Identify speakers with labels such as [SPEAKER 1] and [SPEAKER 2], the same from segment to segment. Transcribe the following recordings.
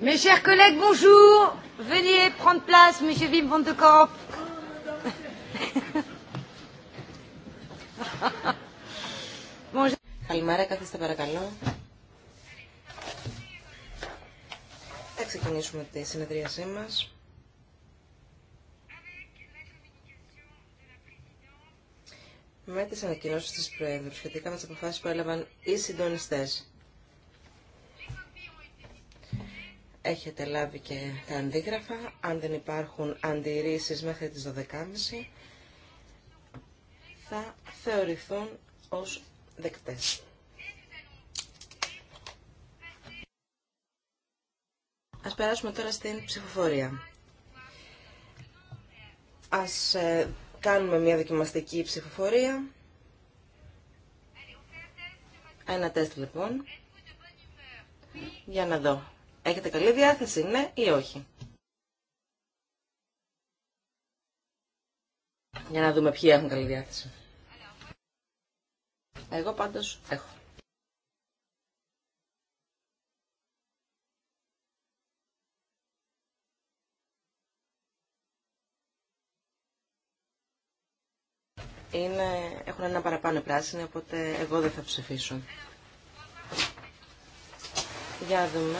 [SPEAKER 1] Mes chers collègues, bonjour. Venez prendre place, Monsieur Wim van de Kamp.
[SPEAKER 2] Καλημέρα, καθίστε παρακαλώ. Θα ξεκινήσουμε τη συνεδρίασή μας. Με τις ανακοινώσεις της Προέδρου σχετικά με τις αποφάσεις που έλαβαν οι συντονιστές. Έχετε λάβει και τα αντίγραφα. Αν δεν υπάρχουν αντιρρήσεις μέχρι τις 12.30 θα θεωρηθούν ως δεκτές. Ας περάσουμε τώρα στην ψηφοφορία. Ας ε, κάνουμε μια δοκιμαστική ψηφοφορία. Ένα τεστ λοιπόν. Για να δω Έχετε καλή διάθεση, ναι ή όχι. Για να δούμε ποιοι έχουν καλή διάθεση. Εγώ πάντως έχω. Είναι, έχουν ένα παραπάνω πράσινο, οπότε εγώ δεν θα ψηφίσω. Για δούμε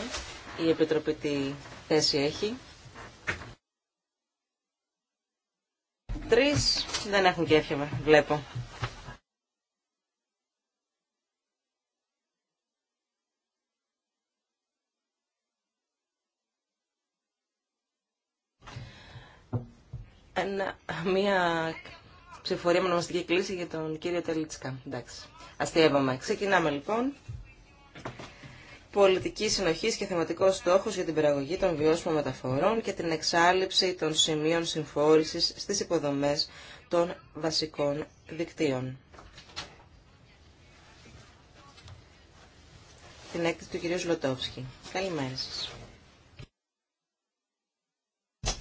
[SPEAKER 2] η Επιτροπή τι θέση έχει. Τρεις δεν έχουν κέφια, βλέπω. Ένα, μία ψηφορία με ονομαστική κλίση για τον κύριο Τελίτσκα. Εντάξει. Αστείευαμε. Ξεκινάμε λοιπόν πολιτική συνοχή και θεματικό στόχο για την παραγωγή των βιώσιμων μεταφορών και την εξάλληψη των σημείων συμφόρηση στι υποδομέ των βασικών δικτύων. Την έκθεση του κυρίου Ζλωτόφσκι. Καλημέρα σα.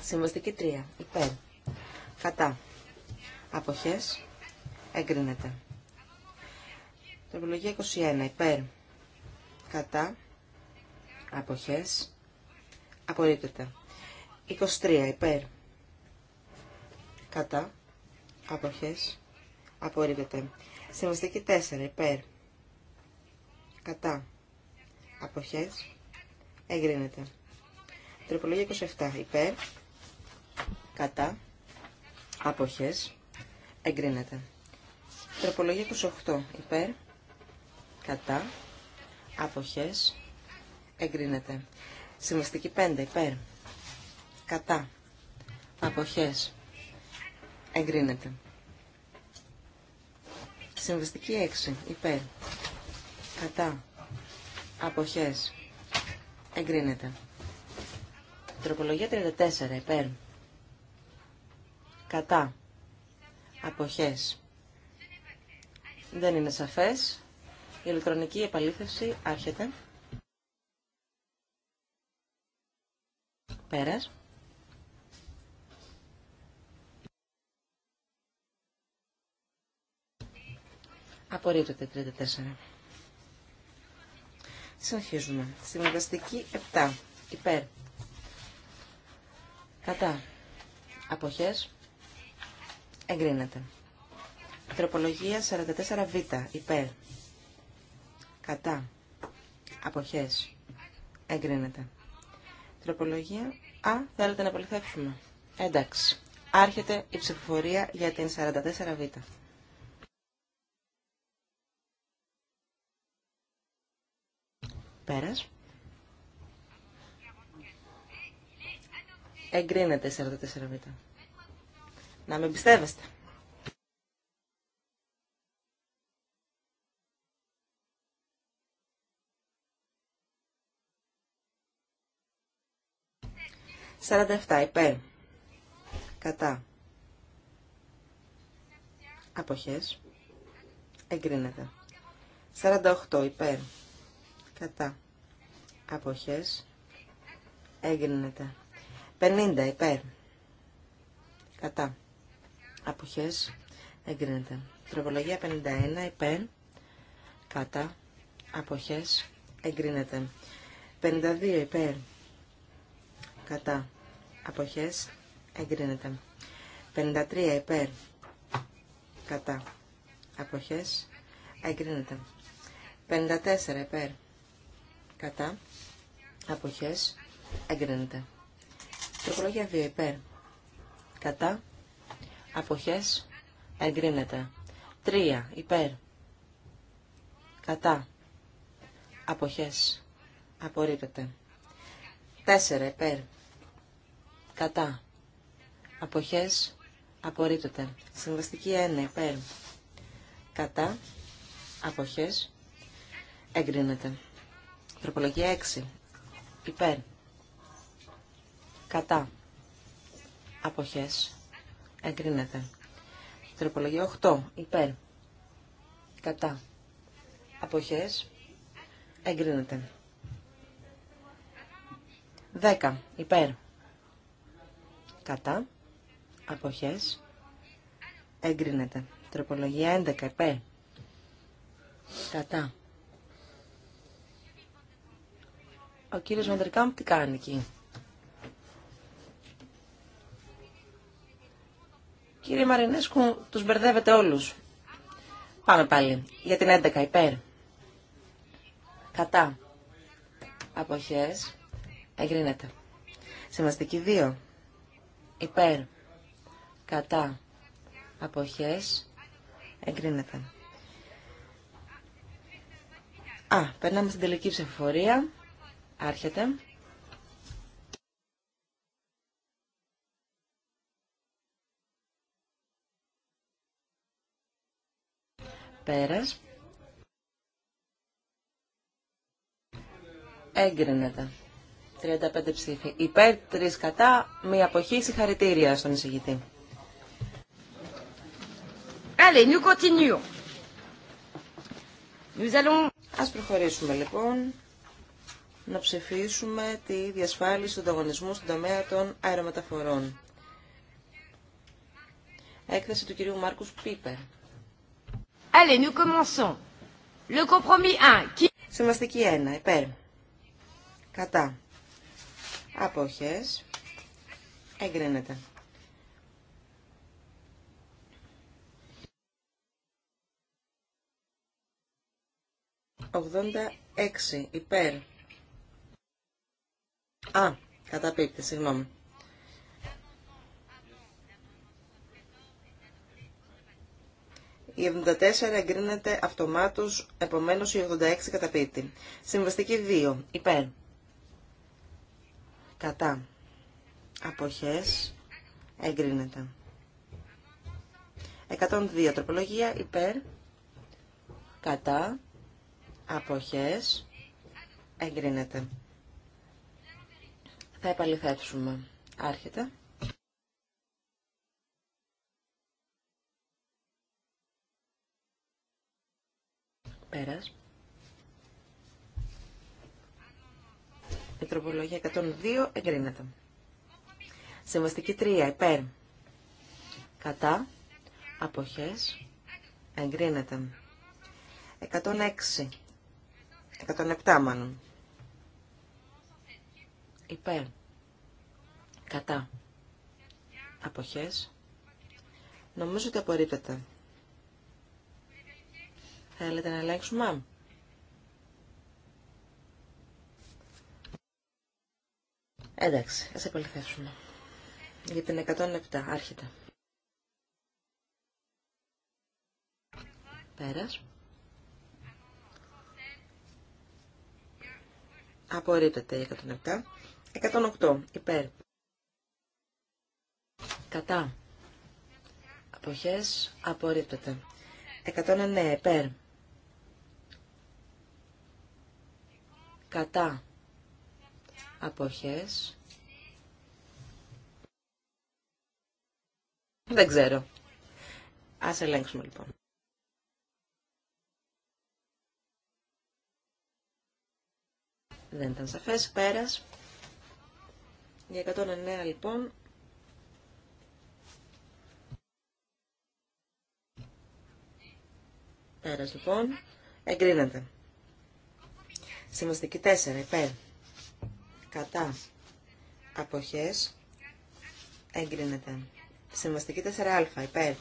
[SPEAKER 2] Συμβαστική 3. Υπέρ. Κατά. Αποχές. Εγκρίνεται. Τροπολογία 21. Υπέρ κατά αποχές απορρίπτεται. 23 υπέρ κατά αποχές απορρίπτεται. Συμβαστική 4 υπέρ κατά αποχές εγκρίνεται. Τροπολογία 27 υπέρ κατά αποχές εγκρίνεται. Τροπολογία 28 υπέρ κατά Αποχές. Εγκρίνεται. Συμβαστική 5. Υπέρ. Κατά. Αποχές. Εγκρίνεται. Συμβαστική 6. Υπέρ. Κατά. Αποχές. Εγκρίνεται. Τροπολογία 34. Υπέρ. Κατά. Αποχές. Δεν είναι σαφές. Η ηλεκτρονική επαλήθευση άρχεται. Πέρας. Απορρίπτεται 34. Συνεχίζουμε. μεταστική 7. Υπέρ. Κατά. Αποχές. Εγκρίνεται. Τροπολογία 44β. Υπέρ. Κατά. Αποχές. Εγκρίνεται. Τροπολογία. Α, θέλετε να απολυθέψουμε. Εντάξει. Άρχεται η ψηφοφορία για την 44β. Πέρας. Εγκρίνεται η 44β. Να με πιστεύεστε. 47 υπέρ. Κατά. Αποχές. Εγκρίνεται. 48 υπέρ. Κατά. Αποχές. Εγκρίνεται. 50 υπέρ. Κατά. Αποχές. Εγκρίνεται. Τροπολογία 51 υπέρ. Κατά. Αποχές. Εγκρίνεται. 52 υπέρ κατά αποχές εγκρίνεται. 53 υπέρ κατά αποχές εγκρίνεται. 54 υπέρ κατά αποχές εγκρίνεται. Τροπολογία 2 υπέρ κατά αποχές εγκρίνεται. 3 υπέρ κατά αποχές απορρίπτεται. 4 υπέρ Κατά. Αποχές. Απορρίπτεται. Συμβαστική 1. Υπέρ. Κατά. Αποχές. Εγκρίνεται. Τροπολογία 6. Υπέρ. Κατά. Αποχές. Εγκρίνεται. Τροπολογία 8. Υπέρ. Κατά. Αποχές. Εγκρίνεται. 10. Υπέρ. Κατά. Αποχές. Εγκρίνεται. Τροπολογία 11. επέ. Κατά. Ο κύριος Βαντερκάμπ τι κάνει εκεί. Κύριε Μαρινέσκου, τους μπερδεύετε όλους. Πάμε πάλι. Για την 11 υπέρ. Κατά. Αποχές. Εγκρίνεται. Σημαστική 2 υπέρ, κατά, αποχές, εγκρίνεται. Α, περνάμε στην τελική ψηφοφορία. Άρχεται. Πέρας. Έγκρινεται. 35 ψήφοι. Υπέρ, 3 κατά, μία αποχή, συγχαρητήρια στον εισηγητή. Allez, nous continuons. Nous allons... Ας προχωρήσουμε λοιπόν να ψηφίσουμε τη διασφάλιση του ανταγωνισμού στον τομέα των αερομεταφορών. Έκθεση του κυρίου Μάρκους Πίπερ. Allez, nous commençons. Le compromis 1. Qui... Συμβαστική 1. Υπέρ. Κατά αποχές εγκρίνεται. Ογδόντα έξι υπέρ. Α, καταπίπτει, συγγνώμη. Η 74 εγκρίνεται αυτομάτως, επομένως η 86 καταπίπτει. Συμβαστική 2. Υπέρ κατά αποχές εγκρίνεται 102 τροπολογία υπέρ κατά αποχές εγκρίνεται θα επαληθεύσουμε άρχεται πέρας Η τροπολογία 102 εγκρίνεται. Συμβαστική 3 υπέρ. Κατά. Αποχές. Εγκρίνεται. 106. 107 μάλλον. Υπέρ. Κατά. Αποχές. Νομίζω ότι απορρίπτεται. Θέλετε να ελέγξουμε. Εντάξει, ας επαληθεύσουμε. Για την 107, άρχεται. Πέρας. Απορρίπτεται η 107. 108, υπέρ. Κατά. Αποχές, απορρίπτεται. 109, υπέρ. Κατά αποχές. Δεν ξέρω. Ας ελέγξουμε λοιπόν. Δεν ήταν σαφές. Πέρας. Για 109 λοιπόν. Πέρας λοιπόν. Εγκρίνεται. Συμβαστική 4 υπέρ κατά αποχές εγκρίνεται. Συμβαστική 4α υπέρ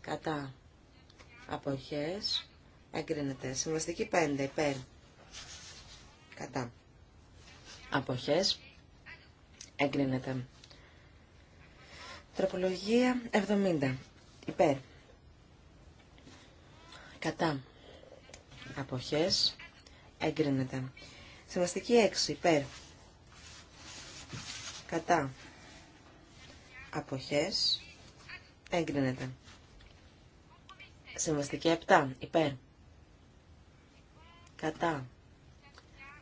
[SPEAKER 2] κατά αποχές εγκρίνεται. Συμβαστική 5 υπέρ κατά αποχές εγκρίνεται. Τροπολογία 70 υπέρ κατά αποχές εγκρίνεται. Συμβαστική 6 υπέρ. Κατά. Αποχές. Έγκρινεται. Συμβαστική 7 υπέρ. Κατά.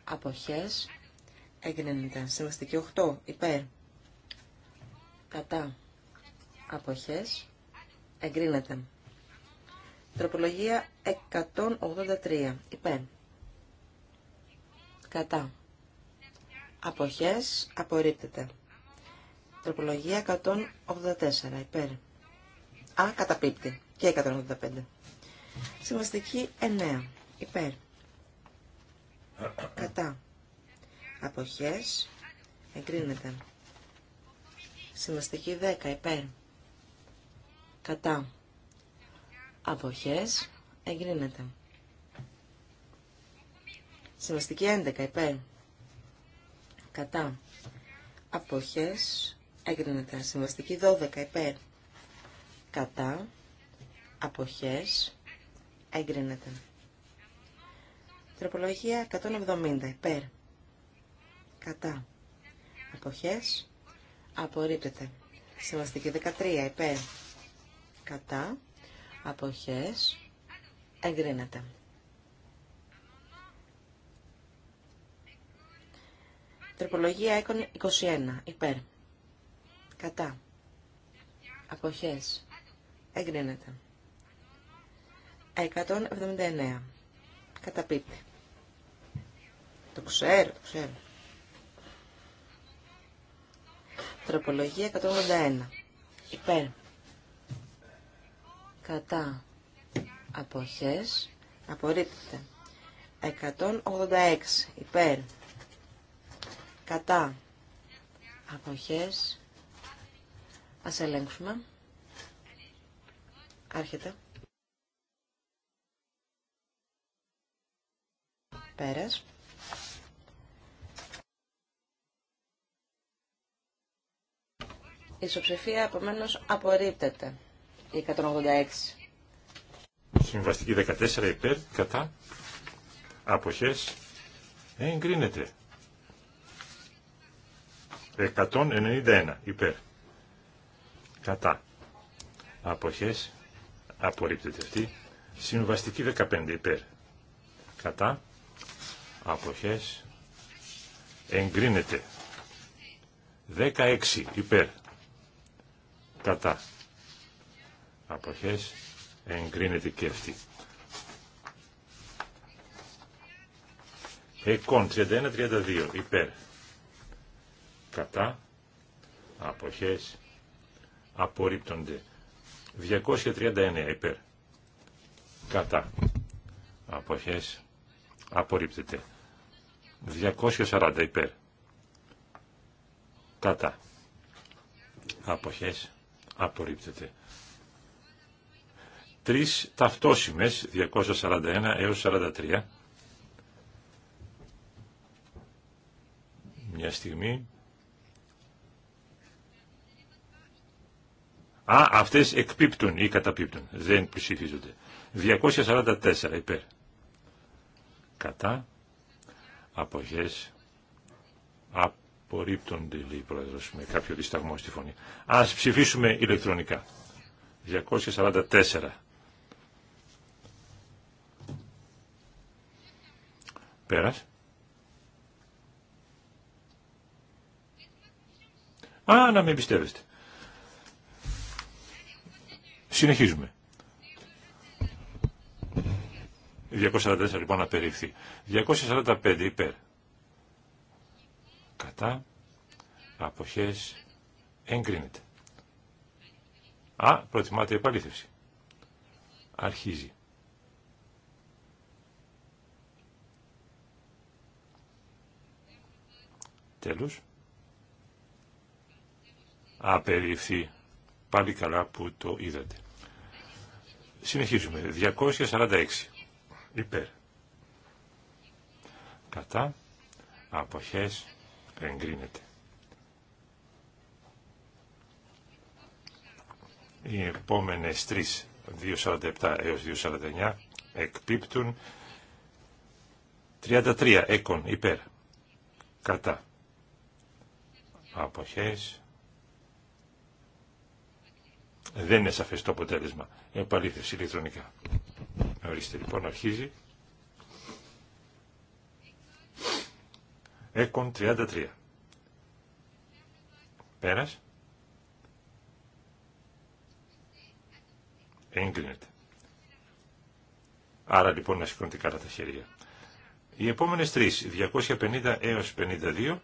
[SPEAKER 2] Αποχές. Έγκρινεται. Συμβαστική 8 υπέρ. Κατά. Αποχές. Εγκρίνεται. Τροπολογία 183. Υπέρ κατά. Αποχές απορρίπτεται. Τροπολογία 184 υπέρ. Α, καταπίπτει. Και 185. Συμβαστική 9 υπέρ. Κατά. Αποχές
[SPEAKER 3] εγκρίνεται.
[SPEAKER 2] Συμβαστική 10 υπέρ. Κατά. Αποχές εγκρίνεται. Συμβαστική 11 υπέρ. Κατά. Αποχές. Έγκρινεται. Συμβαστική 12 υπέρ. Κατά. Αποχές. Έγκρινεται. Τροπολογία 170 υπέρ. Κατά. Αποχές. Απορρίπτεται. Συμβαστική 13 υπέρ. Κατά. Αποχές. Εγκρίνεται. Τροπολογία 21. Υπέρ. Κατά. Αποχές. Εγκρίνεται. 179. Καταπίπτει. Το ξέρω, το ξέρω. Τροπολογία 181. Υπέρ. Κατά. Αποχές. Απορρίπτεται. 186. Υπέρ κατά αποχές ας ελέγξουμε άρχεται πέρας Η ισοψηφία επομένω απορρίπτεται. Η 186.
[SPEAKER 4] Συμβαστική 14 υπέρ, κατά, αποχές, εγκρίνεται. 191 υπέρ. Κατά. Αποχές. Απορρίπτεται αυτή. Συμβαστική 15 υπέρ. Κατά. Αποχές. Εγκρίνεται. 16 υπέρ. Κατά. Αποχές. Εγκρίνεται και αυτή. Εκόν 31-32 υπέρ κατά αποχές απορρίπτονται 239 υπέρ κατά αποχές απορρίπτεται 240 υπέρ κατά αποχές απορρίπτεται τρεις ταυτόσημες 241 έως 43 μια στιγμή Α, αυτές εκπίπτουν ή καταπίπτουν. Δεν ψηφίζονται. 244 υπέρ. Κατά. Αποχές. Απορρίπτονται, λέει η πρόεδρος, με κάποιο δισταγμό στη φωνή. Ας ψηφίσουμε ηλεκτρονικά. 244. Πέρας. Α, να μην πιστεύεστε. Συνεχίζουμε. 244 λοιπόν απερίφθη. 245 υπέρ. Κατά. Αποχές. Εγκρίνεται. Α, προτιμάται η επαλήθευση. Αρχίζει. Τέλος. Απερίφθη. Πάλι καλά που το είδατε. Συνεχίζουμε. 246. Υπέρ. Κατά. Αποχές. Εγκρίνεται. Οι επόμενες τρεις, 247 έως 249, εκπίπτουν. 33. Έκον. Υπέρ. Κατά. Αποχές. Δεν είναι σαφές το αποτέλεσμα. Επαλήθευση ηλεκτρονικά. Ορίστε λοιπόν αρχίζει. Έκον 33. Πέρας. Έγκρινεται. Άρα λοιπόν να σηκώνετε καλά τα χέρια. Οι επόμενες τρεις, 250 έως 52,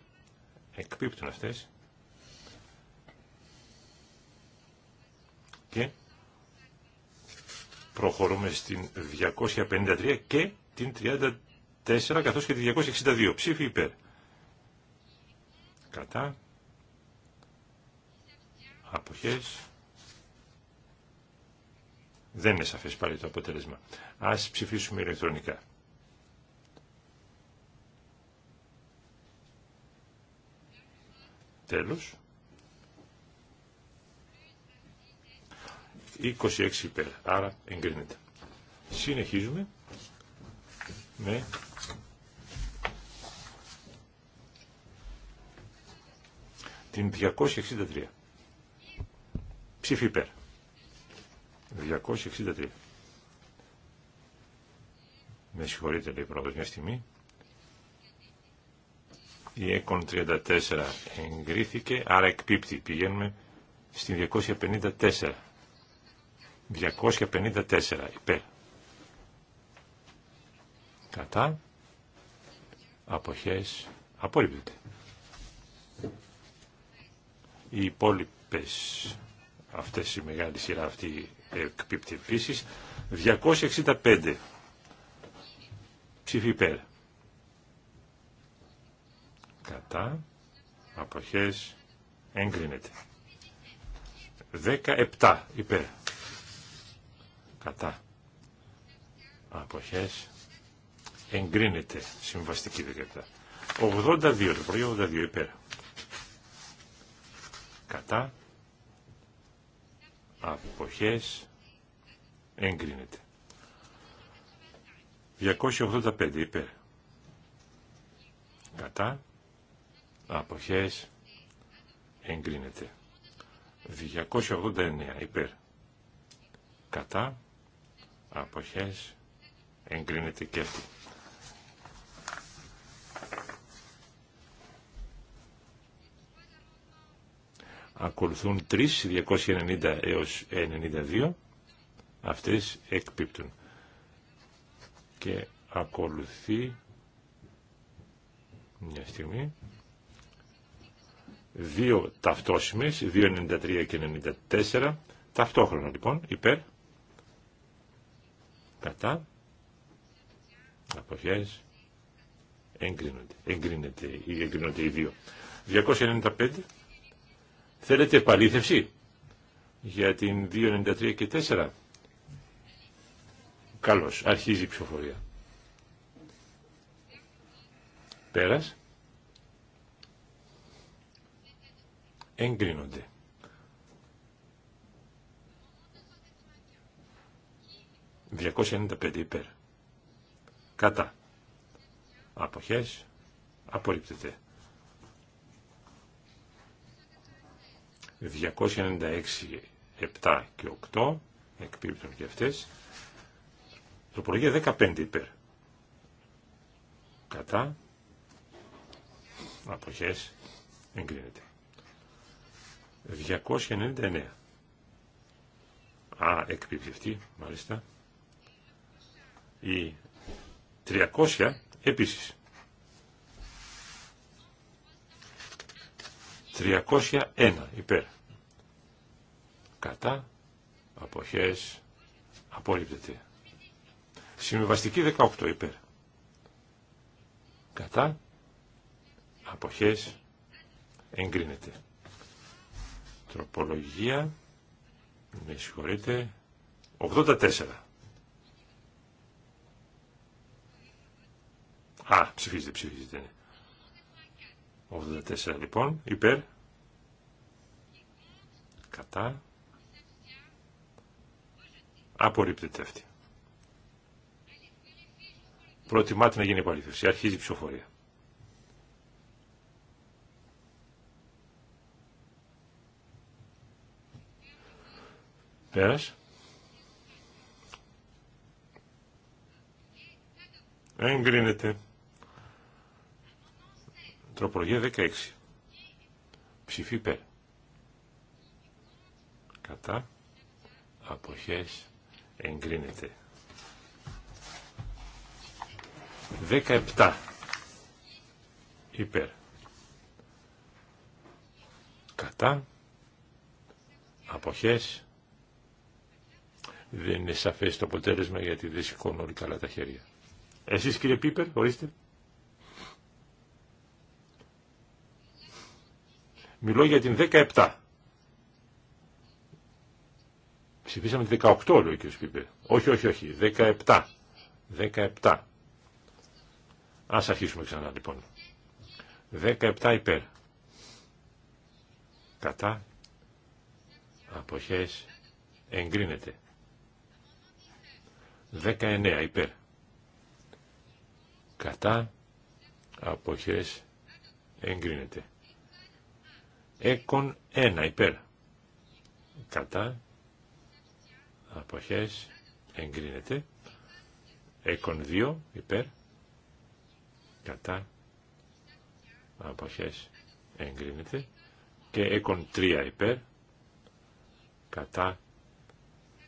[SPEAKER 4] εκπίπτουν αυτές. Και προχωρούμε στην 253 και την 34 καθώς και τη 262. Ψήφι υπέρ. Κατά. Αποχές. Δεν είναι σαφές πάλι το αποτέλεσμα. Ας ψηφίσουμε ηλεκτρονικά. Τέλος. 26 υπέρ. Άρα εγκρίνεται. Συνεχίζουμε με την 263. Ψήφι υπέρ. 263. Με συγχωρείτε λέει πρώτος μια στιγμή. Η ΕΚΟΝ 34 εγκρίθηκε, άρα εκπίπτει. Πηγαίνουμε στην 254. 254 υπέρ. Κατά. Αποχές. Απορρίπτεται. Οι υπόλοιπε αυτές οι μεγάλη σειρά αυτή εκπίπτει επίση. 265 ψήφι υπέρ. Κατά. Αποχές. Εγκρίνεται. 17 υπέρ κατά αποχές εγκρίνεται συμβαστική δέκατα. 82 το 82 υπέρ κατά αποχές εγκρίνεται 285 υπέρ κατά αποχές εγκρίνεται 289 υπέρ κατά αποχές εγκρίνεται και αυτή. Ακολουθούν 3, 290 έως 92, αυτές εκπίπτουν. Και ακολουθεί, μια στιγμή, δύο ταυτόσημες, 293 και 94, ταυτόχρονα λοιπόν, υπέρ, κατά αποχές εγκρίνονται, εγκρίνεται, εγκρίνονται οι δύο. 295 θέλετε επαλήθευση για την 293 και 4. Καλώς, αρχίζει η ψηφοφορία. Πέρας. Εγκρίνονται. 295 υπέρ. Κατά. Αποχές. Απορρίπτεται. 296, 7 και 8 εκπίπτουν και αυτές. Τροπολογία 15 υπέρ. Κατά. Αποχές. Εγκρίνεται. 299. Α, εκπίπτει αυτή, μάλιστα. Η 300 επίσης. 301 υπέρ. Κατά αποχές απόλυπτεται Συμβιβαστική 18 υπέρ. Κατά αποχές εγκρίνεται. Τροπολογία, με συγχωρείτε, 84 Α, ψηφίζεται, ψηφίζεται. 84 λοιπόν, υπέρ. Κατά. Απορρίπτεται αυτή. Προτιμάται να γίνει επαλήθευση. Αρχίζει η ψηφοφορία. Πέρας. Εγκρίνεται. Τροπολογία 16. Ψηφί υπέρ. Κατά. Αποχές εγκρίνεται. 17. Υπέρ. Κατά. Αποχές. Δεν είναι σαφές το αποτέλεσμα γιατί δεν σηκώνω όλοι καλά τα χέρια. Εσείς κύριε Πίπερ, ορίστε. Μιλώ για την 17. Ψηφίσαμε την 18, λέει ο κ. Πίπε. Όχι, όχι, όχι. 17. 17. Ας αρχίσουμε ξανά λοιπόν. 17 υπέρ. Κατά. Αποχές. Εγκρίνεται. 19 υπέρ. Κατά. Αποχές. Εγκρίνεται. Έκον 1 υπέρ. Κατά. Αποχές. Εγκρίνεται. Έκον 2 υπέρ. Κατά. Αποχές. Εγκρίνεται. Και έκον 3 υπέρ. Κατά.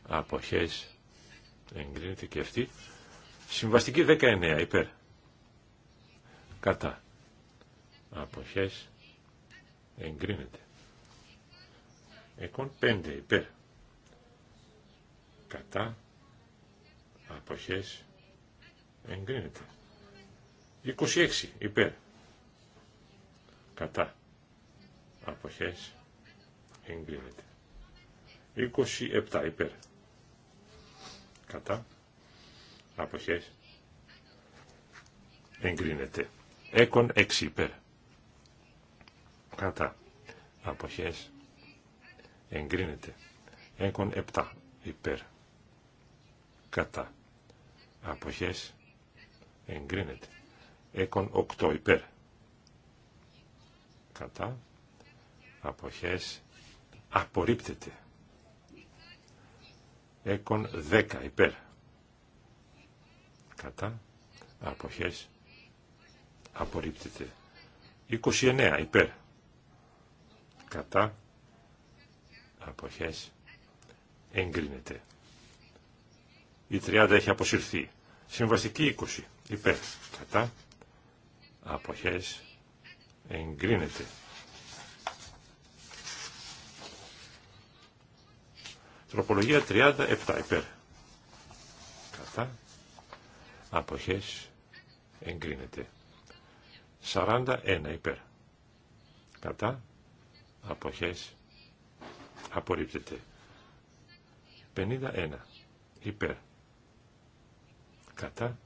[SPEAKER 4] Αποχές. Εγκρίνεται και αυτή. Συμβαστική 19 υπέρ. Κατά. Αποχές εγκρίνεται. Εκόν 5 υπέρ. Κατά αποχές εγκρίνεται. 26 υπέρ. Κατά αποχές εγκρίνεται. 27 υπέρ. Κατά αποχές εγκρίνεται. Έκον 6 υπέρ κατά αποχές εγκρίνεται. Έκον 7 υπέρ κατά αποχές εγκρίνεται. Έκον 8 υπέρ κατά αποχές απορρίπτεται. Έκον 10 υπέρ κατά αποχές απορρίπτεται. 29 υπέρ κατά αποχές εγκρίνεται. Η 30 έχει αποσυρθεί. Συμβαστική 20 υπέρ κατά αποχές εγκρίνεται. Τροπολογία 37 υπέρ κατά αποχές εγκρίνεται. 41 υπέρ κατά αποχές απορρίπτεται 51 υπέρ κατά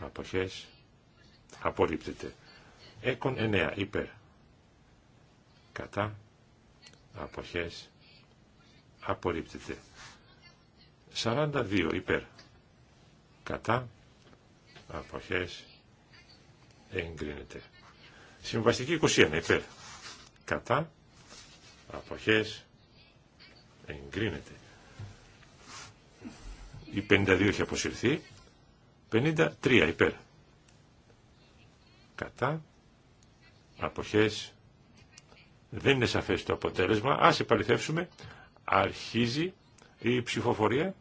[SPEAKER 4] αποχές απορρίπτεται έκον 9 υπέρ κατά αποχές απορρίπτεται 42 υπέρ κατά αποχές εγκρίνεται συμβαστική 21 υπέρ κατά, αποχές, εγκρίνεται. Η 52 έχει αποσυρθεί, 53 υπέρ, κατά, αποχές, δεν είναι σαφές το αποτέλεσμα, ας επαληθεύσουμε, αρχίζει η ψηφοφορία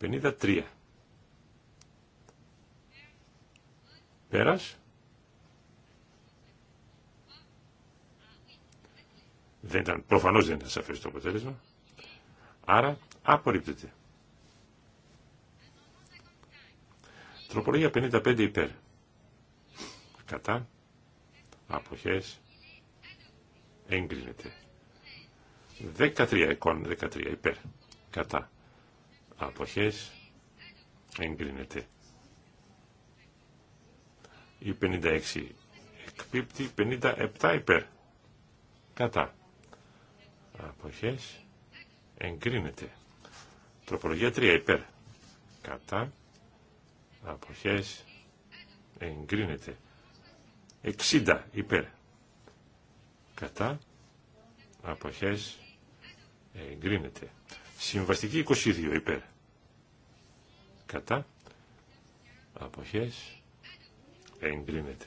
[SPEAKER 4] 53. Πέρας. Δεν ήταν, προφανώς δεν ήταν σαφές το αποτέλεσμα. Άρα απορρίπτεται. Τροπολογία 55 υπέρ. Κατά. Αποχές. Εγκρίνεται. 13 εικόν 13 υπέρ. Κατά. Αποχές. Εγκρίνεται. Η 56 εκπίπτει 57 υπέρ. Κατά αποχές εγκρίνεται. Τροπολογία 3 υπέρ κατά αποχές εγκρίνεται. 60 υπέρ κατά αποχές εγκρίνεται. Συμβαστική 22 υπέρ κατά αποχές εγκρίνεται.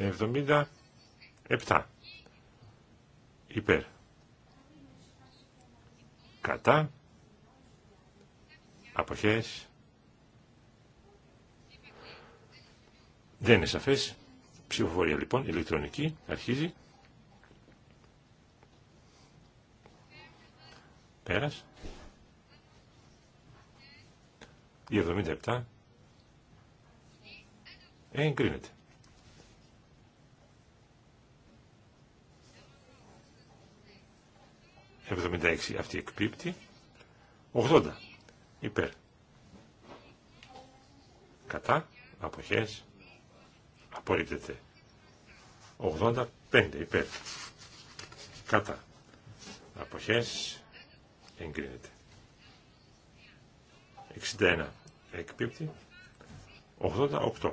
[SPEAKER 4] 77 υπέρ κατά αποχές δεν είναι σαφές ψηφοφορία λοιπόν ηλεκτρονική αρχίζει πέρας η 77 εγκρίνεται 76 αυτή εκπίπτει. 80 υπέρ. Κατά. Αποχές. Απορρίπτεται. 85 υπέρ. Κατά. Αποχές. Εγκρίνεται. 61 εκπίπτει. 88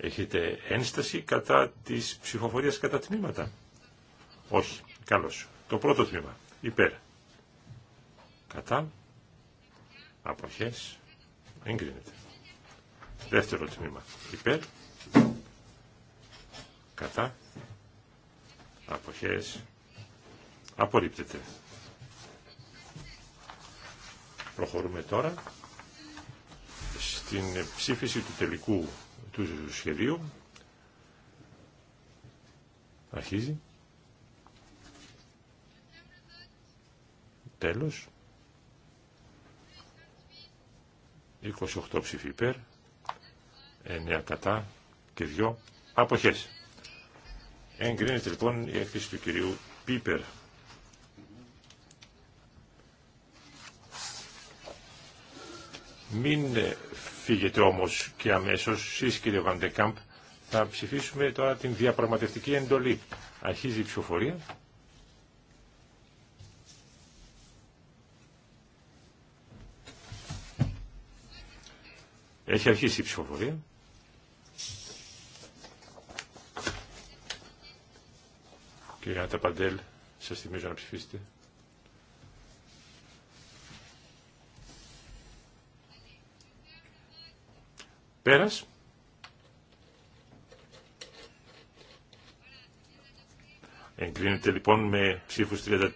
[SPEAKER 4] Έχετε ένσταση κατά της ψηφοφορίας κατά τμήματα. Όχι. Καλώς. Το πρώτο τμήμα. Υπέρ. Κατά. Αποχές. Εγκρίνεται. Δεύτερο τμήμα. Υπέρ. Κατά. Αποχές. Απορρίπτεται. Προχωρούμε τώρα στην ψήφιση του τελικού του σχεδίου. Αρχίζει. Τέλος. 28 ψηφί υπέρ, 9 κατά και 2 αποχές. Εγκρίνεται λοιπόν η έκθεση του κυρίου Πίπερ. Μην ε, φύγετε όμως και αμέσως εσείς κύριε Βαντεκάμπ θα ψηφίσουμε τώρα την διαπραγματευτική εντολή. Αρχίζει η ψηφοφορία. Έχει αρχίσει η ψηφοφορία. Κύριε Ανταπαντέλ, σας θυμίζω να ψηφίσετε. Πέρας. Εγκρίνεται λοιπόν με ψήφους 34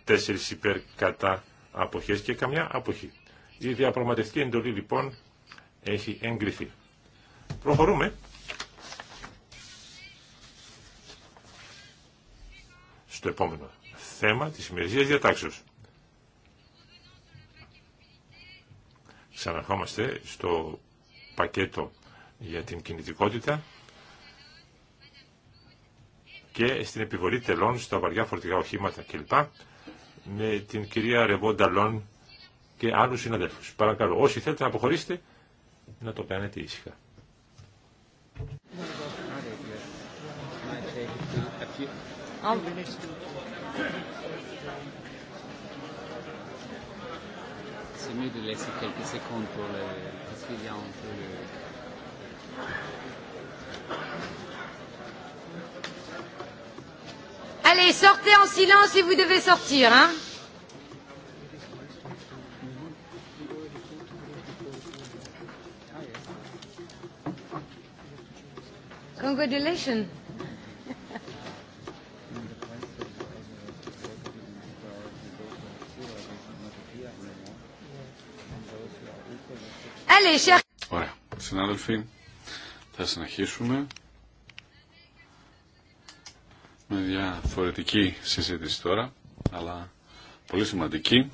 [SPEAKER 4] υπέρ κατά αποχές και καμιά αποχή. Η διαπραγματευτική εντολή λοιπόν έχει εγκριθεί. Προχωρούμε. Στο επόμενο θέμα της ημερησίας διατάξεως. Ξαναρχόμαστε στο πακέτο για την κινητικότητα και στην επιβολή τελών στα βαριά φορτηγά οχήματα κλπ. με την κυρία Ρεβόντα Λόν και άλλους συναδέλφους. Παρακαλώ, όσοι θέλετε να αποχωρήσετε, να το κάνετε ήσυχα.
[SPEAKER 1] C'est mieux de laisser quelques secondes pour le... parce qu'il y a Allez, sortez en silence si vous devez sortir, hein Congratulations. Allez, chers...
[SPEAKER 3] autre film θα συνεχίσουμε με διαφορετική συζήτηση τώρα, αλλά πολύ σημαντική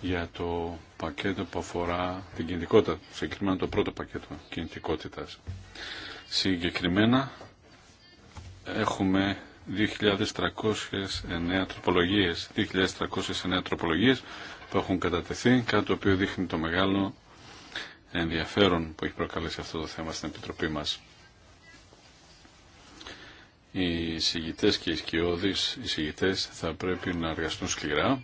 [SPEAKER 3] για το πακέτο που αφορά την κινητικότητα, συγκεκριμένα το πρώτο πακέτο κινητικότητας. Συγκεκριμένα έχουμε 2.309 τροπολογίες, 2.309 τροπολογίες που έχουν κατατεθεί, κάτι το οποίο δείχνει το μεγάλο ενδιαφέρον που έχει προκαλέσει αυτό το θέμα στην Επιτροπή μας. Οι συγητές και οι σκιώδεις, οι συγητές θα πρέπει να εργαστούν σκληρά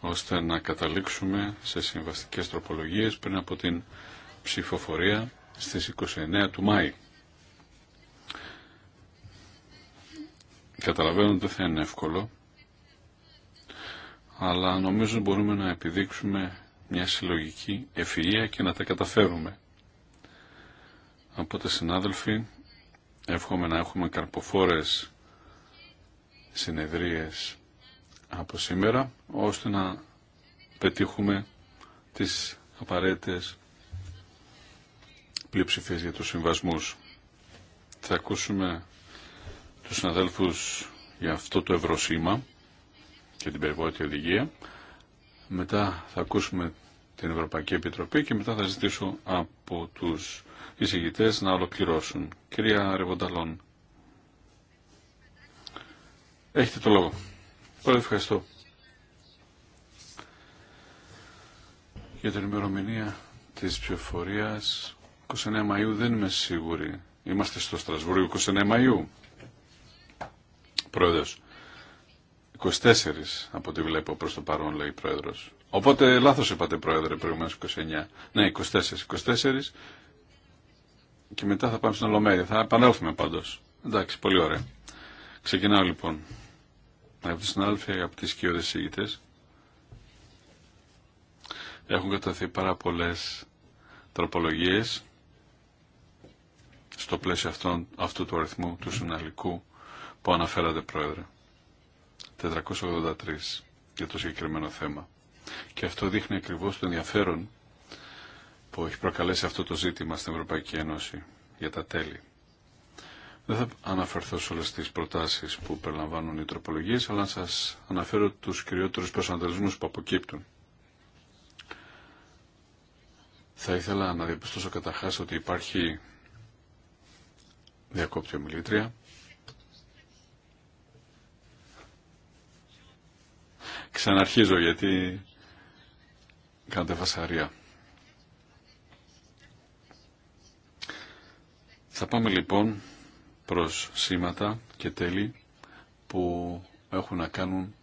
[SPEAKER 3] ώστε να καταλήξουμε σε συμβαστικές τροπολογίες πριν από την ψηφοφορία στις 29 του Μάη. Καταλαβαίνω ότι δεν θα είναι εύκολο, αλλά νομίζω μπορούμε να επιδείξουμε μια συλλογική ευφυΐα και να τα καταφέρουμε. Από Οπότε συνάδελφοι, εύχομαι να έχουμε καρποφόρες συνεδρίες από σήμερα, ώστε να πετύχουμε τις απαραίτητες πλειοψηφίες για τους συμβασμούς. Θα ακούσουμε τους συναδέλφους για αυτό το ευρωσήμα και την περιβόητη οδηγία. Μετά θα ακούσουμε την Ευρωπαϊκή Επιτροπή και μετά θα ζητήσω από τους εισηγητές να ολοκληρώσουν. Κυρία Ρεβονταλόν, έχετε το λόγο. Πολύ ευχαριστώ. Για την ημερομηνία της ψηφοφορίας 29 Μαΐου δεν είμαι σίγουρη. Είμαστε στο Στρασβούργο 29 Μαΐου. Πρόεδρος. 24 από ό,τι βλέπω προς το παρόν λέει πρόεδρος. Οπότε λάθος είπατε πρόεδρε προηγουμένως 29. Ναι, 24. 24 και μετά θα πάμε στην Ολομέλεια. Θα επανέλθουμε πάντως. Εντάξει, πολύ ωραία. Ξεκινάω λοιπόν. Αγαπητοί συνάδελφοι, αγαπητοί σκιώδες ηγητές, έχουν καταθεί πάρα πολλές τροπολογίες στο πλαίσιο αυτού του αριθμού του συναλλικού που αναφέρατε πρόεδρε. 483 για το συγκεκριμένο θέμα. Και αυτό δείχνει ακριβώς το ενδιαφέρον που έχει προκαλέσει αυτό το ζήτημα στην Ευρωπαϊκή Ένωση για τα τέλη. Δεν θα αναφερθώ σε όλες τις προτάσεις που περιλαμβάνουν οι τροπολογίες, αλλά σας αναφέρω τους κυριότερους προσανατολισμούς που αποκύπτουν. Θα ήθελα να διαπιστώσω καταρχάς ότι υπάρχει διακόπτη ομιλήτρια. Ξαναρχίζω γιατί Κάντε βασαρία. Θα πάμε λοιπόν προς σήματα και τέλη που έχουν να κάνουν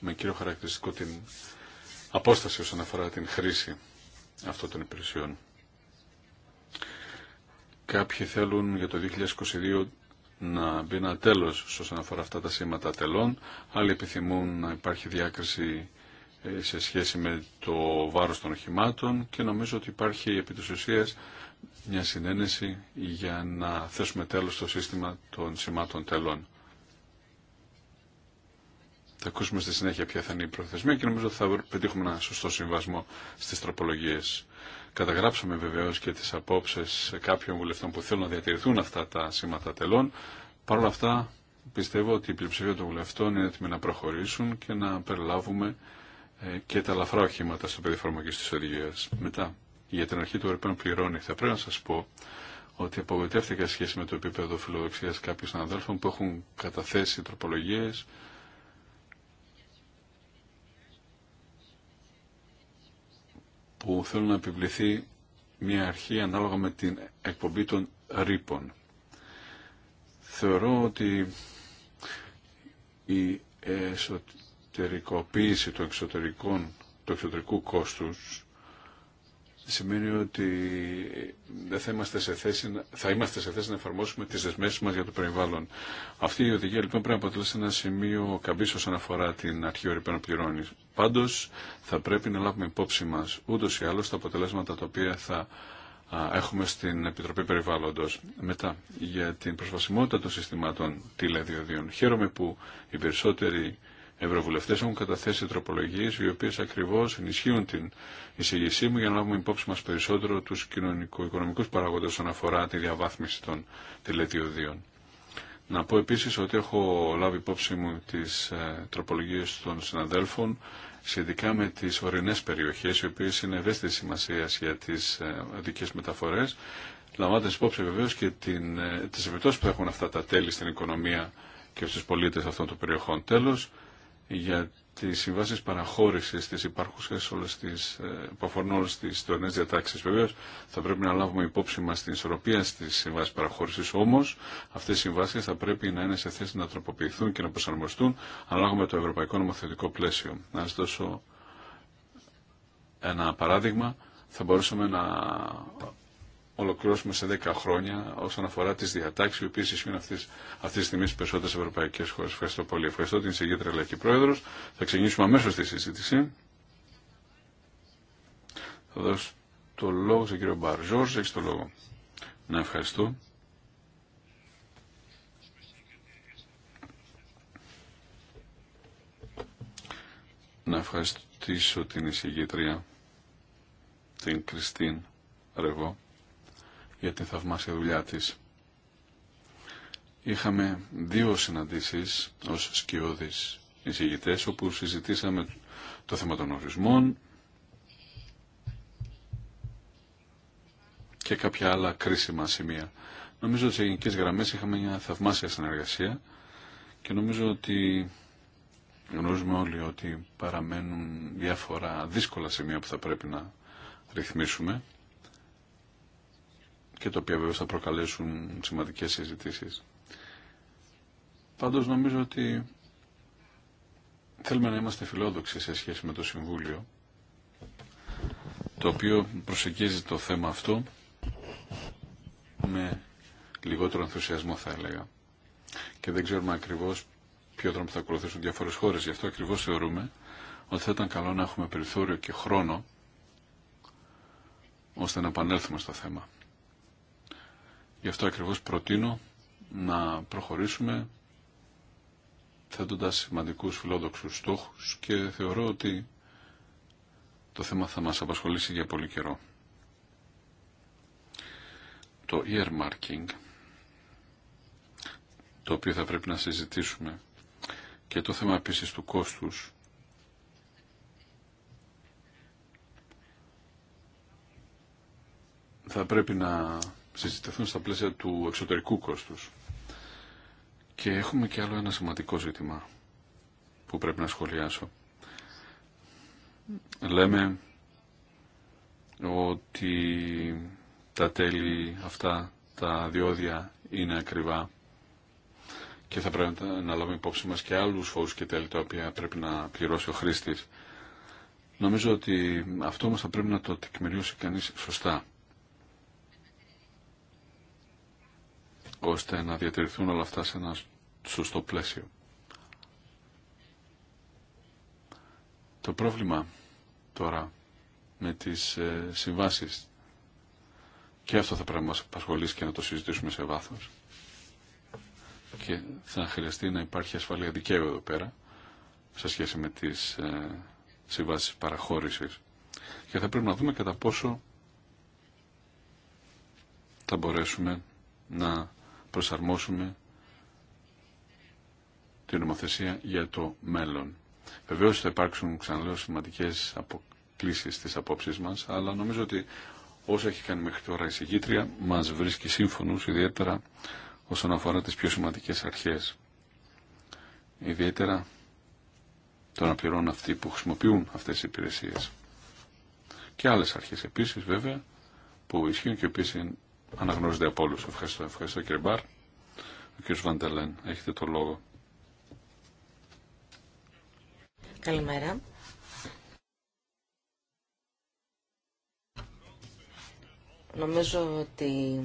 [SPEAKER 3] με κύριο χαρακτηριστικό την απόσταση όσον αφορά την χρήση αυτών των υπηρεσιών. Κάποιοι θέλουν για το 2022 να μπει ένα τέλος όσον αφορά αυτά τα σήματα τελών, άλλοι επιθυμούν να υπάρχει διάκριση ε, σε σχέση με το βάρος των οχημάτων και νομίζω ότι υπάρχει επί της ουσίας μια συνένεση για να θέσουμε τέλος στο σύστημα των σημάτων τελών. Θα ακούσουμε στη συνέχεια ποια θα είναι η προθεσμία και νομίζω ότι θα πετύχουμε ένα σωστό συμβασμό στις τροπολογίες. Καταγράψαμε βεβαίω και τις απόψεις κάποιων βουλευτών που θέλουν να διατηρηθούν αυτά τα σήματα τελών. Παρ' όλα αυτά πιστεύω ότι η πλειοψηφία των βουλευτών είναι έτοιμη να προχωρήσουν και να περιλάβουμε ε, και τα λαφρά οχήματα στο πεδίο εφαρμογή τη οδηγία. Μετά, για την αρχή του ΕΡΠΕΝ πληρώνει, θα πρέπει να σα πω ότι απογοητεύτηκα σχέση με το επίπεδο φιλοδοξία κάποιων συναδέλφων που έχουν καταθέσει τροπολογίε που θέλουν να επιβληθεί μια αρχή ανάλογα με την εκπομπή των ρήπων. Θεωρώ ότι η ε, εξωτερικοποίηση των εξωτερικών, του εξωτερικού κόστους σημαίνει ότι δεν θα είμαστε, σε θέση, θα είμαστε σε θέση να εφαρμόσουμε τις δεσμεύσεις μας για το περιβάλλον. Αυτή η οδηγία λοιπόν πρέπει να αποτελέσει ένα σημείο καμπής όσον αφορά την αρχή να πληρώνει. Πάντως θα πρέπει να λάβουμε υπόψη μας ούτως ή άλλως τα αποτελέσματα τα οποία θα έχουμε στην Επιτροπή Περιβάλλοντος. Μετά, για την προσβασιμότητα των συστημάτων τηλεδιοδίων. Χαίρομαι που οι περισσότεροι Ευρωβουλευτέ έχουν καταθέσει τροπολογίε, οι οποίε ακριβώ ενισχύουν την εισηγησή μου για να λάβουμε υπόψη μα περισσότερο του κοινωνικο οικονομικού παράγοντε όσον αφορά τη διαβάθμιση των τελετιωδίων. Να πω επίση ότι έχω λάβει υπόψη μου τι ε, τροπολογίε των συναδέλφων σχετικά με τι ορεινέ περιοχέ, οι οποίε είναι ευαίσθητη σημασία για τι ε, δικέ μεταφορέ, Λαμβάνοντα υπόψη βεβαίω και ε, τι επιπτώσει που έχουν αυτά τα τέλη στην οικονομία και στου πολίτε αυτών των περιοχών. τέλο για τι συμβάσει παραχώρηση τη υπάρχουσα ε, που αφορούν όλε τι τωρινέ διατάξει. Βεβαίω θα πρέπει να λάβουμε υπόψη μα την ισορροπία στι συμβάσει παραχώρηση. Όμω αυτέ οι συμβάσει θα πρέπει να είναι σε θέση να τροποποιηθούν και να προσαρμοστούν ανάλογα με το ευρωπαϊκό νομοθετικό πλαίσιο. Να σα δώσω ένα παράδειγμα. Θα μπορούσαμε να ολοκληρώσουμε σε 10 χρόνια όσον αφορά τι διατάξει οι οποίε ισχύουν αυτή τη στιγμή στι περισσότερε ευρωπαϊκέ χώρε. Ευχαριστώ πολύ. Ευχαριστώ την εισηγήτρια Λαϊκή Πρόεδρο. Θα ξεκινήσουμε αμέσω τη συζήτηση. Θα δώσω το λόγο στον κύριο Μπαρζόρ. Έχει το λόγο. Να ευχαριστώ. Να ευχαριστήσω την εισηγήτρια, την Κριστίν Ρεβό για την θαυμάσια δουλειά της. Είχαμε δύο συναντήσεις ως σκιώδεις εισηγητές όπου συζητήσαμε το θέμα των ορισμών και κάποια άλλα κρίσιμα σημεία. Νομίζω ότι σε γενικές γραμμές είχαμε μια θαυμάσια συνεργασία και νομίζω ότι γνωρίζουμε όλοι ότι παραμένουν διάφορα δύσκολα σημεία που θα πρέπει να ρυθμίσουμε και τα οποία βέβαια θα προκαλέσουν σημαντικές συζητήσεις. Πάντως νομίζω ότι θέλουμε να είμαστε φιλόδοξοι σε σχέση με το Συμβούλιο το οποίο προσεγγίζει το θέμα αυτό με λιγότερο ενθουσιασμό θα έλεγα. Και δεν ξέρουμε ακριβώς ποιο τρόπο θα ακολουθήσουν διάφορες χώρες. Γι' αυτό ακριβώς θεωρούμε ότι θα ήταν καλό να έχουμε περιθώριο και χρόνο ώστε να επανέλθουμε στο θέμα. Γι' αυτό ακριβώς προτείνω να προχωρήσουμε θέτοντας σημαντικούς φιλόδοξους στόχους και θεωρώ ότι το θέμα θα μας απασχολήσει για πολύ καιρό. Το earmarking, το οποίο θα πρέπει να συζητήσουμε και το θέμα επίση του κόστους θα πρέπει να συζητηθούν στα πλαίσια του εξωτερικού κόστους. Και έχουμε και άλλο ένα σημαντικό ζήτημα που πρέπει να σχολιάσω. Λέμε ότι τα τέλη αυτά, τα διόδια είναι ακριβά και θα πρέπει να λάβουμε υπόψη μας και άλλους φόρους και τέλη τα οποία πρέπει να πληρώσει ο χρήστης. Νομίζω ότι αυτό όμως θα πρέπει να το τεκμηριώσει κανείς σωστά. ώστε να διατηρηθούν όλα αυτά σε ένα σωστό πλαίσιο. Το πρόβλημα τώρα με τις ε, συμβάσεις και αυτό θα πρέπει να μας απασχολήσει και να το συζητήσουμε σε βάθος και θα χρειαστεί να υπάρχει ασφαλεία δικαίου εδώ πέρα σε σχέση με τις ε, συμβάσεις παραχώρησης και θα πρέπει να δούμε κατά πόσο θα μπορέσουμε να προσαρμόσουμε την νομοθεσία για το μέλλον. Βεβαίω θα υπάρξουν ξαναλέω σημαντικέ αποκλήσει στις απόψεις μα, αλλά νομίζω ότι όσο έχει κάνει μέχρι τώρα η συγκήτρια μας βρίσκει σύμφωνους ιδιαίτερα όσον αφορά τις πιο σημαντικές αρχές. Ιδιαίτερα το να πληρώνουν αυτοί που χρησιμοποιούν αυτές τις υπηρεσίε. Και άλλες αρχές επίσης, βέβαια που ισχύουν και επίσης αναγνώριζεται από όλους. Ευχαριστώ, ευχαριστώ κύριε Μπάρ. Ο κύριος Βαντελέν, έχετε το λόγο.
[SPEAKER 2] Καλημέρα. Νομίζω ότι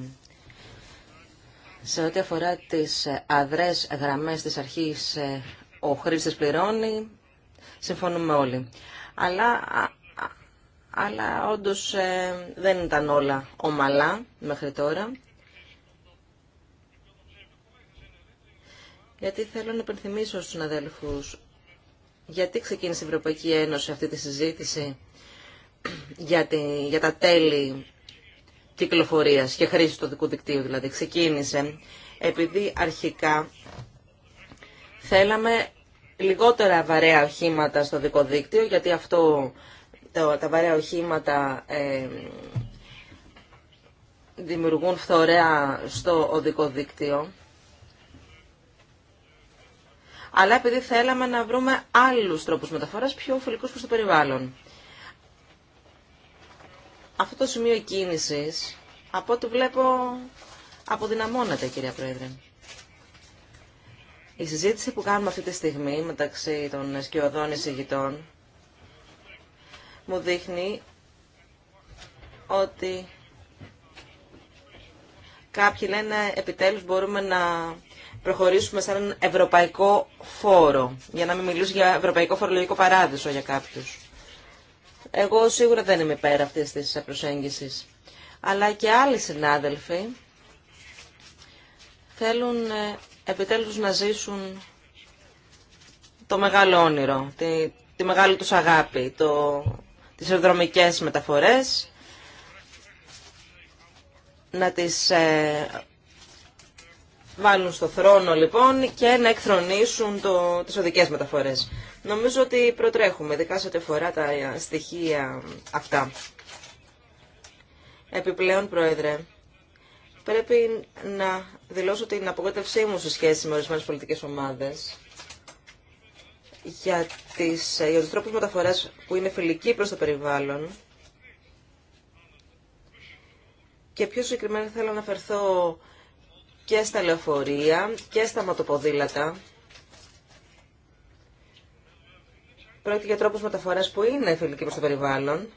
[SPEAKER 2] σε ό,τι αφορά τις αδρές γραμμές της αρχής ε, ο χρήστης πληρώνει, συμφωνούμε όλοι. Αλλά αλλά όντως ε, δεν ήταν όλα ομαλά μέχρι τώρα. Γιατί θέλω να υπενθυμίσω στους αδέλφους γιατί ξεκίνησε η Ευρωπαϊκή Ένωση αυτή τη συζήτηση για, για τα τέλη κυκλοφορίας και χρήση του δικού δικτύου δηλαδή. Ξεκίνησε επειδή αρχικά θέλαμε λιγότερα βαρέα οχήματα στο δικό δίκτυο γιατί αυτό τα βαρέα οχήματα ε, δημιουργούν φθορέα στο οδικό δίκτυο. Αλλά επειδή θέλαμε να βρούμε άλλους τρόπους μεταφοράς πιο φιλικούς προς το περιβάλλον. Αυτό το σημείο κίνησης, από ό,τι βλέπω, αποδυναμώνεται, κυρία Πρόεδρε. Η συζήτηση που κάνουμε αυτή τη στιγμή μεταξύ των σκιωδών εισηγητών μου δείχνει ότι κάποιοι λένε επιτέλους μπορούμε να προχωρήσουμε σε έναν ευρωπαϊκό φόρο, για να μην μιλήσω για ευρωπαϊκό φορολογικό παράδεισο για κάποιους. Εγώ σίγουρα δεν είμαι πέρα αυτής της προσέγγισης. Αλλά και άλλοι συνάδελφοι θέλουν ε, επιτέλους να ζήσουν το μεγάλο όνειρο, τη, τη μεγάλη τους αγάπη, το τις ευδρομικές μεταφορές, να τις ε, βάλουν στο θρόνο λοιπόν και να εκθρονίσουν το, τις οδικές μεταφορές. Νομίζω ότι προτρέχουμε, ειδικά σε ό,τι αφορά τα στοιχεία αυτά. Επιπλέον, Πρόεδρε, πρέπει να δηλώσω την απογοήτευσή μου σε σχέση με ορισμένες πολιτικές ομάδες για, τις, ε, για τους τρόπους μεταφοράς που είναι φιλικοί προς το περιβάλλον. Και πιο συγκεκριμένα θέλω να αναφερθώ και στα λεωφορεία και στα μοτοποδήλατα Πρόκειται για τρόπους μεταφοράς που είναι φιλικοί προς το περιβάλλον.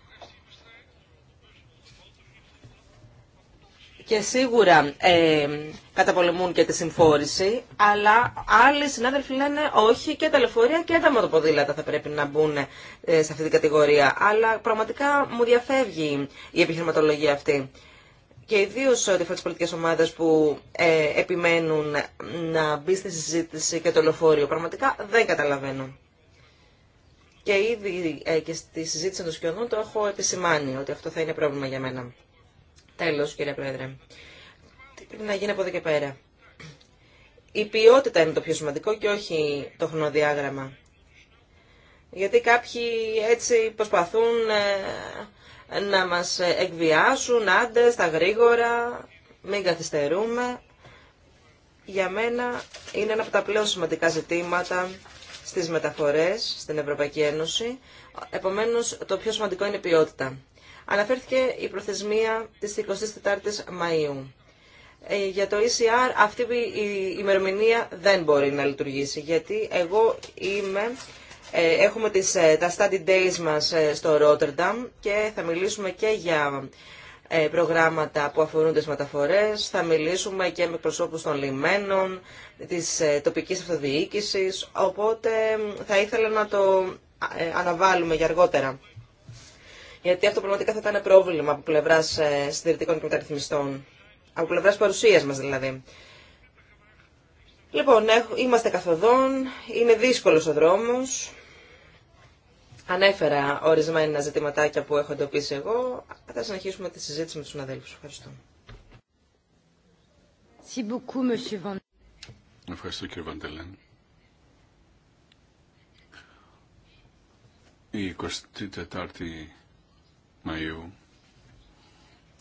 [SPEAKER 2] και σίγουρα ε, καταπολεμούν και τη συμφόρηση, αλλά άλλοι συνάδελφοι λένε όχι και τα λεωφορεία και τα μοτοποδήλατα θα πρέπει να μπουν ε, σε αυτή την κατηγορία. Αλλά πραγματικά μου διαφεύγει η επιχειρηματολογία αυτή. Και ιδίω ό,τι αφορά τι πολιτικέ ομάδε που ε, επιμένουν να μπει στη συζήτηση και το λεωφορείο. Πραγματικά δεν καταλαβαίνω. Και ήδη ε, και στη συζήτηση των σκιωδών το έχω επισημάνει ότι αυτό θα είναι πρόβλημα για μένα. Τέλος, κύριε Πρόεδρε. Τι πρέπει να γίνει από εδώ και πέρα. Η ποιότητα είναι το πιο σημαντικό και όχι το χρονοδιάγραμμα. Γιατί κάποιοι έτσι προσπαθούν ε, να μας εκβιάσουν, άντε, στα γρήγορα, μην καθυστερούμε. Για μένα είναι ένα από τα πλέον σημαντικά ζητήματα στις μεταφορές στην Ευρωπαϊκή Ένωση. Επομένως, το πιο σημαντικό είναι η ποιότητα. Αναφέρθηκε η προθεσμία της 24ης Μαΐου. Ε, για το ECR αυτή η ημερομηνία δεν μπορεί να λειτουργήσει, γιατί εγώ είμαι... Ε, έχουμε τις, ε, τα study days μας στο Ρότερνταμ και θα μιλήσουμε και για προγράμματα που αφορούν τις μεταφορές, θα μιλήσουμε και με προσώπους των λιμένων, της τοπικής αυτοδιοίκησης, οπότε θα ήθελα να το αναβάλουμε για αργότερα. Γιατί αυτό πραγματικά θα ήταν πρόβλημα από πλευρά ε, συντηρητικών και μεταρρυθμιστών. Από πλευρά παρουσία μα δηλαδή. Λοιπόν, είμαστε καθοδόν, είναι δύσκολο ο δρόμος. Ανέφερα ορισμένα ζητηματάκια που έχω εντοπίσει εγώ. Θα συνεχίσουμε τη συζήτηση με του συναδέλφους. Ευχαριστώ.
[SPEAKER 3] Ευχαριστώ κύριε Βαντελέν. Η 24η Μαΐου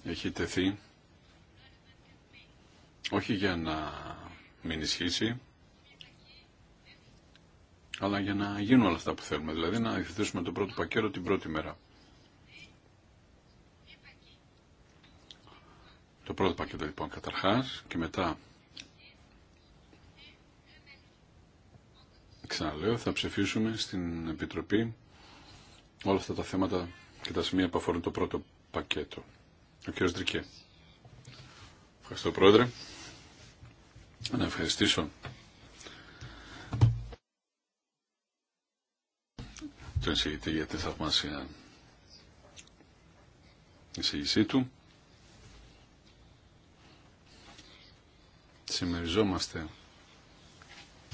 [SPEAKER 3] έχει τεθεί όχι για να μην ισχύσει, αλλά για να γίνουν όλα αυτά που θέλουμε. Δηλαδή να υφηθήσουμε το πρώτο πακέτο την πρώτη μέρα. Το πρώτο πακέτο λοιπόν καταρχάς και μετά ξαναλέω θα ψηφίσουμε στην Επιτροπή όλα αυτά τα θέματα και τα σημεία που αφορούν το πρώτο πακέτο. Ο κ. Δρικέ. Ευχαριστώ Πρόεδρε. Να ευχαριστήσω τον εισηγητή για τη θαυμάσια εισηγησή του. Συμμεριζόμαστε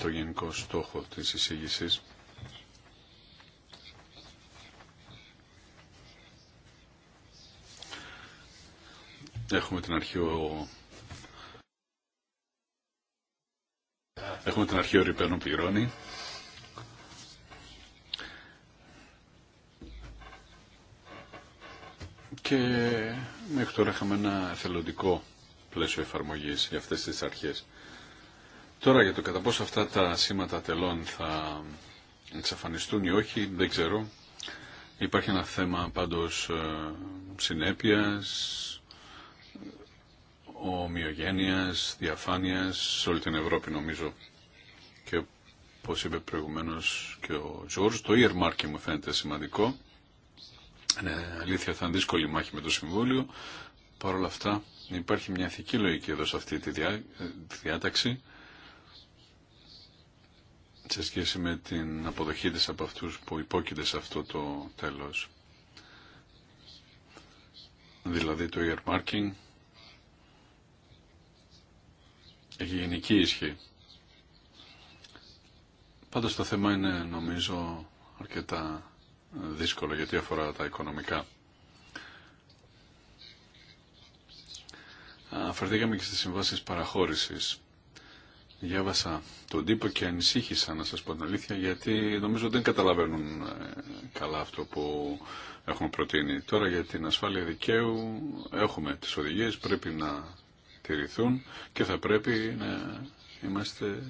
[SPEAKER 3] το γενικό στόχο της εισηγησής Έχουμε την αρχή ο... Έχουμε την Και μέχρι τώρα είχαμε ένα θελοντικό πλαίσιο εφαρμογής για αυτές τις αρχές. Τώρα για το κατά πόσο αυτά τα σήματα τελών θα εξαφανιστούν ή όχι, δεν ξέρω. Υπάρχει ένα θέμα πάντως ε, συνέπειας, ομοιογένειας, διαφάνειας σε όλη την Ευρώπη νομίζω. Και όπως είπε προηγουμένως και ο Τζόρς, το earmarking μου φαίνεται σημαντικό. Είναι αλήθεια θα είναι δύσκολη μάχη με το Συμβούλιο. Παρ' όλα αυτά υπάρχει μια ηθική λογική εδώ σε αυτή τη, διά, διάταξη σε σχέση με την αποδοχή της από αυτούς που υπόκειται σε αυτό το τέλος. Δηλαδή το earmarking έχει γενική ισχύ. Πάντως το θέμα είναι νομίζω αρκετά δύσκολο γιατί αφορά τα οικονομικά. Αφαιρθήκαμε και στις συμβάσεις παραχώρησης. Διάβασα τον τύπο και ανησύχησα να σας πω την αλήθεια γιατί νομίζω δεν καταλαβαίνουν ε, καλά αυτό που έχουμε προτείνει. Τώρα για την ασφάλεια δικαίου έχουμε τις οδηγίες, πρέπει να τηρηθούν και θα πρέπει να είμαστε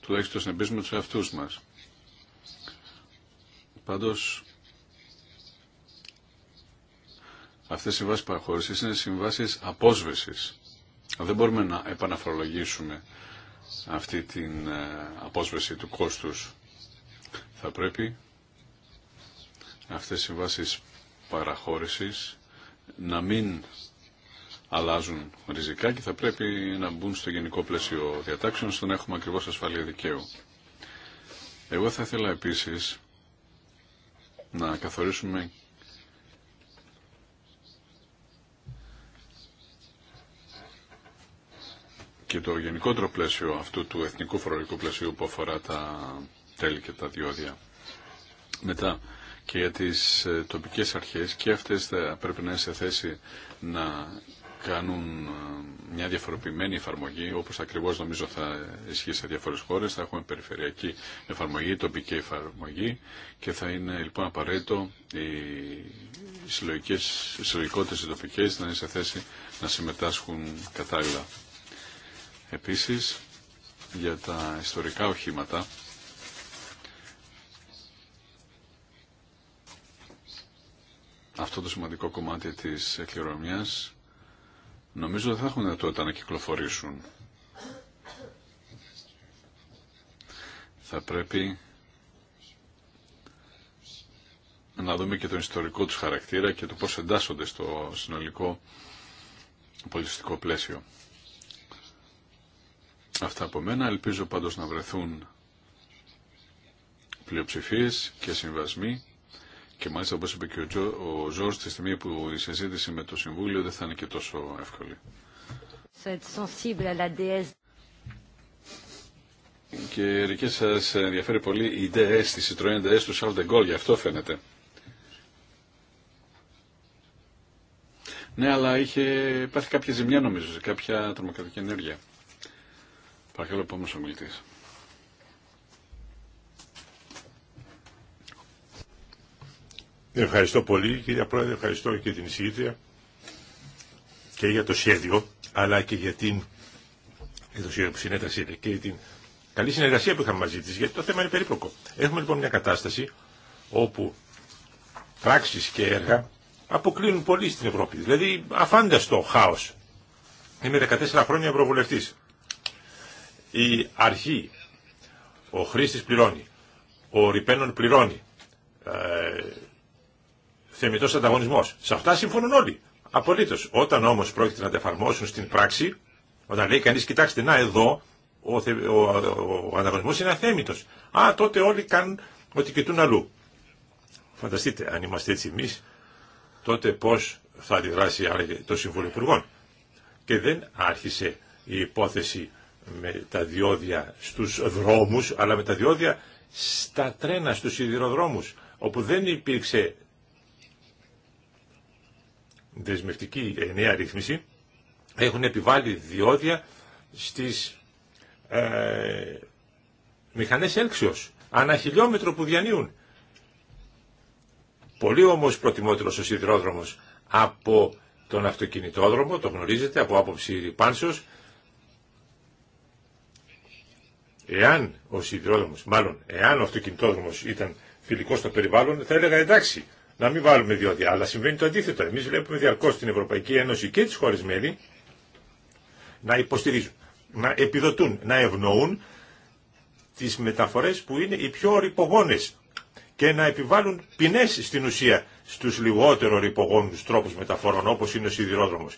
[SPEAKER 3] τουλάχιστον συνεπείς με τους εαυτούς μας. Πάντως, αυτές οι συμβάσεις παραχώρησης είναι συμβάσεις απόσβεσης. Δεν μπορούμε να επαναφορολογήσουμε αυτή την ε, απόσβεση του κόστους. Θα πρέπει αυτές οι συμβάσεις παραχώρησης να μην αλλάζουν ριζικά και θα πρέπει να μπουν στο γενικό πλαίσιο διατάξεων στον έχουμε ακριβώς ασφάλεια δικαίου. Εγώ θα ήθελα επίσης να καθορίσουμε και το γενικότερο πλαίσιο αυτού του εθνικού φορολογικού πλαισίου που αφορά τα τέλη και τα διόδια. Μετά και για τις ε, τοπικές αρχές και αυτές θα πρέπει να είναι σε θέση να κάνουν ε, μια διαφοροποιημένη εφαρμογή, όπως ακριβώς νομίζω θα ισχύει σε διάφορες χώρες, θα έχουμε περιφερειακή εφαρμογή, τοπική εφαρμογή και θα είναι λοιπόν απαραίτητο οι συλλογικές, οι συλλογικότητες οι τοπικές να είναι σε θέση να συμμετάσχουν κατάλληλα. Επίσης, για τα ιστορικά οχήματα, αυτό το σημαντικό κομμάτι της κληρονομιάς νομίζω δεν θα έχουν δυνατότητα να κυκλοφορήσουν. Θα πρέπει να δούμε και τον ιστορικό τους χαρακτήρα και το πώς εντάσσονται στο συνολικό πολιτιστικό πλαίσιο. Αυτά από μένα. Ελπίζω πάντως να βρεθούν πλειοψηφίες και συμβασμοί και μάλιστα, όπω είπε και ο, Ζόρ, τη στιγμή που η συζήτηση με το Συμβούλιο δεν θα είναι και τόσο εύκολη. Και Ρικέ, σα ενδιαφέρει πολύ η DS, η Citroën DS του Charles de γι' αυτό φαίνεται. Ναι, αλλά είχε υπάρχει κάποια ζημιά νομίζω, σε κάποια τρομοκρατική ενέργεια. Παρακαλώ, επόμενο ομιλητή.
[SPEAKER 4] Ευχαριστώ πολύ κυρία Πρόεδρε, ευχαριστώ και την εισηγήτρια και για το σχέδιο, αλλά και για την και την καλή συνεργασία που είχαμε μαζί της, γιατί το θέμα είναι περίπλοκο. Έχουμε λοιπόν μια κατάσταση όπου πράξεις και έργα αποκλίνουν πολύ στην Ευρώπη. Δηλαδή αφάνταστο χάος. Είμαι 14 χρόνια ευρωβουλευτής. Η αρχή, ο χρήστης πληρώνει, ο ρηπαίνων πληρώνει, ε, Θεμητό ανταγωνισμό. Σε αυτά συμφωνούν όλοι. Απολύτως. Όταν όμως πρόκειται να τα εφαρμόσουν στην πράξη, όταν λέει κανεί, κοιτάξτε να εδώ ο, ο, είναι αθέμητο. Α, τότε όλοι κάνουν ότι κοιτούν αλλού. Φανταστείτε, αν είμαστε έτσι εμεί, τότε πώς θα αντιδράσει το Συμβούλιο Υπουργών. Και δεν άρχισε η υπόθεση με τα διόδια στους δρόμους, αλλά με τα διόδια στα τρένα, στους σιδηροδρόμους, όπου δεν υπήρξε δεσμευτική νέα ρύθμιση έχουν επιβάλει διόδια στις ε, μηχανές έλξιος ανά χιλιόμετρο που διανύουν. Πολύ όμως προτιμότερος ο σιδηρόδρομος από τον αυτοκινητόδρομο, το γνωρίζετε από άποψη ρηπάνσεως, εάν ο σιδηρόδρομος, μάλλον εάν ο αυτοκινητόδρομος ήταν φιλικός στο περιβάλλον, θα έλεγα εντάξει, να μην βάλουμε διόδια. Αλλά συμβαίνει το αντίθετο. Εμεί βλέπουμε διαρκώ την Ευρωπαϊκή Ένωση και τι χώρε μέλη να υποστηρίζουν, να επιδοτούν, να ευνοούν τι μεταφορέ που είναι οι πιο ρηπογόνε και να επιβάλλουν ποινέ στην ουσία στους λιγότερο ρηπογόνου τρόπου μεταφορών όπω είναι ο σιδηρόδρομο.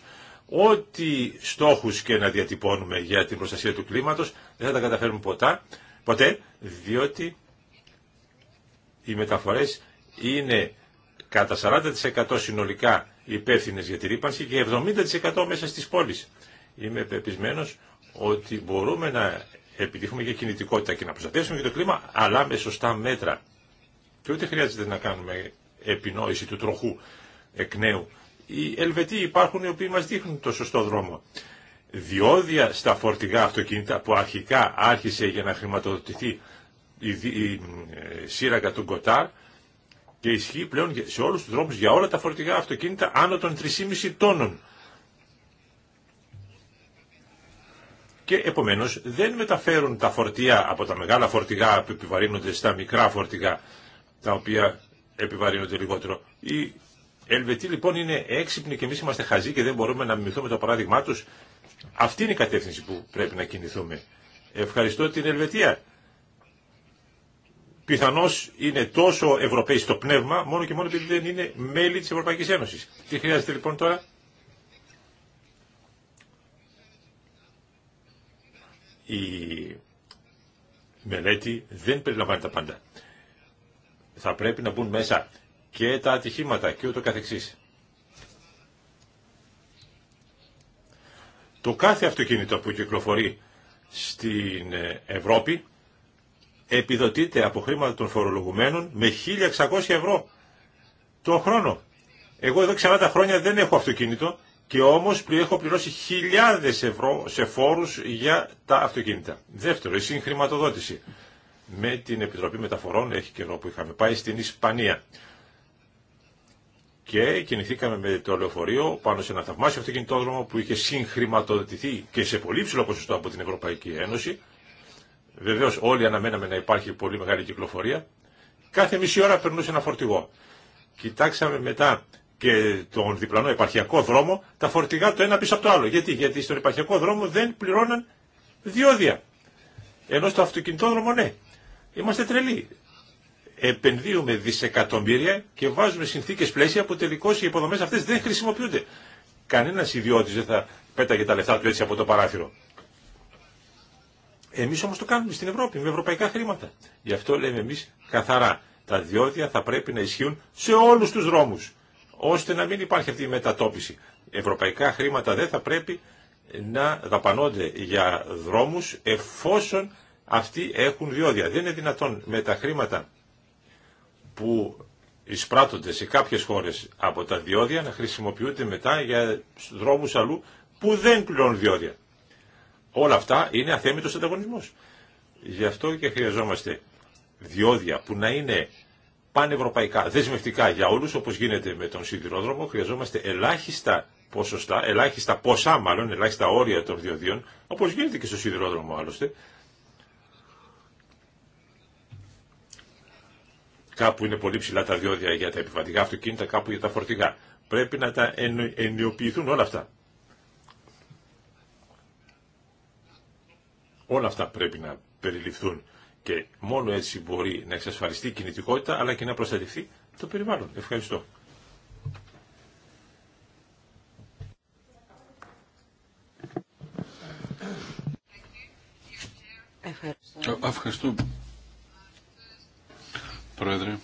[SPEAKER 4] Ό,τι στόχου και να διατυπώνουμε για την προστασία του κλίματο, δεν θα τα καταφέρουμε ποτά, ποτέ διότι οι μεταφορές είναι κατά 40% συνολικά υπεύθυνε για τη ρήπανση και 70% μέσα στις πόλεις. Είμαι πεπισμένος ότι μπορούμε να επιτύχουμε για κινητικότητα και να προστατεύσουμε και το κλίμα, αλλά με σωστά μέτρα. Και ούτε χρειάζεται να κάνουμε επινόηση του τροχού εκ νέου. Οι Ελβετοί υπάρχουν οι οποίοι μας δείχνουν το σωστό δρόμο. Διόδια στα φορτηγά αυτοκίνητα που αρχικά άρχισε για να χρηματοδοτηθεί η ε, σύραγγα του Γκοτάρ, και ισχύει πλέον σε όλου τους δρόμους για όλα τα φορτηγά αυτοκίνητα άνω των 3,5 τόνων. Και επομένως δεν μεταφέρουν τα φορτία από τα μεγάλα φορτηγά που επιβαρύνονται στα μικρά φορτηγά, τα οποία επιβαρύνονται λιγότερο. Οι Ελβετοί λοιπόν είναι έξυπνοι και εμεί είμαστε χαζοί και δεν μπορούμε να μιμηθούμε το παράδειγμά του. Αυτή είναι η κατεύθυνση που πρέπει να κινηθούμε. Ευχαριστώ την Ελβετία Πιθανώ είναι τόσο Ευρωπαίοι στο πνεύμα, μόνο και μόνο επειδή δεν είναι μέλη τη Ευρωπαϊκή Ένωση. Τι χρειάζεται λοιπόν τώρα. Η μελέτη δεν περιλαμβάνει τα πάντα. Θα πρέπει να μπουν μέσα και τα ατυχήματα και ούτω καθεξής. Το κάθε αυτοκίνητο που κυκλοφορεί στην Ευρώπη επιδοτείται από χρήματα των φορολογουμένων με 1.600 ευρώ το χρόνο. Εγώ εδώ 40 χρόνια δεν έχω αυτοκίνητο και όμως έχω πληρώσει χιλιάδες ευρώ σε φόρους για τα αυτοκίνητα. Δεύτερο, η συγχρηματοδότηση. Με την Επιτροπή Μεταφορών, έχει καιρό που είχαμε πάει στην Ισπανία. Και κινηθήκαμε με το λεωφορείο πάνω σε ένα θαυμάσιο αυτοκινητόδρομο που είχε συγχρηματοδοτηθεί και σε πολύ ψηλό ποσοστό από την Ευρωπαϊκή Ένωση Βεβαίω όλοι αναμέναμε να υπάρχει πολύ μεγάλη κυκλοφορία. Κάθε μισή ώρα περνούσε ένα φορτηγό. Κοιτάξαμε μετά και τον διπλανό επαρχιακό δρόμο, τα φορτηγά το ένα πίσω από το άλλο. Γιατί, Γιατί στον επαρχιακό δρόμο δεν πληρώναν διόδια. Ενώ στο αυτοκινητόδρομο ναι. Είμαστε τρελοί. Επενδύουμε δισεκατομμύρια και βάζουμε συνθήκε πλαίσια που τελικώ οι υποδομέ αυτέ δεν χρησιμοποιούνται. Κανένα ιδιώτη δεν θα πέταγε τα λεφτά του έτσι από το παράθυρο. Εμείς όμως το κάνουμε στην Ευρώπη με ευρωπαϊκά χρήματα. Γι' αυτό λέμε εμείς καθαρά. Τα διόδια θα πρέπει να ισχύουν σε όλους τους δρόμους, ώστε να μην υπάρχει αυτή η μετατόπιση. Ευρωπαϊκά χρήματα δεν θα πρέπει να δαπανώνται για δρόμους εφόσον αυτοί έχουν διόδια. Δεν είναι δυνατόν με τα χρήματα που εισπράττονται σε κάποιες χώρες από τα διόδια να χρησιμοποιούνται μετά για δρόμους αλλού που δεν πληρώνουν διόδια. Όλα αυτά είναι αθέμητο ανταγωνισμός. Γι' αυτό και χρειαζόμαστε διόδια που να είναι πανευρωπαϊκά, δεσμευτικά για όλους, όπως γίνεται με τον σιδηρόδρομο, χρειαζόμαστε ελάχιστα ποσοστά, ελάχιστα ποσά μάλλον, ελάχιστα όρια των διοδίων, όπως γίνεται και στο σιδηρόδρομο άλλωστε. Κάπου είναι πολύ ψηλά τα διόδια για τα επιβατικά αυτοκίνητα, κάπου για τα φορτηγά. Πρέπει να τα εννοιοποιηθούν όλα αυτά. Όλα αυτά πρέπει να περιληφθούν και μόνο έτσι μπορεί να εξασφαλιστεί η κινητικότητα αλλά και να προστατευτεί το περιβάλλον. Ευχαριστώ.
[SPEAKER 2] Ευχαριστώ.
[SPEAKER 3] Ευχαριστώ. Πρόεδρε,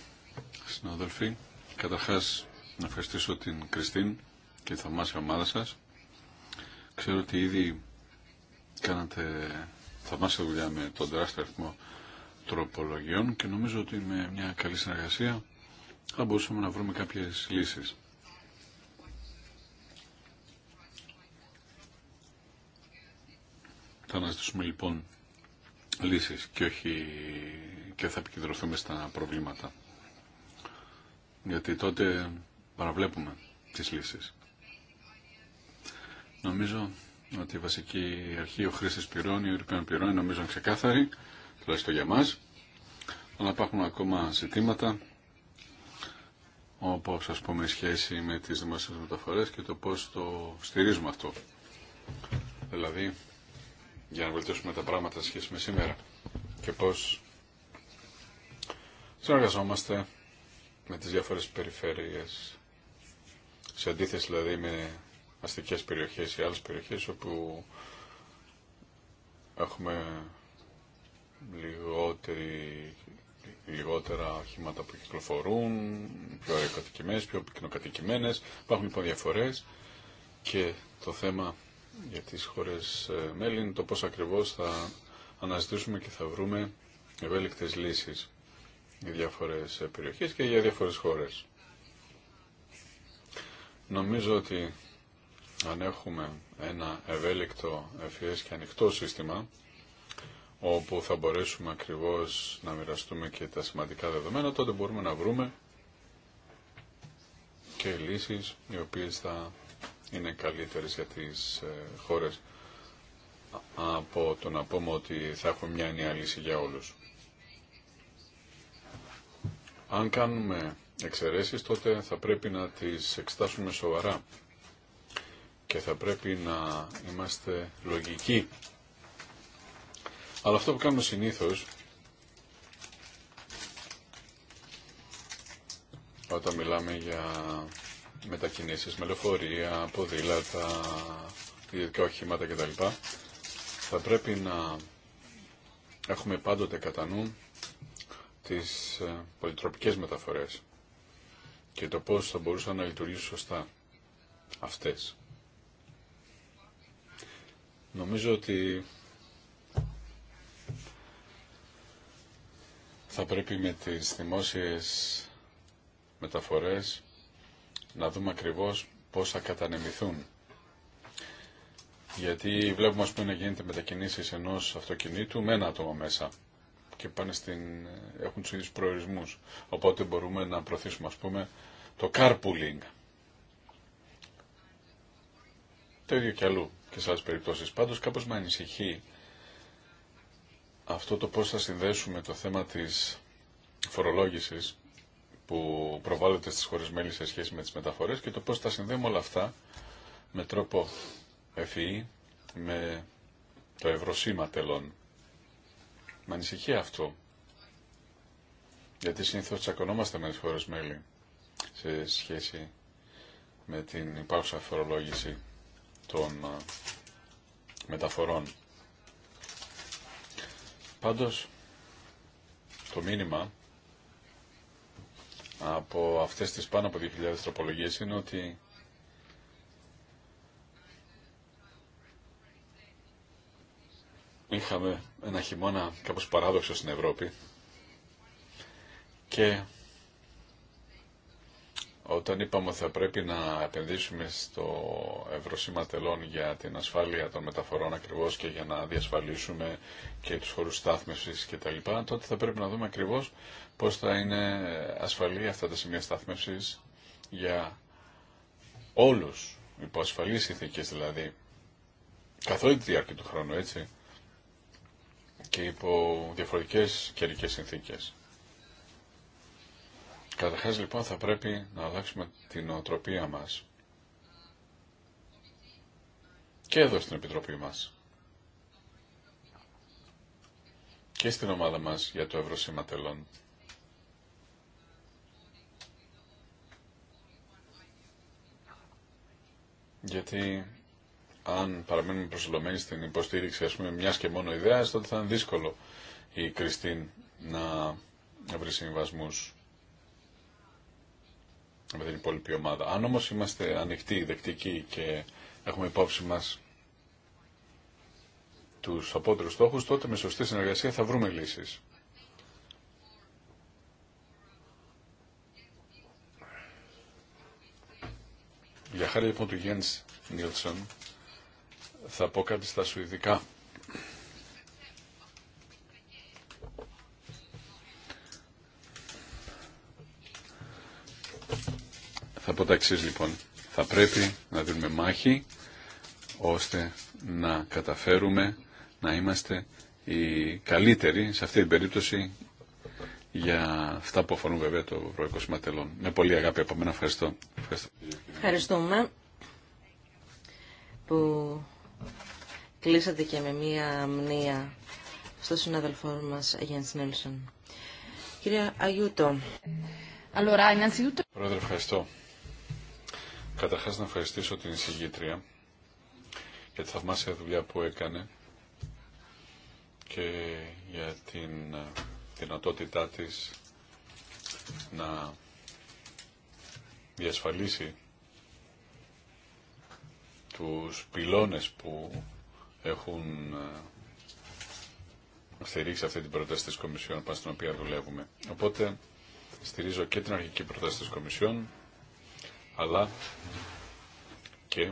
[SPEAKER 3] συναδελφοί, καταρχάς να ευχαριστήσω την Κριστίν και τη θαυμάσια ομάδα σας. Ξέρω ότι ήδη κάνατε θαυμάσια δουλειά με τον τεράστιο αριθμό τροπολογιών και νομίζω ότι με μια καλή συνεργασία θα μπορούσαμε να βρούμε κάποιες λύσεις. Θα αναζητήσουμε λοιπόν λύσεις και, όχι... και θα επικεντρωθούμε στα προβλήματα. Γιατί τότε παραβλέπουμε τις λύσεις. Νομίζω ότι η βασική αρχή ο χρήστη πληρώνει, ο Ιρπιόν πληρώνει, νομίζω είναι ξεκάθαρη, τουλάχιστον για μας. Αλλά υπάρχουν ακόμα ζητήματα, όπως ας πούμε σχέση με τις δημόσιες μεταφορές και το πώς το στηρίζουμε αυτό. Δηλαδή, για να βελτιώσουμε τα πράγματα σχέση με σήμερα και πώς συνεργαζόμαστε με τις διάφορες περιφέρειες, σε αντίθεση δηλαδή με αστικές περιοχές ή άλλες περιοχές όπου έχουμε λιγότερη, λιγότερα χήματα που κυκλοφορούν, πιο αεροκατοικημένες, πιο πυκνοκατοικημένες. Υπάρχουν λοιπόν διαφορές και το θέμα για τις χώρες ε, μέλη είναι το πώς ακριβώς θα αναζητήσουμε και θα βρούμε ευέλικτες λύσεις για διάφορες ε, περιοχές και για διάφορες χώρες. Νομίζω ότι αν έχουμε ένα ευέλικτο, ευφυές και ανοιχτό σύστημα, όπου θα μπορέσουμε ακριβώς να μοιραστούμε και τα σημαντικά δεδομένα, τότε μπορούμε να βρούμε και λύσεις οι οποίες θα είναι καλύτερες για τις ε, χώρες από το να πούμε ότι θα έχουμε μια ενιαία λύση για όλους. Αν κάνουμε εξαιρέσεις, τότε θα πρέπει να τις εξετάσουμε σοβαρά και θα πρέπει να είμαστε λογικοί. Αλλά αυτό που κάνουμε συνήθως όταν μιλάμε για μετακινήσεις με λεωφορεία, ποδήλατα, ιδιωτικά οχήματα κτλ. Θα πρέπει να έχουμε πάντοτε κατά νου τις ε, πολυτροπικές μεταφορές και το πώς θα μπορούσαν να λειτουργήσουν σωστά αυτές. Νομίζω ότι θα πρέπει με τις δημόσιες μεταφορές να δούμε ακριβώς πώς θα κατανεμηθούν. Γιατί βλέπουμε ας πούμε να γίνεται μετακινήσεις ενός αυτοκινήτου με ένα άτομο μέσα και πάνε στην, έχουν τους ίδιους προορισμούς. Οπότε μπορούμε να προωθήσουμε ας πούμε το carpooling Το ίδιο και αλλού και σε άλλε περιπτώσει. Πάντω κάπω με ανησυχεί αυτό το πώ θα συνδέσουμε το θέμα τη φορολόγηση που προβάλλεται στις χώρες μέλη σε σχέση με τις μεταφορές και το πώς θα συνδέουμε όλα αυτά με τρόπο ευφυή με το ευρωσήμα τελών. Με ανησυχεί αυτό. Γιατί συνήθω τσακωνόμαστε με τις χώρε μέλη σε σχέση με την υπάρχουσα φορολόγηση των ε, μεταφορών. Πάντως, το μήνυμα από αυτές τις πάνω από 2.000 τροπολογίες είναι ότι είχαμε ένα χειμώνα κάπως παράδοξο στην Ευρώπη και όταν είπαμε ότι θα πρέπει να επενδύσουμε στο ευρωσήμα τελών για την ασφάλεια των μεταφορών ακριβώς και για να διασφαλίσουμε και τους χώρους στάθμευσης και τα τότε θα πρέπει να δούμε ακριβώς πώς θα είναι ασφαλή αυτά τα σημεία στάθμευσης για όλους, υπό ασφαλείς ηθίκες δηλαδή, καθόλου όλη τη διάρκεια του χρόνου, έτσι, και υπό διαφορετικές καιρικές συνθήκες. Καταρχάς λοιπόν θα πρέπει να αλλάξουμε την οτροπία μας και εδώ στην Επιτροπή μας και στην ομάδα μας για το Ευρωσήμα Τελών. Γιατί αν παραμένουμε προσυλλομένοι στην υποστήριξη ας πούμε, μιας και μόνο ιδέας, τότε θα είναι δύσκολο η Κριστίν να βρει συμβασμούς με την υπόλοιπη ομάδα. Αν όμως είμαστε ανοιχτοί, δεκτικοί και έχουμε υπόψη μας τους απότερους στόχους, τότε με σωστή συνεργασία θα βρούμε λύσεις. Για χάρη λοιπόν του Γιέντς Νίλσον θα πω κάτι στα σουηδικά. Θα πω λοιπόν. Θα πρέπει να δίνουμε μάχη ώστε να καταφέρουμε να είμαστε οι καλύτεροι σε αυτή την περίπτωση για αυτά που αφορούν βέβαια το Ευρωπαϊκό Συμματελόν. Με πολύ αγάπη από μένα. Ευχαριστώ. Ευχαριστώ.
[SPEAKER 2] Ευχαριστούμε που κλείσατε και με μία μνήα στο συνάδελφό μας Γιάννης Νέλσον. Κυρία Αγιούτο.
[SPEAKER 3] Πρόεδρε, ευχαριστώ. Καταρχάς να ευχαριστήσω την εισηγήτρια για τη θαυμάσια δουλειά που έκανε και για την ε, δυνατότητά της να διασφαλίσει τους πυλώνες που έχουν ε, στηρίξει αυτή την πρόταση της Κομισιόν πάνω στην οποία δουλεύουμε. Οπότε στηρίζω και την αρχική πρόταση της Κομισιόν αλλά και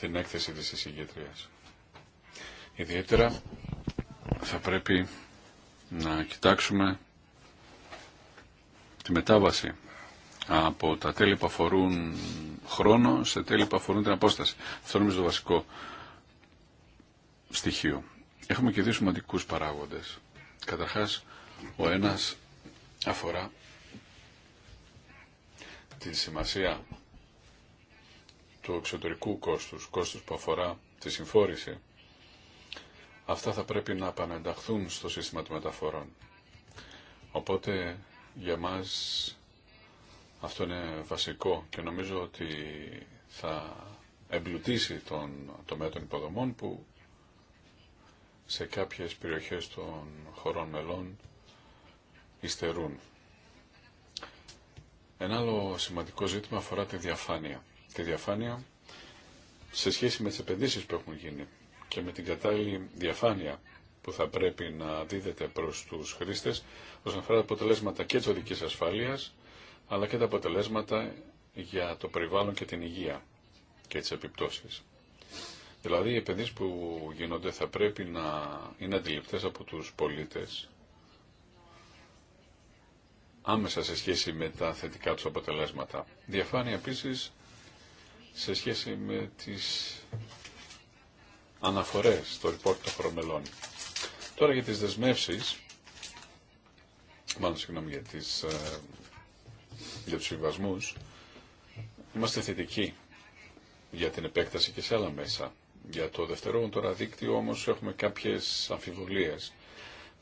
[SPEAKER 3] την έκθεση της εισηγήτριας. Ιδιαίτερα θα πρέπει να κοιτάξουμε τη μετάβαση από τα τέλη που αφορούν χρόνο σε τέλη που αφορούν την απόσταση. Αυτό είναι το βασικό στοιχείο. Έχουμε και δύο σημαντικού παράγοντες. Καταρχάς, ο ένας αφορά τη σημασία του εξωτερικού κόστους, κόστους που αφορά τη συμφόρηση, αυτά θα πρέπει να επανενταχθούν στο σύστημα των μεταφορών. Οπότε για μας αυτό είναι βασικό και νομίζω ότι θα εμπλουτίσει τον το των υποδομών που σε κάποιες περιοχές των χωρών μελών υστερούν. Ένα άλλο σημαντικό ζήτημα αφορά τη διαφάνεια. Τη διαφάνεια σε σχέση με τις επενδύσεις που έχουν γίνει και με την κατάλληλη διαφάνεια που θα πρέπει να δίδεται προς τους χρήστες όσον αφορά τα αποτελέσματα και της οδικής ασφάλειας αλλά και τα αποτελέσματα για το περιβάλλον και την υγεία και τις επιπτώσεις. Δηλαδή οι επενδύσεις που γίνονται θα πρέπει να είναι αντιληπτές από τους πολίτες άμεσα σε σχέση με τα θετικά τους αποτελέσματα. Διαφάνεια επίσης σε σχέση με τις αναφορές στο report των χρωμελών. Τώρα για τις δεσμεύσεις, μάλλον συγγνώμη για, τις, ε, για τους συμβασμούς, είμαστε θετικοί για την επέκταση και σε άλλα μέσα. Για το δευτερόγον τώρα δίκτυο όμως έχουμε κάποιες αμφιβολίες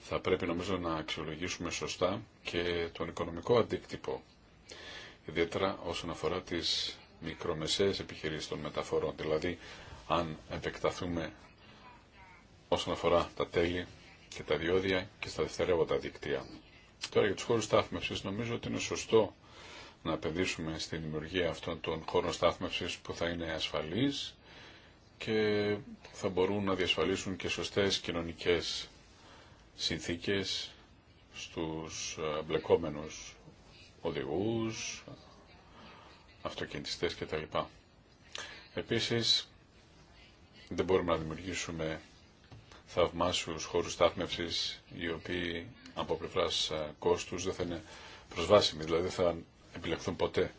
[SPEAKER 3] θα πρέπει νομίζω να αξιολογήσουμε σωστά και τον οικονομικό αντίκτυπο, ιδιαίτερα όσον αφορά τις μικρομεσαίες επιχειρήσεις των μεταφορών, δηλαδή αν επεκταθούμε όσον αφορά τα τέλη και τα διόδια και στα δευτερεύοντα δίκτυα. Τώρα για τους χώρους στάθμευσης νομίζω ότι είναι σωστό να επενδύσουμε στην δημιουργία αυτών των χώρων στάθμευσης που θα είναι ασφαλείς και θα μπορούν να διασφαλίσουν και σωστές κοινωνικές συνθήκες στους ε, μπλεκόμενους οδηγούς, αυτοκινητιστές κτλ. Επίσης, δεν μπορούμε να δημιουργήσουμε θαυμάσιους χώρους στάθμευσης, οι οποίοι από πλευρά ε, κόστους δεν θα είναι προσβάσιμοι, δηλαδή δεν θα επιλεχθούν ποτέ,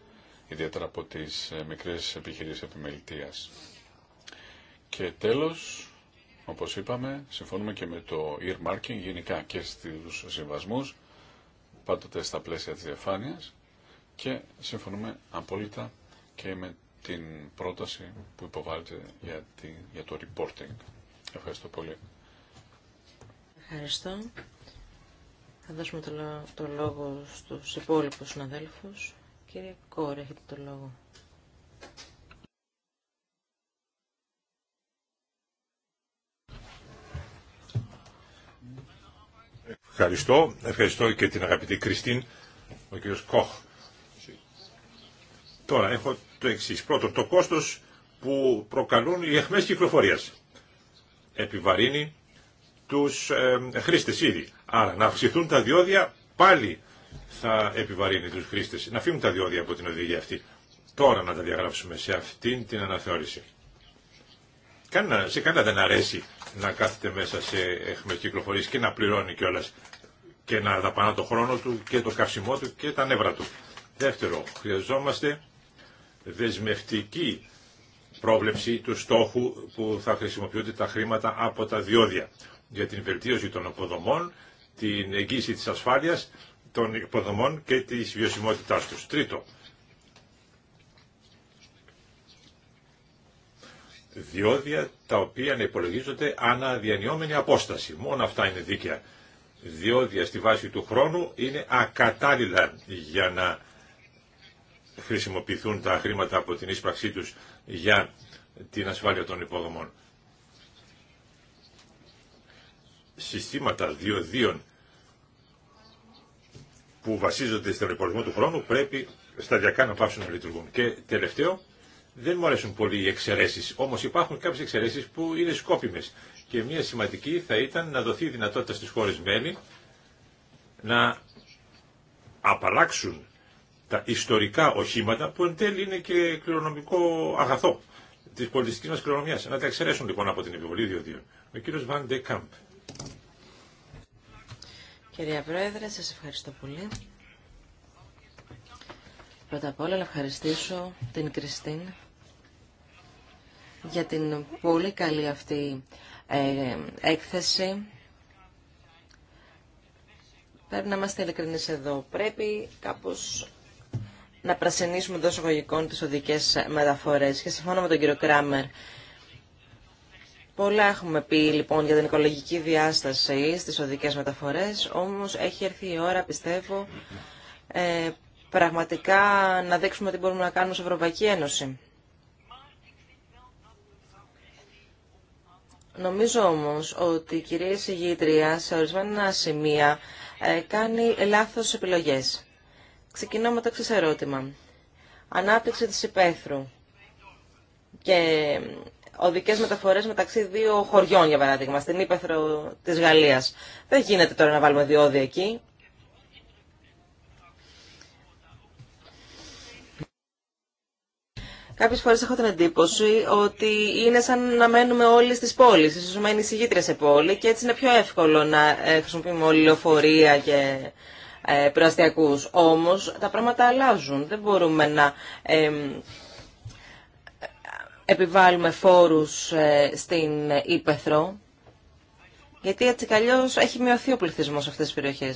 [SPEAKER 3] ιδιαίτερα από τις ε, μικρές επιχειρήσεις επιμελητίας. Και τέλος, όπως είπαμε, συμφωνούμε και με το earmarking γενικά και στους συμβασμούς, πάντοτε στα πλαίσια της διαφάνειας και συμφωνούμε απόλυτα και με την πρόταση που υποβάλλεται για, το reporting. Ευχαριστώ πολύ.
[SPEAKER 2] Ευχαριστώ. Θα δώσουμε το, το λόγο στους υπόλοιπους συναδέλφους. Κύριε Κόρη, έχετε το λόγο.
[SPEAKER 4] Ευχαριστώ. Ευχαριστώ και την αγαπητή Κριστίν, ο κύριος Κοχ. Τώρα έχω το εξής. Πρώτον, το κόστος που προκαλούν οι εχμές κυκλοφορίας. Επιβαρύνει τους ε, χρήστες ήδη. Άρα να αυξηθούν τα διόδια πάλι θα επιβαρύνει τους χρήστες. Να φύγουν τα διόδια από την οδηγία αυτή. Τώρα να τα διαγράψουμε σε αυτήν την αναθεώρηση. σε κανένα δεν αρέσει να κάθεται μέσα σε εχμές και να πληρώνει κιόλα και να δαπανά το χρόνο του και το καυσιμό του και τα νεύρα του. Δεύτερο, χρειαζόμαστε δεσμευτική πρόβλεψη του στόχου που θα χρησιμοποιούνται τα χρήματα από τα διόδια για την βελτίωση των αποδομών, την εγγύηση της ασφάλειας των υποδομών και της βιωσιμότητάς τους. Τρίτο, διόδια τα οποία να υπολογίζονται διανιόμενη απόσταση. Μόνο αυτά είναι δίκαια. Διόδια στη βάση του χρόνου είναι ακατάλληλα για να χρησιμοποιηθούν τα χρήματα από την ίσπραξή τους για την ασφάλεια των υποδομών. Συστήματα διοδίων που βασίζονται στον υπολογισμό του χρόνου πρέπει σταδιακά να πάψουν να λειτουργούν. Και τελευταίο, δεν μου αρέσουν πολύ οι εξαιρέσει. Όμω υπάρχουν κάποιε εξαιρέσει που είναι σκόπιμε. Και μια σημαντική θα ήταν να δοθεί η δυνατότητα στι χώρε μέλη να απαλλάξουν τα ιστορικά οχήματα που εν τέλει είναι και κληρονομικό αγαθό τη πολιτιστική μα κληρονομιά. Να τα εξαιρέσουν λοιπόν από την επιβολή διοδίων. Ο κύριο Βαν Κάμπ.
[SPEAKER 2] Κυρία Πρόεδρε, σα ευχαριστώ πολύ. Πρώτα απ' όλα να ευχαριστήσω την Κριστίν για την πολύ καλή αυτή ε, έκθεση. Πρέπει να είμαστε ειλικρινείς εδώ. Πρέπει κάπως να πρασινίσουμε εντό εισαγωγικών τις οδικές μεταφορές. Και συμφωνώ με τον κύριο Κράμερ. Πολλά έχουμε πει λοιπόν για την οικολογική διάσταση στις οδικές μεταφορές, όμως έχει έρθει η ώρα, πιστεύω, ε, πραγματικά να δείξουμε τι μπορούμε να κάνουμε σε Ευρωπαϊκή Ένωση. Νομίζω όμως ότι η κυρία εισηγήτρια σε ορισμένα σημεία ε, κάνει λάθος επιλογές. Ξεκινώ με το εξής ερώτημα. Ανάπτυξη της υπαίθρου και οδικές μεταφορές μεταξύ δύο χωριών, για παράδειγμα, στην υπαίθρο της Γαλλίας. Δεν γίνεται τώρα να βάλουμε διόδια εκεί. Κάποιε φορέ έχω την εντύπωση ότι είναι σαν να μένουμε όλοι στις πόλεις. Ίσως μένει συγγήτρια σε πόλη και έτσι είναι πιο εύκολο να ε, χρησιμοποιούμε όλη λεωφορεία και ε, Όμω Όμως τα πράγματα αλλάζουν. Δεν μπορούμε να επιβάλλουμε φόρους ε, στην Ήπεθρο. Γιατί έτσι καλώς έχει μειωθεί ο πληθυσμό σε αυτέ τι περιοχέ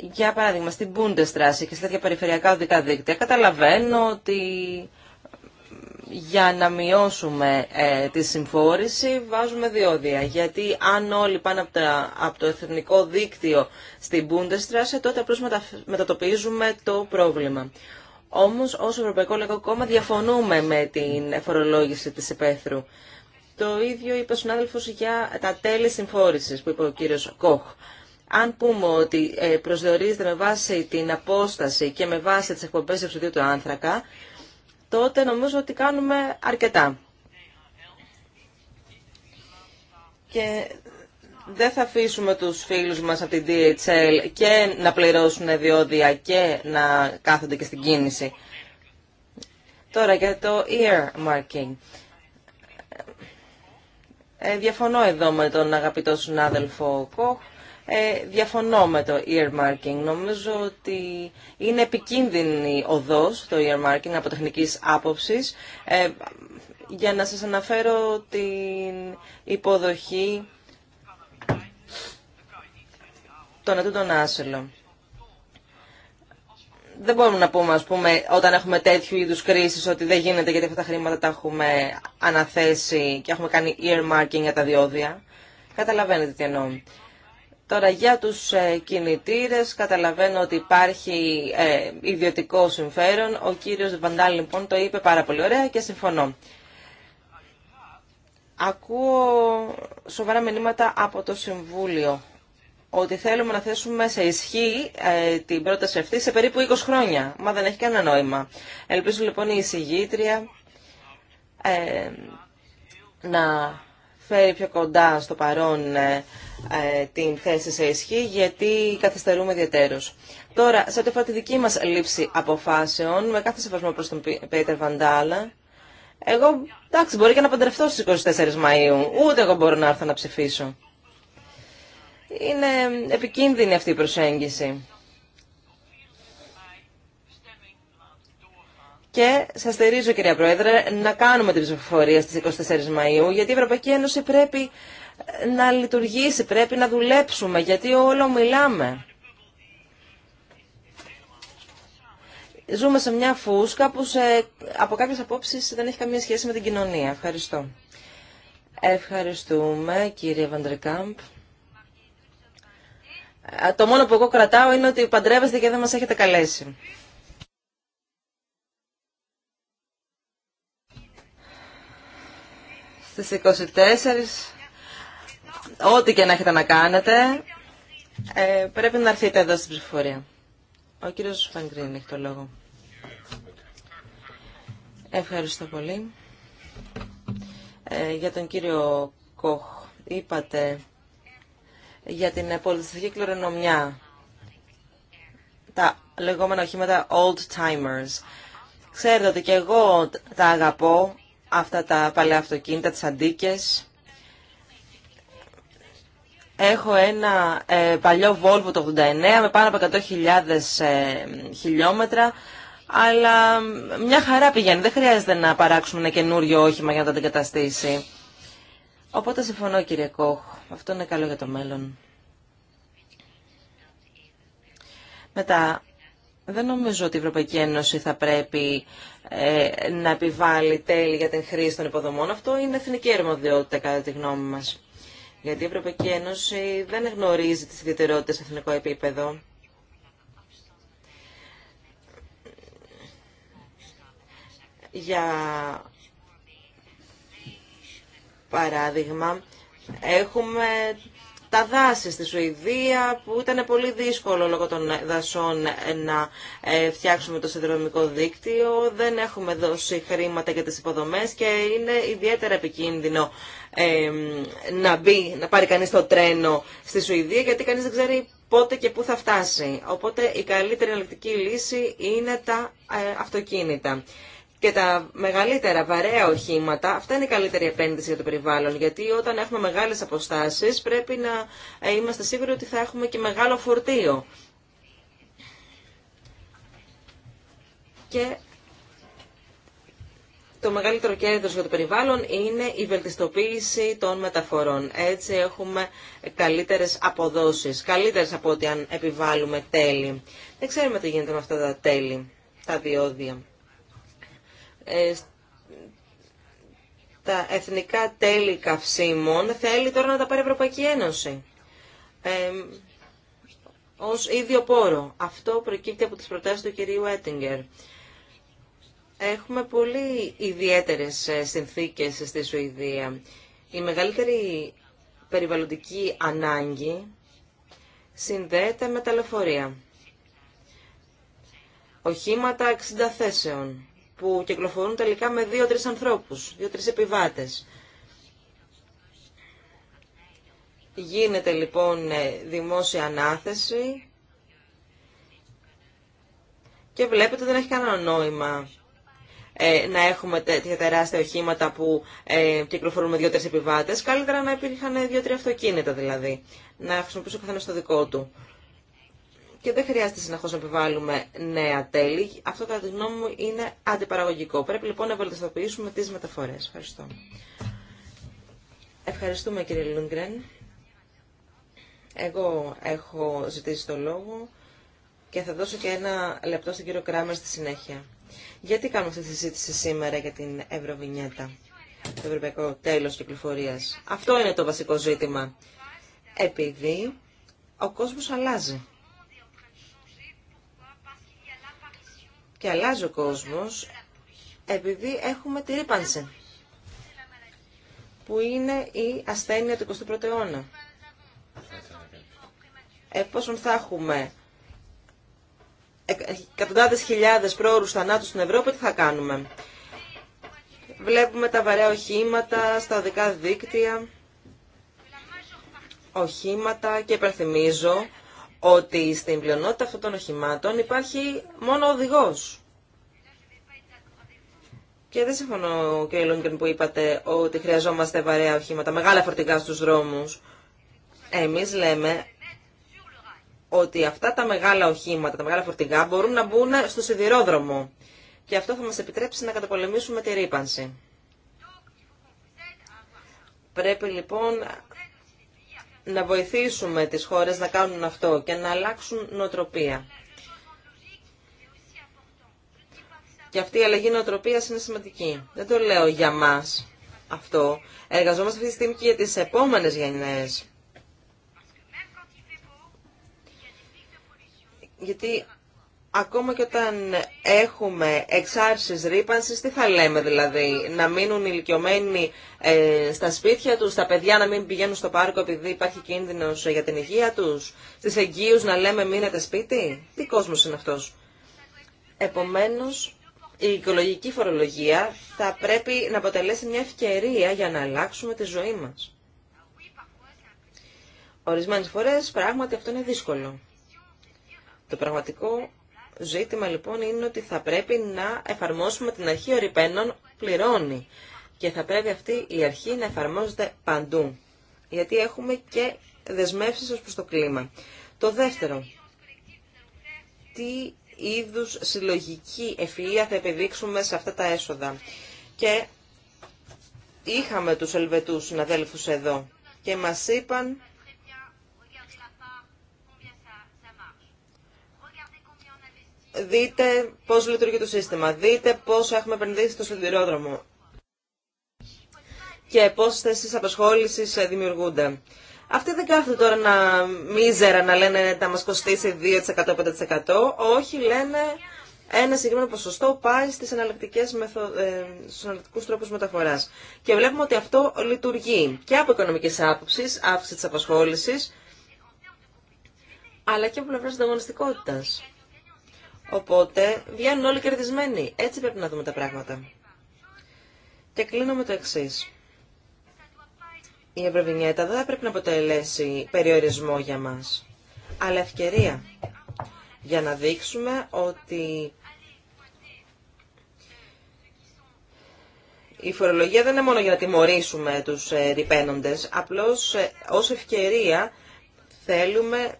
[SPEAKER 2] για παράδειγμα, στην Bundesstraße και σε τέτοια περιφερειακά οδικά δίκτυα, καταλαβαίνω ότι για να μειώσουμε ε, τη συμφόρηση βάζουμε διόδια. Γιατί αν όλοι πάνε από, το εθνικό δίκτυο στην Bundesstraße, τότε απλώς μετατοπίζουμε το πρόβλημα. Όμως, ως Ευρωπαϊκό Λαϊκό Κόμμα διαφωνούμε με την φορολόγηση της υπαίθρου. Το ίδιο είπε ο συνάδελφος για τα τέλη συμφόρησης που είπε ο κύριος Κόχ. Αν πούμε ότι ε, προσδιορίζεται με βάση την απόσταση και με βάση τις εκπομπές υψηλίου του άνθρακα, τότε νομίζω ότι κάνουμε αρκετά. Και δεν θα αφήσουμε τους φίλους μας από την DHL και να πληρώσουν διόδια και να κάθονται και στην κίνηση. Τώρα για το earmarking. Ε, διαφωνώ εδώ με τον αγαπητό συνάδελφο Κοχ ε, διαφωνώ με το earmarking. Νομίζω ότι είναι επικίνδυνη οδός το earmarking από τεχνικής άποψης. Ε, για να σας αναφέρω την υποδοχή των ετούντων άσυλων. Δεν μπορούμε να πούμε, ας πούμε, όταν έχουμε τέτοιου είδους κρίσεις ότι δεν γίνεται γιατί αυτά τα χρήματα τα έχουμε αναθέσει και έχουμε κάνει earmarking για τα διόδια. Καταλαβαίνετε τι εννοώ. Τώρα για τους ε, κινητήρες καταλαβαίνω ότι υπάρχει ε, ιδιωτικό συμφέρον. Ο κύριος Βαντάλ λοιπόν το είπε πάρα πολύ ωραία και συμφωνώ. Ακούω σοβαρά μηνύματα από το Συμβούλιο ότι θέλουμε να θέσουμε σε ισχύ ε, την πρόταση αυτή σε περίπου 20 χρόνια. Μα δεν έχει κανένα νόημα. Ελπίζω λοιπόν η εισηγήτρια ε, να φέρει πιο κοντά στο παρόν ε, την θέση σε ισχύ γιατί καθυστερούμε ιδιαίτερως. Τώρα, σε ό,τι αφορά τη δική μας λήψη αποφάσεων, με κάθε σεβασμό προς τον Πέτερ Βαντάλα, εγώ, εντάξει, μπορεί και να παντρευτώ στις 24 Μαΐου, ούτε εγώ μπορώ να έρθω να ψηφίσω. Είναι επικίνδυνη αυτή η προσέγγιση. Και σα στηρίζω κυρία Πρόεδρε να κάνουμε την ψηφοφορία στι 24 Μαΐου γιατί η Ευρωπαϊκή Ένωση πρέπει να λειτουργήσει, πρέπει να δουλέψουμε, γιατί όλο μιλάμε. Ζούμε σε μια φούσκα που σε, από κάποιες απόψεις δεν έχει καμία σχέση με την κοινωνία. Ευχαριστώ. Ευχαριστούμε κύριε Βαντρεκάμπ. Ε, το μόνο που εγώ κρατάω είναι ότι παντρεύεστε και δεν μας έχετε καλέσει. Στις 24 ό,τι και να έχετε να κάνετε, ε, πρέπει να έρθετε εδώ στην ψηφοφορία. Ο κύριος Φαγκρίνη έχει το λόγο. Ευχαριστώ πολύ. Ε, για τον κύριο Κοχ, είπατε για την πολιτιστική κληρονομιά, τα λεγόμενα οχήματα old timers. Ξέρετε ότι και εγώ τα αγαπώ, αυτά τα παλαιά αυτοκίνητα, τις αντίκες. Έχω ένα ε, παλιό Volvo το 89 με πάνω από 100.000 ε, χιλιόμετρα, αλλά μια χαρά πηγαίνει. Δεν χρειάζεται να παράξουμε ένα καινούριο όχημα για να το αντικαταστήσει. Οπότε συμφωνώ κύριε Κόχ. Αυτό είναι καλό για το μέλλον. Μετά, δεν νομίζω ότι η Ευρωπαϊκή Ένωση θα πρέπει ε, να επιβάλλει τέλη για την χρήση των υποδομών. Αυτό είναι εθνική ερμοδιότητα κατά τη γνώμη μας. Γιατί η Ευρωπαϊκή Ένωση δεν γνωρίζει τις ιδιαιτερότητες σε εθνικό επίπεδο. Για παράδειγμα, έχουμε τα δάση στη Σουηδία που ήταν πολύ δύσκολο λόγω των δασών να ε, φτιάξουμε το συνδρομικό δίκτυο. Δεν έχουμε δώσει χρήματα για τις υποδομές και είναι ιδιαίτερα επικίνδυνο να μπει, να πάρει κανείς το τρένο στη Σουηδία γιατί κανείς δεν ξέρει πότε και πού θα φτάσει. Οπότε η καλύτερη ελεκτική λύση είναι τα ε, αυτοκίνητα και τα μεγαλύτερα βαρέα οχήματα, αυτά είναι η καλύτερη επένδυση για το περιβάλλον. Γιατί όταν έχουμε μεγάλε αποστάσει, πρέπει να ε, είμαστε σίγουροι ότι θα έχουμε και μεγάλο φορτίο. Και το μεγαλύτερο κέρδος για το περιβάλλον είναι η βελτιστοποίηση των μεταφορών. Έτσι έχουμε καλύτερες αποδόσεις, καλύτερες από ό,τι αν επιβάλλουμε τέλη. Δεν ξέρουμε τι γίνεται με αυτά τα τέλη, τα διόδια. Ε, τα εθνικά τέλη καυσίμων θέλει τώρα να τα πάρει η Ευρωπαϊκή Ένωση ε, ως ίδιο πόρο. Αυτό προκύπτει από τις προτάσεις του κυρίου Έτιγκερ. Έχουμε πολύ ιδιαίτερες ε, συνθήκες στη Σουηδία. Η μεγαλύτερη περιβαλλοντική ανάγκη συνδέεται με τα λεωφορεία. Οχήματα 60 θέσεων που κυκλοφορούν τελικά με δύο-τρεις ανθρώπους, δύο-τρεις επιβάτες. Γίνεται λοιπόν ε, δημόσια ανάθεση και βλέπετε δεν έχει κανένα νόημα ε, να έχουμε τέτοια τεράστια οχήματα που ε, κυκλοφορούν με δύο-τρεις επιβάτες. Καλύτερα να υπήρχαν δύο-τρία αυτοκίνητα δηλαδή, να χρησιμοποιούσε ο καθένας το δικό του και δεν χρειάζεται συνεχώ να επιβάλλουμε νέα τέλη. Αυτό, κατά τη γνώμη μου, είναι αντιπαραγωγικό. Πρέπει λοιπόν να βελτιστοποιήσουμε τι μεταφορέ. Ευχαριστώ. Ευχαριστούμε, κύριε Λούγκρεν. Εγώ έχω ζητήσει το λόγο και θα δώσω και ένα λεπτό στον κύριο Κράμερ στη συνέχεια. Γιατί κάνουμε αυτή τη συζήτηση σήμερα για την Ευρωβινιέτα, το Ευρωπαϊκό Τέλος Κυκλοφορίας. Αυτό είναι το βασικό ζήτημα. Επειδή ο κόσμος αλλάζει. και αλλάζει ο κόσμος επειδή έχουμε τη ρήπανση που είναι η ασθένεια του 21ου αιώνα. Εφόσον θα έχουμε εκατοντάδε. χιλιάδες πρόωρους θανάτους στην Ευρώπη, τι θα κάνουμε. Βλέπουμε τα βαρέα οχήματα στα οδικά δίκτυα, οχήματα και υπερθυμίζω ότι στην πλειονότητα αυτών των οχημάτων υπάρχει μόνο οδηγός. Και δεν συμφωνώ, κ. Λούγκεν, που είπατε ότι χρειαζόμαστε βαρέα οχήματα, μεγάλα φορτηγά στους δρόμους. Εμείς λέμε ότι αυτά τα μεγάλα οχήματα, τα μεγάλα φορτηγά μπορούν να μπουν στο σιδηρόδρομο. Και αυτό θα μας επιτρέψει να καταπολεμήσουμε τη ρήπανση. Πρέπει λοιπόν να βοηθήσουμε τις χώρες να κάνουν αυτό και να αλλάξουν νοοτροπία. Και αυτή η αλλαγή νοοτροπίας είναι σημαντική. Δεν το λέω για μας αυτό. Εργαζόμαστε αυτή τη στιγμή και για τις επόμενες γενιές. Γιατί Ακόμα και όταν έχουμε εξάρσεις ρήπανση, τι θα λέμε δηλαδή, να μείνουν ηλικιωμένοι ε, στα σπίτια τους, τα παιδιά να μην πηγαίνουν στο πάρκο επειδή υπάρχει κίνδυνος για την υγεία τους, στις εγγύους να λέμε μείνετε σπίτι, τι κόσμος είναι αυτός. Επομένως, η οικολογική φορολογία θα πρέπει να αποτελέσει μια ευκαιρία για να αλλάξουμε τη ζωή μας. Ορισμένες φορές πράγματι αυτό είναι δύσκολο. Το πραγματικό ζήτημα λοιπόν είναι ότι θα πρέπει να εφαρμόσουμε την αρχή ορυπαίνων πληρώνει και θα πρέπει αυτή η αρχή να εφαρμόζεται παντού γιατί έχουμε και δεσμεύσεις ως προς το κλίμα. Το δεύτερο, τι είδους συλλογική ευφυΐα θα επιδείξουμε σε αυτά τα έσοδα. Και είχαμε τους Ελβετούς συναδέλφους εδώ και μας είπαν δείτε πώς λειτουργεί το σύστημα, δείτε πόσο έχουμε επενδύσει στο σιδηρόδρομο και πόσε θέσεις απασχόλησης ε, δημιουργούνται. Αυτοί δεν κάθονται τώρα να μίζερα να λένε να μας κοστίσει 2%-5%. Όχι, λένε ένα συγκεκριμένο ποσοστό πάει στις αναλυτικές μεθο... Ε, στους τρόπους μεταφοράς. Και βλέπουμε ότι αυτό λειτουργεί και από οικονομικής άποψης, αύξηση της απασχόλησης, αλλά και από πλευρά ανταγωνιστικότητα. Οπότε βγαίνουν όλοι κερδισμένοι. Έτσι πρέπει να δούμε τα πράγματα. Και κλείνω με το εξή. Η Ευρωβινιέτα δεν θα πρέπει να αποτελέσει περιορισμό για μας, αλλά ευκαιρία για να δείξουμε ότι η φορολογία δεν είναι μόνο για να τιμωρήσουμε τους ε, ρηπαίνοντες, απλώς ε, ως ευκαιρία θέλουμε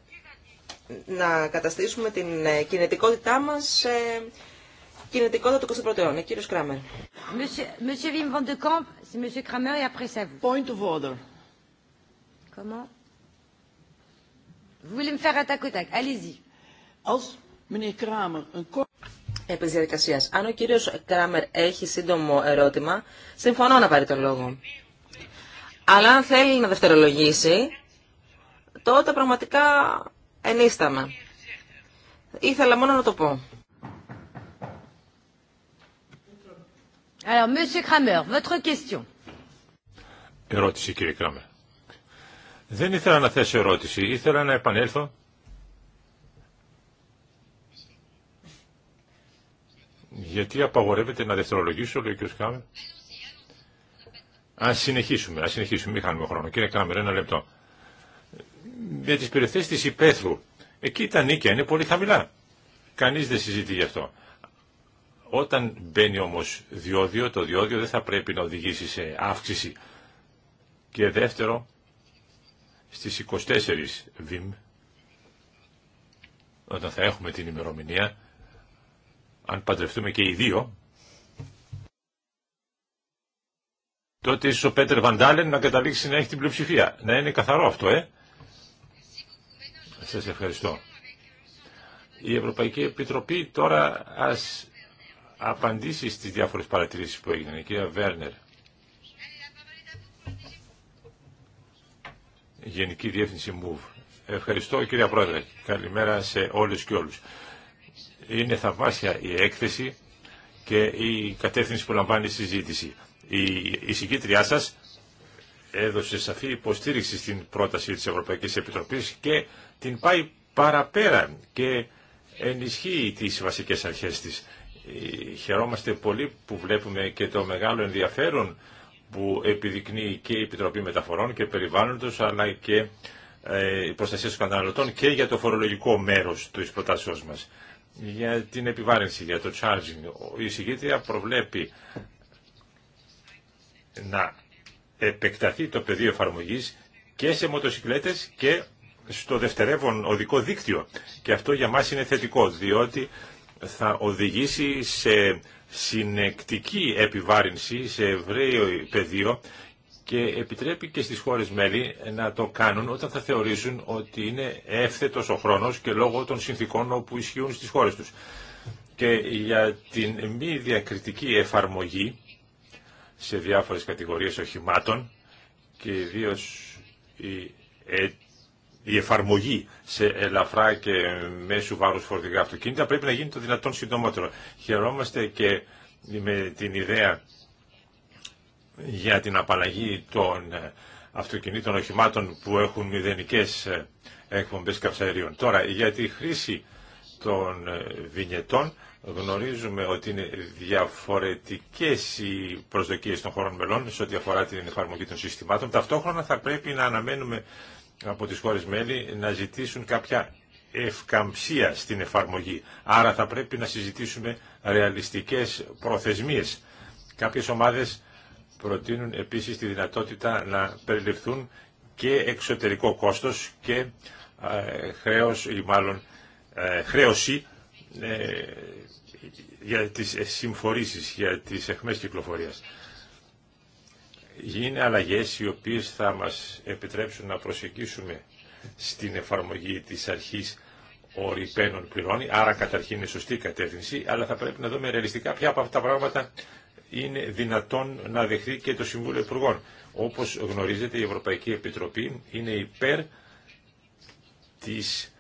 [SPEAKER 2] να καταστήσουμε την ε, κινητικότητά μας κινητικότητα του 21ου αιώνα. Κύριος Κράμερ. Monsieur
[SPEAKER 1] Wim van de Kamp, c'est Monsieur Kramer et après ça vous. Point of order. Comment Vous voulez me faire attaquer au tac. Allez-y.
[SPEAKER 2] Als meneer Kramer een kort... Επίση διαδικασία. Αν ο κύριος Κράμερ έχει σύντομο ερώτημα, συμφωνώ να πάρει τον λόγο. Αλλά αν θέλει να δευτερολογήσει, τότε πραγματικά ενίσταμα. Ήθελα μόνο να το πω.
[SPEAKER 1] Alors, Monsieur Kramer, votre question.
[SPEAKER 4] Ερώτηση, κύριε Κράμερ. Δεν ήθελα να θέσω ερώτηση, ήθελα να επανέλθω. Γιατί απαγορεύεται να δευτερολογήσω, λέει ο κύριος Κράμερ. Ας συνεχίσουμε, ας συνεχίσουμε, μην χάνουμε χρόνο. Κύριε Κράμερ, ένα λεπτό με τις περιοχές της Υπέθρου. Εκεί τα νίκια είναι πολύ χαμηλά. Κανείς δεν συζητεί γι' αυτό. Όταν μπαίνει όμως διόδιο, το διόδιο δεν θα πρέπει να οδηγήσει σε αύξηση. Και δεύτερο, στις 24 Βιμ, όταν θα έχουμε την ημερομηνία, αν παντρευτούμε και οι δύο, τότε ίσως ο Πέτερ Βαντάλεν να καταλήξει να έχει την πλειοψηφία. Να είναι καθαρό αυτό, ε. Σας ευχαριστώ. Η Ευρωπαϊκή Επιτροπή τώρα ας απαντήσει στις διάφορες παρατηρήσεις που έγιναν. Η κυρία Βέρνερ. Γενική Διεύθυνση ΜΟΥΒ. Ευχαριστώ κυρία Πρόεδρε. Καλημέρα σε όλους και όλους. Είναι θαυμάσια η έκθεση και η κατεύθυνση που λαμβάνει η συζήτηση. Η, η συγκήτριά σας έδωσε σαφή υποστήριξη στην πρόταση της Ευρωπαϊκής Επιτροπής και την πάει παραπέρα και ενισχύει τις βασικές αρχές της. Ε, χαιρόμαστε πολύ που βλέπουμε και το μεγάλο ενδιαφέρον που επιδεικνύει και η Επιτροπή Μεταφορών και Περιβάλλοντος αλλά και ε, η προστασία των καταναλωτών και για το φορολογικό μέρος του προτάσεώς μας. Για την επιβάρυνση, για το charging, η συγκίτρια προβλέπει να επεκταθεί το πεδίο εφαρμογής και σε μοτοσυκλέτες και στο δευτερεύον οδικό δίκτυο. Και αυτό για μας είναι θετικό, διότι θα οδηγήσει σε συνεκτική επιβάρυνση σε ευραίο πεδίο και επιτρέπει και στις χώρες μέλη να το κάνουν όταν θα θεωρήσουν ότι είναι εύθετος ο χρόνος και λόγω των συνθήκων που ισχύουν στις χώρες τους. Και για την μη διακριτική εφαρμογή σε διάφορες κατηγορίες οχημάτων και ιδίω η η εφαρμογή σε ελαφρά και μέσου βάρους φορτηγά αυτοκίνητα πρέπει να γίνει το δυνατόν συντομότερο. Χαιρόμαστε και με την ιδέα για την απαλλαγή των αυτοκινήτων οχημάτων που έχουν μηδενικές εκπομπές καυσαερίων. Τώρα, για τη χρήση των βινιετών γνωρίζουμε ότι είναι διαφορετικές οι προσδοκίες των χωρών μελών σε ό,τι αφορά την εφαρμογή των συστημάτων. Ταυτόχρονα θα πρέπει να αναμένουμε από τις χώρες μέλη να ζητήσουν κάποια ευκαμψία στην εφαρμογή. Άρα θα πρέπει να συζητήσουμε ρεαλιστικές προθεσμίες. Κάποιες ομάδες προτείνουν επίσης τη δυνατότητα να περιληφθούν και εξωτερικό κόστος και ε, χρέος ή μάλλον ε, χρέωση ε, για τις συμφορήσεις, για τις εχμές κυκλοφορίας γίνει αλλαγές οι οποίες θα μας επιτρέψουν να προσεγγίσουμε στην εφαρμογή της αρχής ορυπαίνων πληρώνει, άρα καταρχήν είναι σωστή κατεύθυνση, αλλά θα πρέπει να δούμε ρεαλιστικά ποια από αυτά τα πράγματα είναι δυνατόν να δεχθεί και το Συμβούλιο Υπουργών. Όπως γνωρίζετε η Ευρωπαϊκή Επιτροπή είναι υπέρ της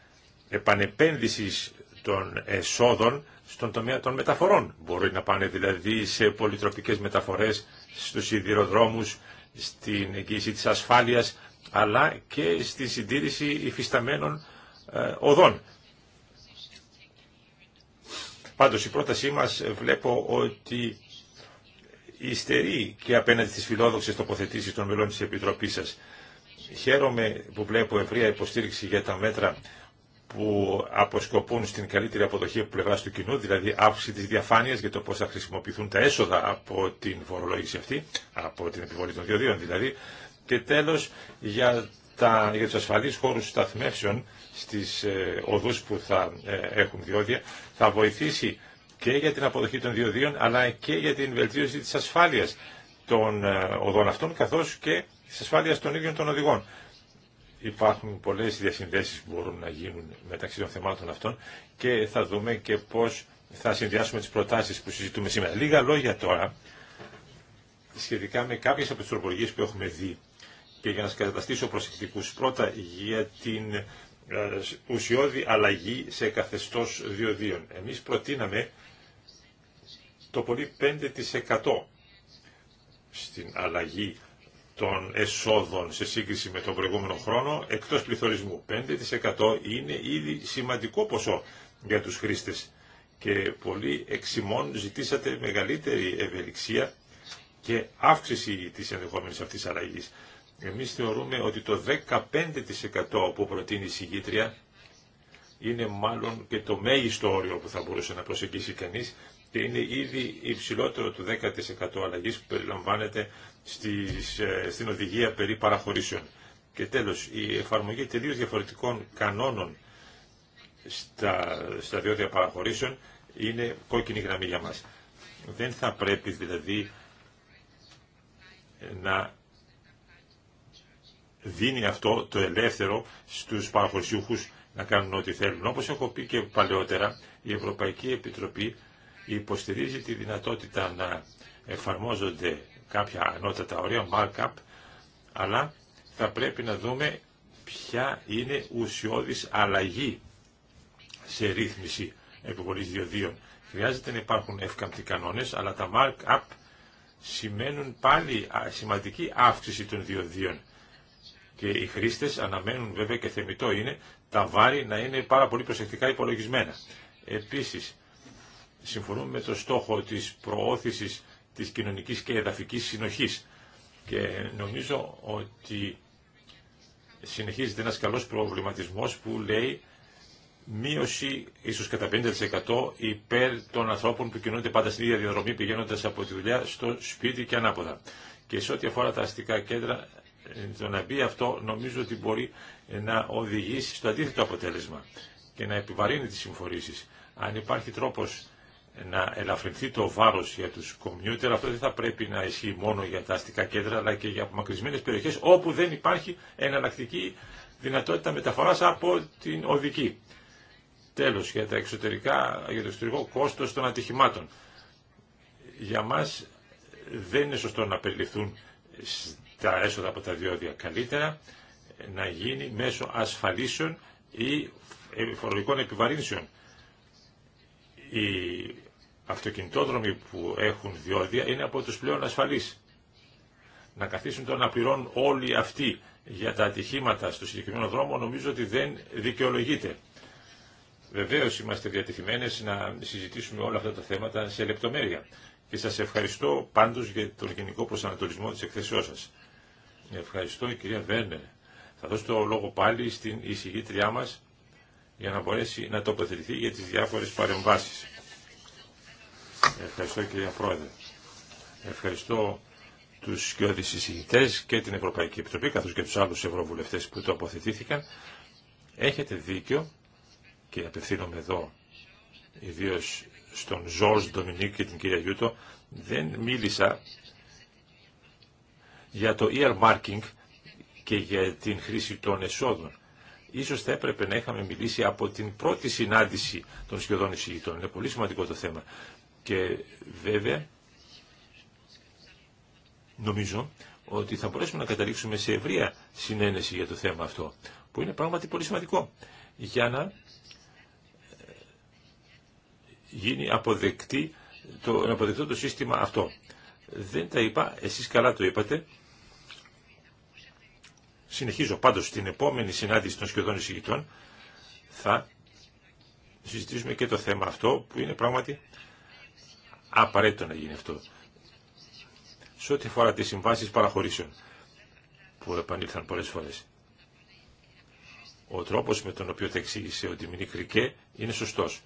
[SPEAKER 4] επανεπένδυσης των εσόδων στον τομέα των μεταφορών. Μπορεί να πάνε δηλαδή σε πολυτροπικές μεταφορές στους σιδηροδρόμους, στην εγγύηση της ασφάλειας, αλλά και στη συντήρηση υφισταμένων ε, οδών. Πάντως η πρότασή μας ε, βλέπω ότι ιστερεί και απέναντι στις φιλόδοξες τοποθετήσεις των μελών της Επιτροπής σας. Χαίρομαι που βλέπω ευρεία υποστήριξη για τα μέτρα που αποσκοπούν στην καλύτερη αποδοχή από πλευρά του κοινού, δηλαδή αύξηση τη διαφάνεια για το πώ θα χρησιμοποιηθούν τα έσοδα από την φορολόγηση αυτή, από την επιβολή των διοδίων δηλαδή. Και τέλο, για, τα, για του ασφαλεί χώρου σταθμεύσεων στι ε, οδού που θα ε, έχουν διόδια, θα βοηθήσει και για την αποδοχή των διοδίων, αλλά και για την βελτίωση τη ασφάλεια των ε, οδών αυτών, καθώ και τη ασφάλεια των ίδιων των οδηγών υπάρχουν πολλές διασυνδέσεις που μπορούν να γίνουν μεταξύ των θεμάτων αυτών και θα δούμε και πώς θα συνδυάσουμε τις προτάσεις που συζητούμε σήμερα. Λίγα λόγια τώρα σχετικά με κάποιες από τις τροπολογίες που έχουμε δει και για να σας καταστήσω προσεκτικούς πρώτα για την ε, ουσιώδη αλλαγή σε καθεστώς διοδίων. Εμείς προτείναμε το πολύ 5% στην αλλαγή των εσόδων σε σύγκριση με τον προηγούμενο χρόνο εκτός πληθωρισμού. 5% είναι ήδη σημαντικό ποσό για τους χρήστες και πολλοί εξημών ζητήσατε μεγαλύτερη ευελιξία και αύξηση της ενδεχόμενης αυτής αλλαγής. Εμείς θεωρούμε ότι το 15% που προτείνει η συγκήτρια είναι μάλλον και το μέγιστο όριο που θα μπορούσε να προσεγγίσει κανείς και είναι ήδη υψηλότερο του 10% αλλαγής που περιλαμβάνεται στις, ε, στην οδηγία περί παραχωρήσεων. Και τέλος, η εφαρμογή τελείως διαφορετικών κανόνων στα, στα διόδια παραχωρήσεων είναι κόκκινη γραμμή για μας. Δεν θα πρέπει δηλαδή να δίνει αυτό το ελεύθερο στους παραχωρησιούχους να κάνουν ό,τι θέλουν. Όπως έχω πει και παλαιότερα, η Ευρωπαϊκή Επιτροπή υποστηρίζει τη δυνατότητα να εφαρμόζονται κάποια ανώτατα ωραία, markup, αλλά θα πρέπει να δούμε ποια είναι ουσιώδης αλλαγή σε ρύθμιση επιβολής διοδίων. Χρειάζεται να υπάρχουν εύκαμπτοι κανόνες, αλλά τα markup σημαίνουν πάλι σημαντική αύξηση των διοδίων. Και οι χρήστες αναμένουν βέβαια και θεμητό είναι τα βάρη να είναι πάρα πολύ προσεκτικά υπολογισμένα. Επίσης, συμφωνούμε με το στόχο της προώθησης της κοινωνικής και εδαφικής συνοχής και νομίζω ότι συνεχίζεται ένας καλός προβληματισμός που λέει μείωση ίσως κατά 50% υπέρ των ανθρώπων που κινούνται πάντα στην ίδια διαδρομή πηγαίνοντας από τη δουλειά στο σπίτι και ανάποδα. Και σε ό,τι αφορά τα αστικά κέντρα, το να μπει αυτό νομίζω ότι μπορεί να οδηγήσει στο αντίθετο αποτέλεσμα και να επιβαρύνει τις συμφορήσεις. Αν υπάρχει τρόπος να ελαφρυνθεί το βάρο για τους κομιούτερ, αυτό δεν θα πρέπει να ισχύει μόνο για τα αστικά κέντρα, αλλά και για απομακρυσμένε περιοχές όπου δεν υπάρχει εναλλακτική δυνατότητα μεταφοράς από την οδική. Τέλος, για, τα εξωτερικά, για το εξωτερικό κόστος των ατυχημάτων. Για μας δεν είναι σωστό να περιληφθούν τα έσοδα από τα διόδια. Καλύτερα να γίνει μέσω ασφαλίσεων ή φορολογικών επιβαρύνσεων οι αυτοκινητόδρομοι που έχουν διόδια είναι από τους πλέον ασφαλείς. Να καθίσουν το να πληρώνουν όλοι αυτοί για τα ατυχήματα στο συγκεκριμένο δρόμο νομίζω ότι δεν δικαιολογείται. Βεβαίως είμαστε διατεθειμένες να συζητήσουμε όλα αυτά τα θέματα σε λεπτομέρεια. Και σας ευχαριστώ πάντως για τον γενικό προσανατολισμό της εκθέσεώς σας. Ευχαριστώ κυρία Βέρνερ. Θα δώσω το λόγο πάλι στην εισηγήτριά μας για να μπορέσει να τοποθετηθεί για τις διάφορες παρεμβάσεις. Ευχαριστώ κύριε Πρόεδρε. Ευχαριστώ τους σκιώδεις συζητητές και την Ευρωπαϊκή Επιτροπή καθώς και τους άλλους ευρωβουλευτές που τοποθετήθηκαν. Έχετε δίκιο και απευθύνομαι εδώ ιδίω στον Ζορζ Ντομινίκ και την κυρία Γιούτο, δεν μίλησα για το earmarking και για την χρήση των εσόδων. Ίσως θα έπρεπε να είχαμε μιλήσει από την πρώτη συνάντηση των σχεδόν εισηγητών. Είναι πολύ σημαντικό το θέμα. Και βέβαια νομίζω ότι θα μπορέσουμε να καταλήξουμε σε ευρεία συνένεση για το θέμα αυτό, που είναι πράγματι πολύ σημαντικό, για να ε, γίνει αποδεκτή το, αποδεκτό το σύστημα αυτό. Δεν τα είπα, εσείς καλά το είπατε, Συνεχίζω πάντως στην επόμενη συνάντηση των σχεδόν εισηγητών θα συζητήσουμε και το θέμα αυτό που είναι πράγματι απαραίτητο να γίνει αυτό. Σε ό,τι αφορά τις συμβάσεις παραχωρήσεων που επανήλθαν πολλές φορές. Ο τρόπος με τον οποίο θα εξήγησε ο Ντιμινίκ Κρικέ είναι σωστός.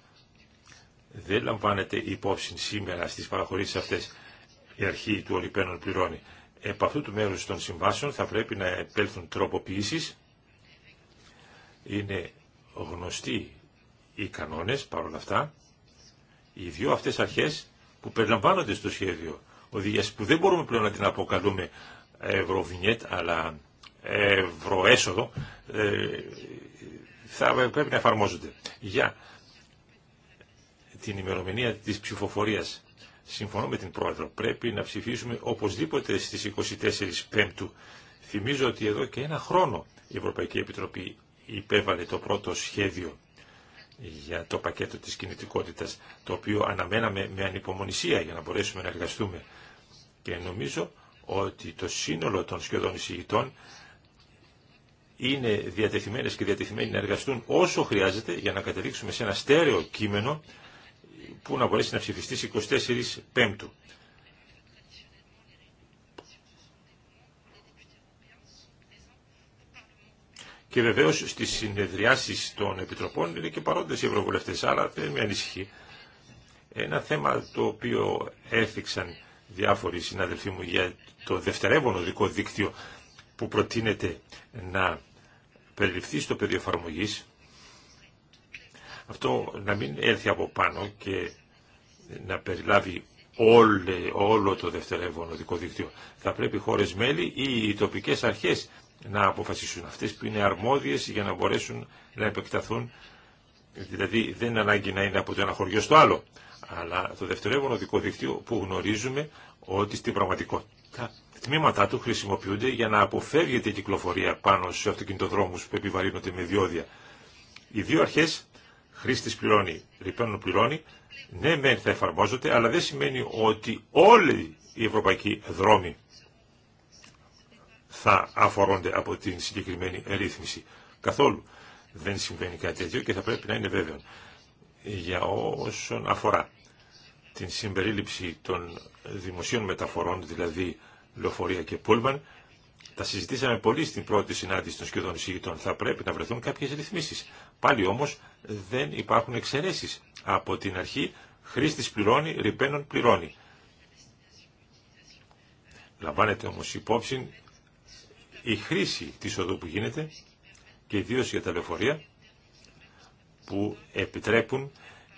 [SPEAKER 4] Δεν λαμβάνεται υπόψη σήμερα στις παραχωρήσεις αυτές η αρχή του Ολυπαίνων πληρώνει επ' αυτού του μέρους των συμβάσεων θα πρέπει να επέλθουν τροποποιήσεις. Είναι γνωστοί οι κανόνες παρόλα αυτά. Οι δύο αυτές αρχές που περιλαμβάνονται στο σχέδιο οδηγίας που δεν μπορούμε πλέον να την αποκαλούμε ευρωβινιέτ αλλά ευρωέσοδο ε, θα πρέπει να εφαρμόζονται. Για την ημερομηνία της ψηφοφορίας Συμφωνώ με την Πρόεδρο. Πρέπει να ψηφίσουμε οπωσδήποτε στις 24 Πέμπτου. Θυμίζω ότι εδώ και ένα χρόνο η Ευρωπαϊκή Επιτροπή υπέβαλε το πρώτο σχέδιο για το πακέτο της κινητικότητας, το οποίο αναμέναμε με ανυπομονησία για να μπορέσουμε να εργαστούμε. Και νομίζω ότι το σύνολο των σχεδόν εισηγητών είναι διατεθειμένες και διατεθειμένοι να εργαστούν όσο χρειάζεται για να καταλήξουμε σε ένα στέρεο κείμενο που να μπορέσει να ψηφιστεί στις 24 Πέμπτου. Και βεβαίω στι συνεδριάσει των επιτροπών είναι και παρόντε οι ευρωβουλευτέ, άρα δεν με ανησυχεί. Ένα θέμα το οποίο έφυξαν διάφοροι συναδελφοί μου για το δευτερεύον οδικό δίκτυο που προτείνεται να περιληφθεί στο πεδίο εφαρμογή αυτό να μην έρθει από πάνω και να περιλάβει όλο, όλο το δευτερεύον οδικό δίκτυο. Θα πρέπει χώρες μέλη ή οι τοπικές αρχές να αποφασίσουν αυτές που είναι αρμόδιες για να μπορέσουν να επεκταθούν. Δηλαδή δεν είναι ανάγκη να είναι από το ένα χωριό στο άλλο. Αλλά το δευτερεύον οδικό δίκτυο που γνωρίζουμε ότι στην πραγματικότητα τμήματά του χρησιμοποιούνται για να αποφεύγεται η κυκλοφορία πάνω σε αυτοκινητοδρόμους που επιβαρύνονται με διόδια. Οι δύο αρχές Χρήστη πληρώνει, ρηπαίνων πληρώνει, ναι μεν ναι, θα εφαρμόζονται, αλλά δεν σημαίνει ότι όλοι οι ευρωπαϊκοί δρόμοι θα αφορώνται από την συγκεκριμένη ρύθμιση. Καθόλου δεν συμβαίνει κάτι τέτοιο και θα πρέπει να είναι βέβαιο. Για όσον αφορά την συμπερίληψη των δημοσίων μεταφορών, δηλαδή λεωφορεία και πούλμαν, τα συζητήσαμε πολύ στην πρώτη συνάντηση των σχεδόν εισηγητών. Θα πρέπει να βρεθούν κάποιε ρυθμίσει, Πάλι όμω δεν υπάρχουν εξαιρέσεις. Από την αρχή χρήστης πληρώνει, ρηπαίνων πληρώνει. Λαμβάνεται όμως υπόψη η χρήση της οδού που γίνεται και ιδίω για τα λεωφορεία που επιτρέπουν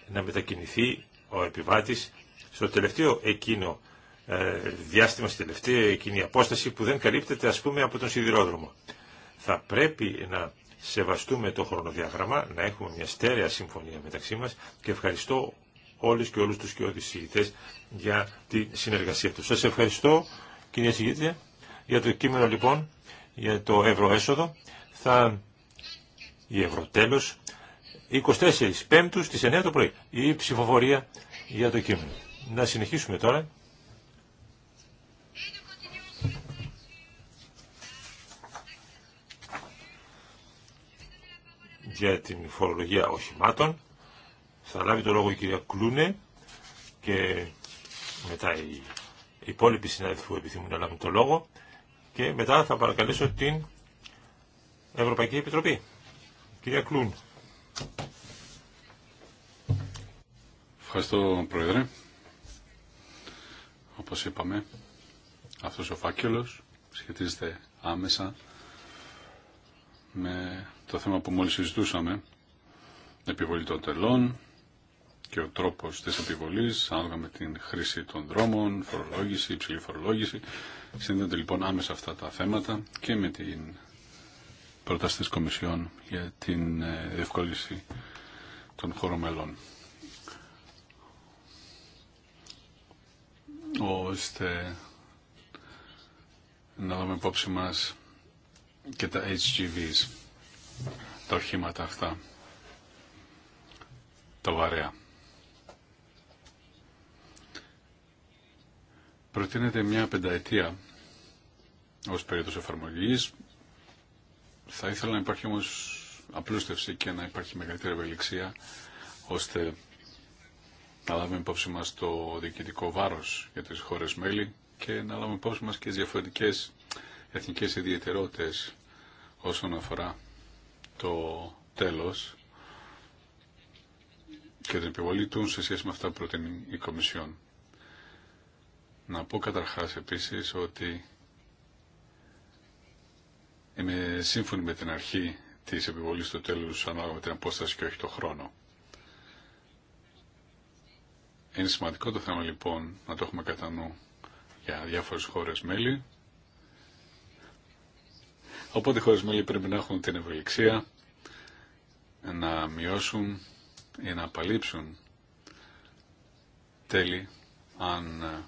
[SPEAKER 4] να μετακινηθεί ο επιβάτης στο τελευταίο εκείνο ε, διάστημα, στη τελευταία εκείνη απόσταση που δεν καλύπτεται ας πούμε από τον σιδηρόδρομο. Θα πρέπει να σεβαστούμε το χρονοδιάγραμμα, να έχουμε μια στέρεα συμφωνία μεταξύ μας και ευχαριστώ όλες και όλους τους κοιόδης για τη συνεργασία τους. Σας ευχαριστώ κυρία Συγγήτρια για το κείμενο λοιπόν, για το ευρωέσοδο. Θα η ευρωτέλος 24 Πέμπτου στις 9 το πρωί η ψηφοφορία για το κείμενο. Να συνεχίσουμε τώρα για την φορολογία οχημάτων. Θα λάβει το λόγο η κυρία Κλούνε και μετά οι υπόλοιποι συνάδελφοι που επιθυμούν να λάβουν το λόγο και μετά θα παρακαλέσω την Ευρωπαϊκή Επιτροπή.
[SPEAKER 3] Κυρία Κλούν. Ευχαριστώ Πρόεδρε. Όπως είπαμε, αυτός ο φάκελος σχετίζεται άμεσα με το θέμα που μόλις συζητούσαμε, επιβολή των τελών και ο τρόπος της επιβολής, ανάλογα με την χρήση των δρόμων, φορολόγηση, υψηλή φορολόγηση. Συνδέονται λοιπόν άμεσα αυτά τα θέματα και με την πρόταση της Κομισιόν για την ε, διευκόλυνση των χώρων μελών. ώστε να δούμε υπόψη μας και τα HGVs, τα οχήματα αυτά, τα βαρέα. Προτείνεται μια πενταετία ως περίοδος εφαρμογής. Θα ήθελα να υπάρχει όμως απλούστευση και να υπάρχει μεγαλύτερη ευελιξία ώστε να λάβουμε υπόψη μας το διοικητικό βάρος για τις χώρες μέλη και να λάβουμε υπόψη μας και τις διαφορετικές εθνικές ιδιαιτερότητες όσον αφορά το τέλος και την επιβολή του σε σχέση με αυτά που προτείνει η Κομισιόν. Να πω καταρχάς επίσης ότι είμαι σύμφωνη με την αρχή της επιβολής του τέλους ανάλογα με την απόσταση και όχι το χρόνο. Είναι σημαντικό το θέμα λοιπόν να το έχουμε κατά νου για διάφορες χώρες μέλη Οπότε οι χώρες μέλη πρέπει να έχουν την ευελιξία να μειώσουν ή να απαλείψουν τέλη αν ε,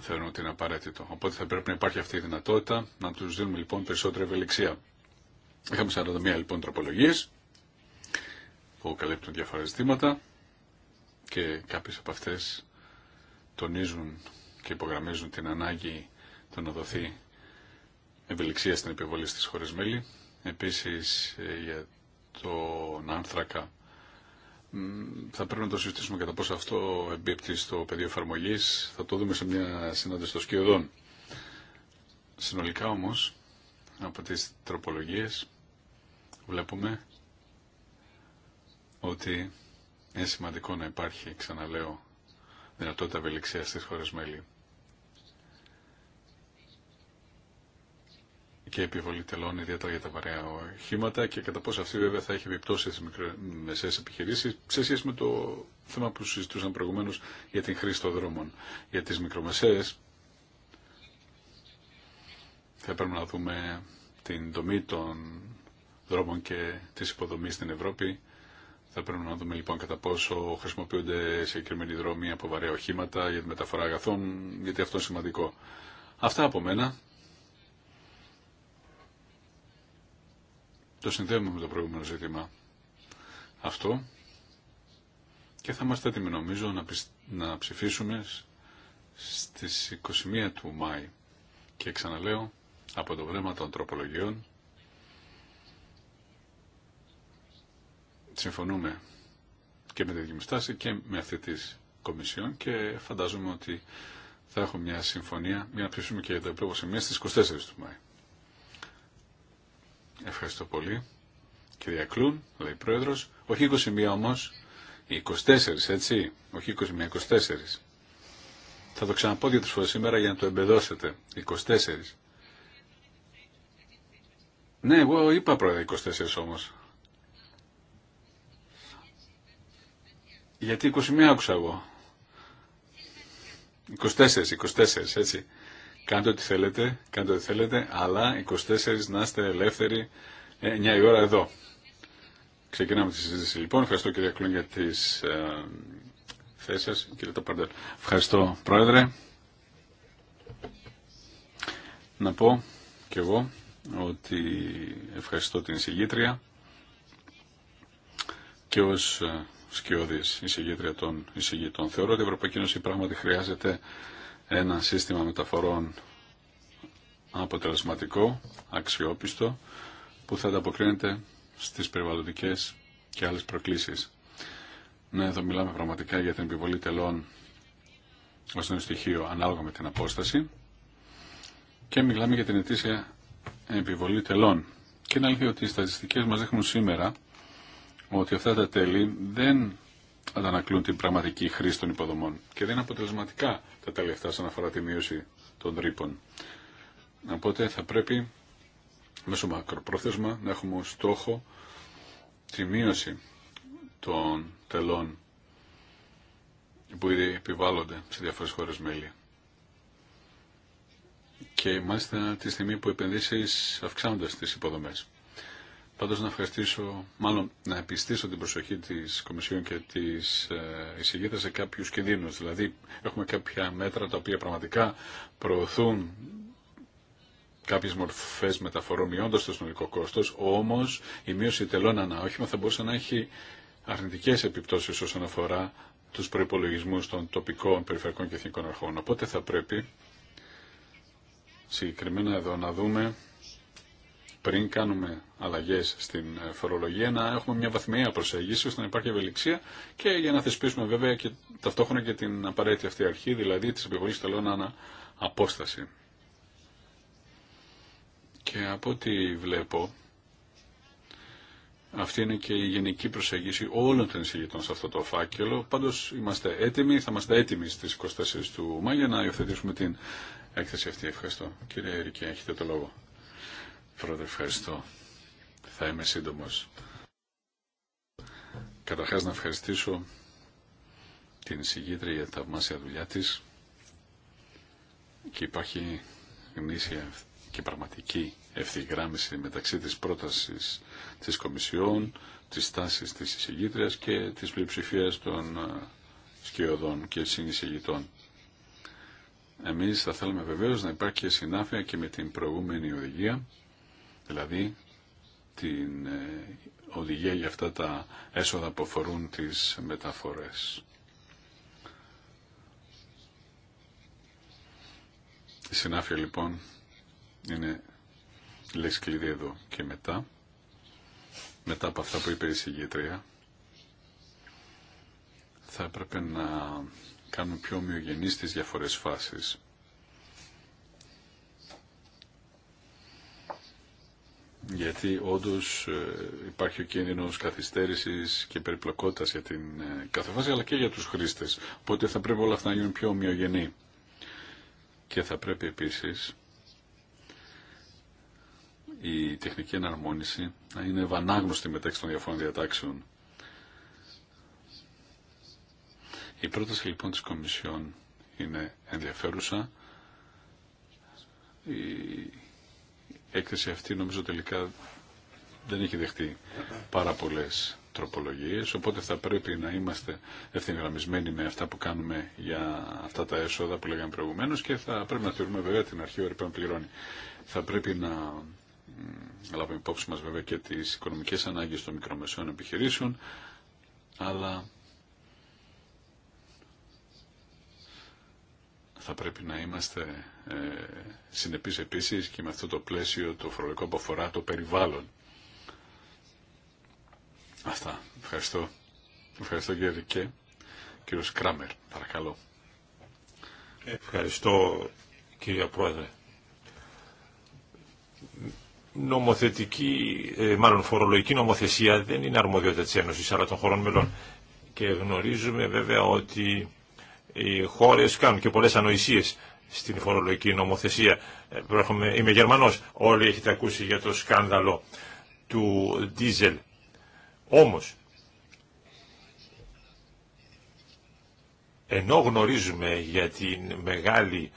[SPEAKER 3] θεωρούν ότι είναι απαραίτητο. Οπότε θα πρέπει να υπάρχει αυτή η δυνατότητα να τους δίνουμε λοιπόν περισσότερη ευελιξία. Είχαμε 41 λοιπόν τροπολογίες που καλύπτουν διάφορα ζητήματα και κάποιες από αυτές τονίζουν και υπογραμμίζουν την ανάγκη το να δοθεί ευελιξία στην επιβολή στις χώρες μέλη. Επίσης ε, για τον άνθρακα θα πρέπει να το συζητήσουμε κατά πόσο αυτό εμπίπτει στο πεδίο εφαρμογή. Θα το δούμε σε μια συνάντηση των σκιωδών. Συνολικά όμως από τις τροπολογίες βλέπουμε ότι είναι σημαντικό να υπάρχει, ξαναλέω, δυνατότητα ευελιξία στις χώρες μέλη. και επιβολή τελών, ιδιαίτερα για τα βαρέα οχήματα και κατά πόσο αυτή βέβαια θα έχει επιπτώσει στι μικρομεσαίε επιχειρήσει σε σχέση με το θέμα που συζητούσαν προηγουμένω για την χρήση των δρόμων. Για τι μικρομεσαίε θα πρέπει να δούμε την δομή των δρόμων και τη υποδομή στην Ευρώπη. Θα πρέπει να δούμε λοιπόν κατά πόσο χρησιμοποιούνται συγκεκριμένοι δρόμοι από βαρέα οχήματα για τη μεταφορά αγαθών, γιατί αυτό είναι σημαντικό. Αυτά από μένα. το συνδέουμε με το προηγούμενο ζήτημα αυτό και θα είμαστε έτοιμοι νομίζω να, να ψηφίσουμε στις 21 του Μάη και ξαναλέω από το βλέμμα των τροπολογιών συμφωνούμε και με τη δική και με αυτή της Κομισιόν και φαντάζομαι ότι θα έχουμε μια συμφωνία, μια να ψηφίσουμε και για το επόμενο σημείο στις 24 του Μάη. Ευχαριστώ πολύ. Κυρία Κλούν, λέει Πρόεδρο, Όχι 21 όμω 24 έτσι, όχι 21, 24. Θα το ξαναπώ δύο-τρεις σήμερα για να το εμπεδώσετε. 24. Ναι, εγώ είπα πρόεδρε 24 όμως. Γιατί 21 άκουσα εγώ. 24, 24, έτσι. Κάντε ό,τι θέλετε, κάντε ό,τι θέλετε, αλλά 24 να είστε ελεύθεροι 9 ε, η ώρα εδώ. Ξεκινάμε τη συζήτηση λοιπόν. Ευχαριστώ κύριε Κλούν για τι ε, θέσει σα. Κύριε Ταπαρντέλ. Ευχαριστώ πρόεδρε. Να πω και εγώ ότι ευχαριστώ την εισηγήτρια και ω ε, σκιώδη εισηγήτρια των εισηγητών. Θεωρώ ότι η Ευρωπαϊκή Ένωση πράγματι χρειάζεται ένα σύστημα μεταφορών αποτελεσματικό, αξιόπιστο, που θα ανταποκρίνεται στις περιβαλλοντικές και άλλες προκλήσεις. Ναι, εδώ μιλάμε πραγματικά για την επιβολή τελών ως ένα στοιχείο ανάλογα με την απόσταση και μιλάμε για την ετήσια επιβολή τελών. Και είναι αλήθεια ότι οι στατιστικές μας δείχνουν σήμερα ότι αυτά τα τέλη δεν αντανακλούν την πραγματική χρήση των υποδομών και δεν είναι αποτελεσματικά τα τελευταία σαν αφορά τη μείωση των ρήπων. Οπότε θα πρέπει μέσω μακροπρόθεσμα να έχουμε στόχο τη μείωση των τελών που ήδη επιβάλλονται σε διάφορες χώρες μέλη. Και μάλιστα τη στιγμή που οι επενδύσεις αυξάνονται στις υποδομές. Πάντω να ευχαριστήσω, μάλλον να επιστήσω την προσοχή τη Κομισιόν και της ε, εισηγήτρια σε κάποιου κινδύνου. Δηλαδή έχουμε κάποια μέτρα τα οποία πραγματικά προωθούν κάποιε μορφέ μεταφορών μειώντα το συνολικό κόστο, όμω η μείωση τελών αναόχημα θα μπορούσε να έχει αρνητικέ επιπτώσει όσον αφορά του προπολογισμού των τοπικών, περιφερειακών και εθνικών αρχών. Οπότε θα πρέπει συγκεκριμένα εδώ να δούμε πριν κάνουμε αλλαγέ στην ε, φορολογία να έχουμε μια βαθμιαία προσέγγιση ώστε να υπάρχει ευελιξία και για να θεσπίσουμε βέβαια και ταυτόχρονα και την απαραίτητη αυτή αρχή, δηλαδή τη επιβολή τελών ανά απόσταση. Και από ό,τι βλέπω, αυτή είναι και η γενική προσέγγιση όλων των εισηγητών σε αυτό το φάκελο. Πάντω είμαστε έτοιμοι, θα είμαστε έτοιμοι στι 24 του Μάη για να υιοθετήσουμε την έκθεση αυτή. Ευχαριστώ. Κύριε Ερικέ, έχετε το λόγο. Πρόεδρε, ευχαριστώ. Θα είμαι σύντομος. Καταρχάς να ευχαριστήσω την εισηγήτρια για τα δουλειά της και υπάρχει γνήσια και πραγματική ευθυγράμμιση μεταξύ της πρότασης της Κομισιόν, της στάσης της εισηγήτριας και της πλειοψηφία των ε, σκιωδών και συνεισηγητών. Εμείς θα θέλαμε βεβαίως να υπάρχει και συνάφεια και με την προηγούμενη οδηγία δηλαδή την ε, οδηγία για αυτά τα έσοδα που αφορούν τις μεταφορές. Η συνάφεια λοιπόν είναι λέξη κλειδί εδώ και μετά. Μετά από αυτά που είπε η συγγήτρια θα έπρεπε να κάνουμε πιο ομοιογενείς τις διαφορές φάσεις. γιατί όντως ε, υπάρχει ο κίνδυνος καθυστέρησης και περιπλοκότητας για την ε, κάθε αλλά και για τους χρήστες. Οπότε θα πρέπει όλα αυτά να γίνουν πιο ομοιογενή. Και θα πρέπει επίσης η τεχνική εναρμόνιση να είναι ευανάγνωστη μεταξύ των διαφόρων διατάξεων. Η πρόταση λοιπόν της Κομισιόν είναι ενδιαφέρουσα έκθεση αυτή νομίζω τελικά δεν έχει δεχτεί πάρα πολλέ τροπολογίες, οπότε θα πρέπει να είμαστε ευθυγραμμισμένοι με αυτά που κάνουμε για αυτά τα έσοδα που λέγαμε προηγουμένως και θα πρέπει να θεωρούμε βέβαια την αρχή ο πληρώνει. Θα πρέπει να λάβουμε υπόψη μας βέβαια και τις οικονομικές ανάγκες των μικρομεσαίων επιχειρήσεων, αλλά θα πρέπει να είμαστε ε, συνεπείς επίσης και με αυτό το πλαίσιο το φορολογικό που αφορά το περιβάλλον. Αυτά. Ευχαριστώ. Ευχαριστώ κύριε Ρικέ. κύριο Κράμερ, παρακαλώ. Ευχαριστώ
[SPEAKER 4] κύριε Πρόεδρε. Νομοθετική, ε, μάλλον φορολογική νομοθεσία δεν είναι αρμοδιότητα της Ένωσης αλλά των χωρών μελών. Και γνωρίζουμε βέβαια ότι οι χώρες κάνουν και πολλές ανοησίες στην φορολογική νομοθεσία. Ε, είμαι Γερμανός, όλοι έχετε ακούσει για το σκάνδαλο του Ντίζελ. Όμως, ενώ γνωρίζουμε για την μεγάλη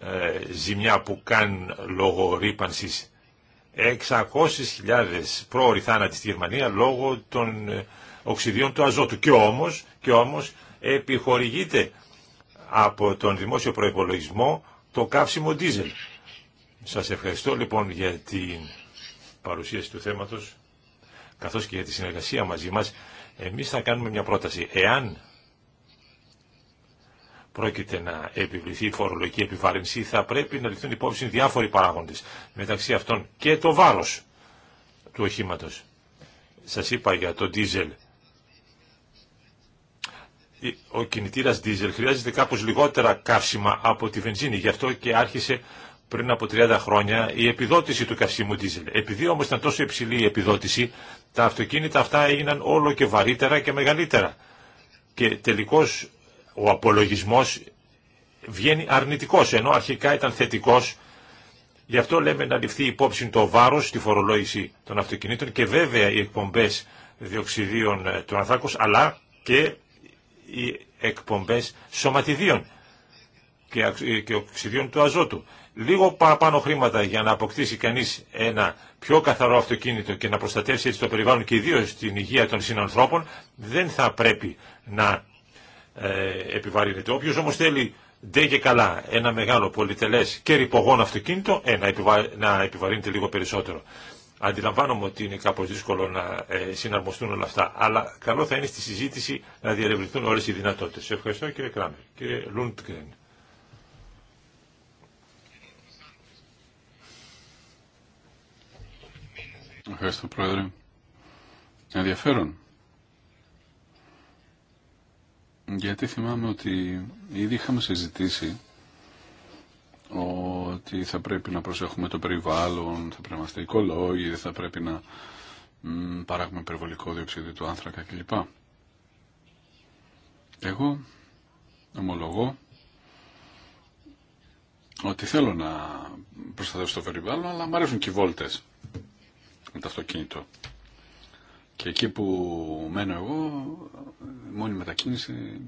[SPEAKER 4] ε, ζημιά που κάνουν λόγω ρήπανσης 600.000 πρόωροι θάνατοι στη Γερμανία λόγω των ε, οξυδιών του αζότου. Και όμως, και όμως επιχορηγείται από τον δημόσιο προϋπολογισμό το καύσιμο ντίζελ. Σας ευχαριστώ λοιπόν για την παρουσίαση του θέματος καθώς και για τη συνεργασία μαζί μας. Εμείς θα κάνουμε μια πρόταση. Εάν πρόκειται να επιβληθεί η φορολογική επιβάρυνση θα πρέπει να ληφθούν υπόψη διάφοροι παράγοντες μεταξύ αυτών και το βάρος του οχήματος. Σας είπα για το ντίζελ ο κινητήρας δίζελ χρειάζεται κάπως λιγότερα καύσιμα από τη βενζίνη. Γι' αυτό και άρχισε πριν από 30 χρόνια η επιδότηση του καυσίμου δίζελ. Επειδή όμως ήταν τόσο υψηλή η επιδότηση, τα αυτοκίνητα αυτά έγιναν όλο και βαρύτερα και μεγαλύτερα. Και τελικώς ο απολογισμός βγαίνει αρνητικός, ενώ αρχικά ήταν θετικός. Γι' αυτό λέμε να ληφθεί υπόψη το βάρος στη φορολόγηση των αυτοκινήτων και βέβαια οι εκπομπές διοξιδίων ε, του ανθράκου, αλλά και οι εκπομπές σωματιδίων ε, και οξυδίων του αζότου. Λίγο παραπάνω χρήματα για να αποκτήσει κανείς ένα πιο καθαρό αυτοκίνητο και να προστατεύσει έτσι το περιβάλλον και ιδίως την υγεία των συνανθρώπων δεν θα πρέπει να ε, επιβαρύνεται. Όποιος όμως θέλει ντε και καλά ένα μεγάλο πολυτελές και ρηπογόνο αυτοκίνητο ε, να, επιβα... να επιβαρύνεται λίγο περισσότερο. Αντιλαμβάνομαι ότι είναι κάπως δύσκολο να ε, συναρμοστούν όλα αυτά, αλλά καλό θα είναι στη συζήτηση να διαρευνηθούν όλες οι δυνατότητες. Σε ευχαριστώ κύριε Κράμερ. Κύριε Λούντγκρεν.
[SPEAKER 3] Ευχαριστώ Πρόεδρε. Ενδιαφέρον. Γιατί θυμάμαι ότι ήδη είχαμε συζητήσει ότι θα πρέπει να προσέχουμε το περιβάλλον, θα πρέπει να είμαστε οικολόγοι, θα πρέπει να παράγουμε περιβολικό διοξείδιο του άνθρακα κλπ. Εγώ ομολογώ ότι θέλω να προστατεύσω το περιβάλλον, αλλά μου αρέσουν και οι βόλτες με το αυτοκίνητο. Και εκεί που μένω εγώ, μόνη μετακίνηση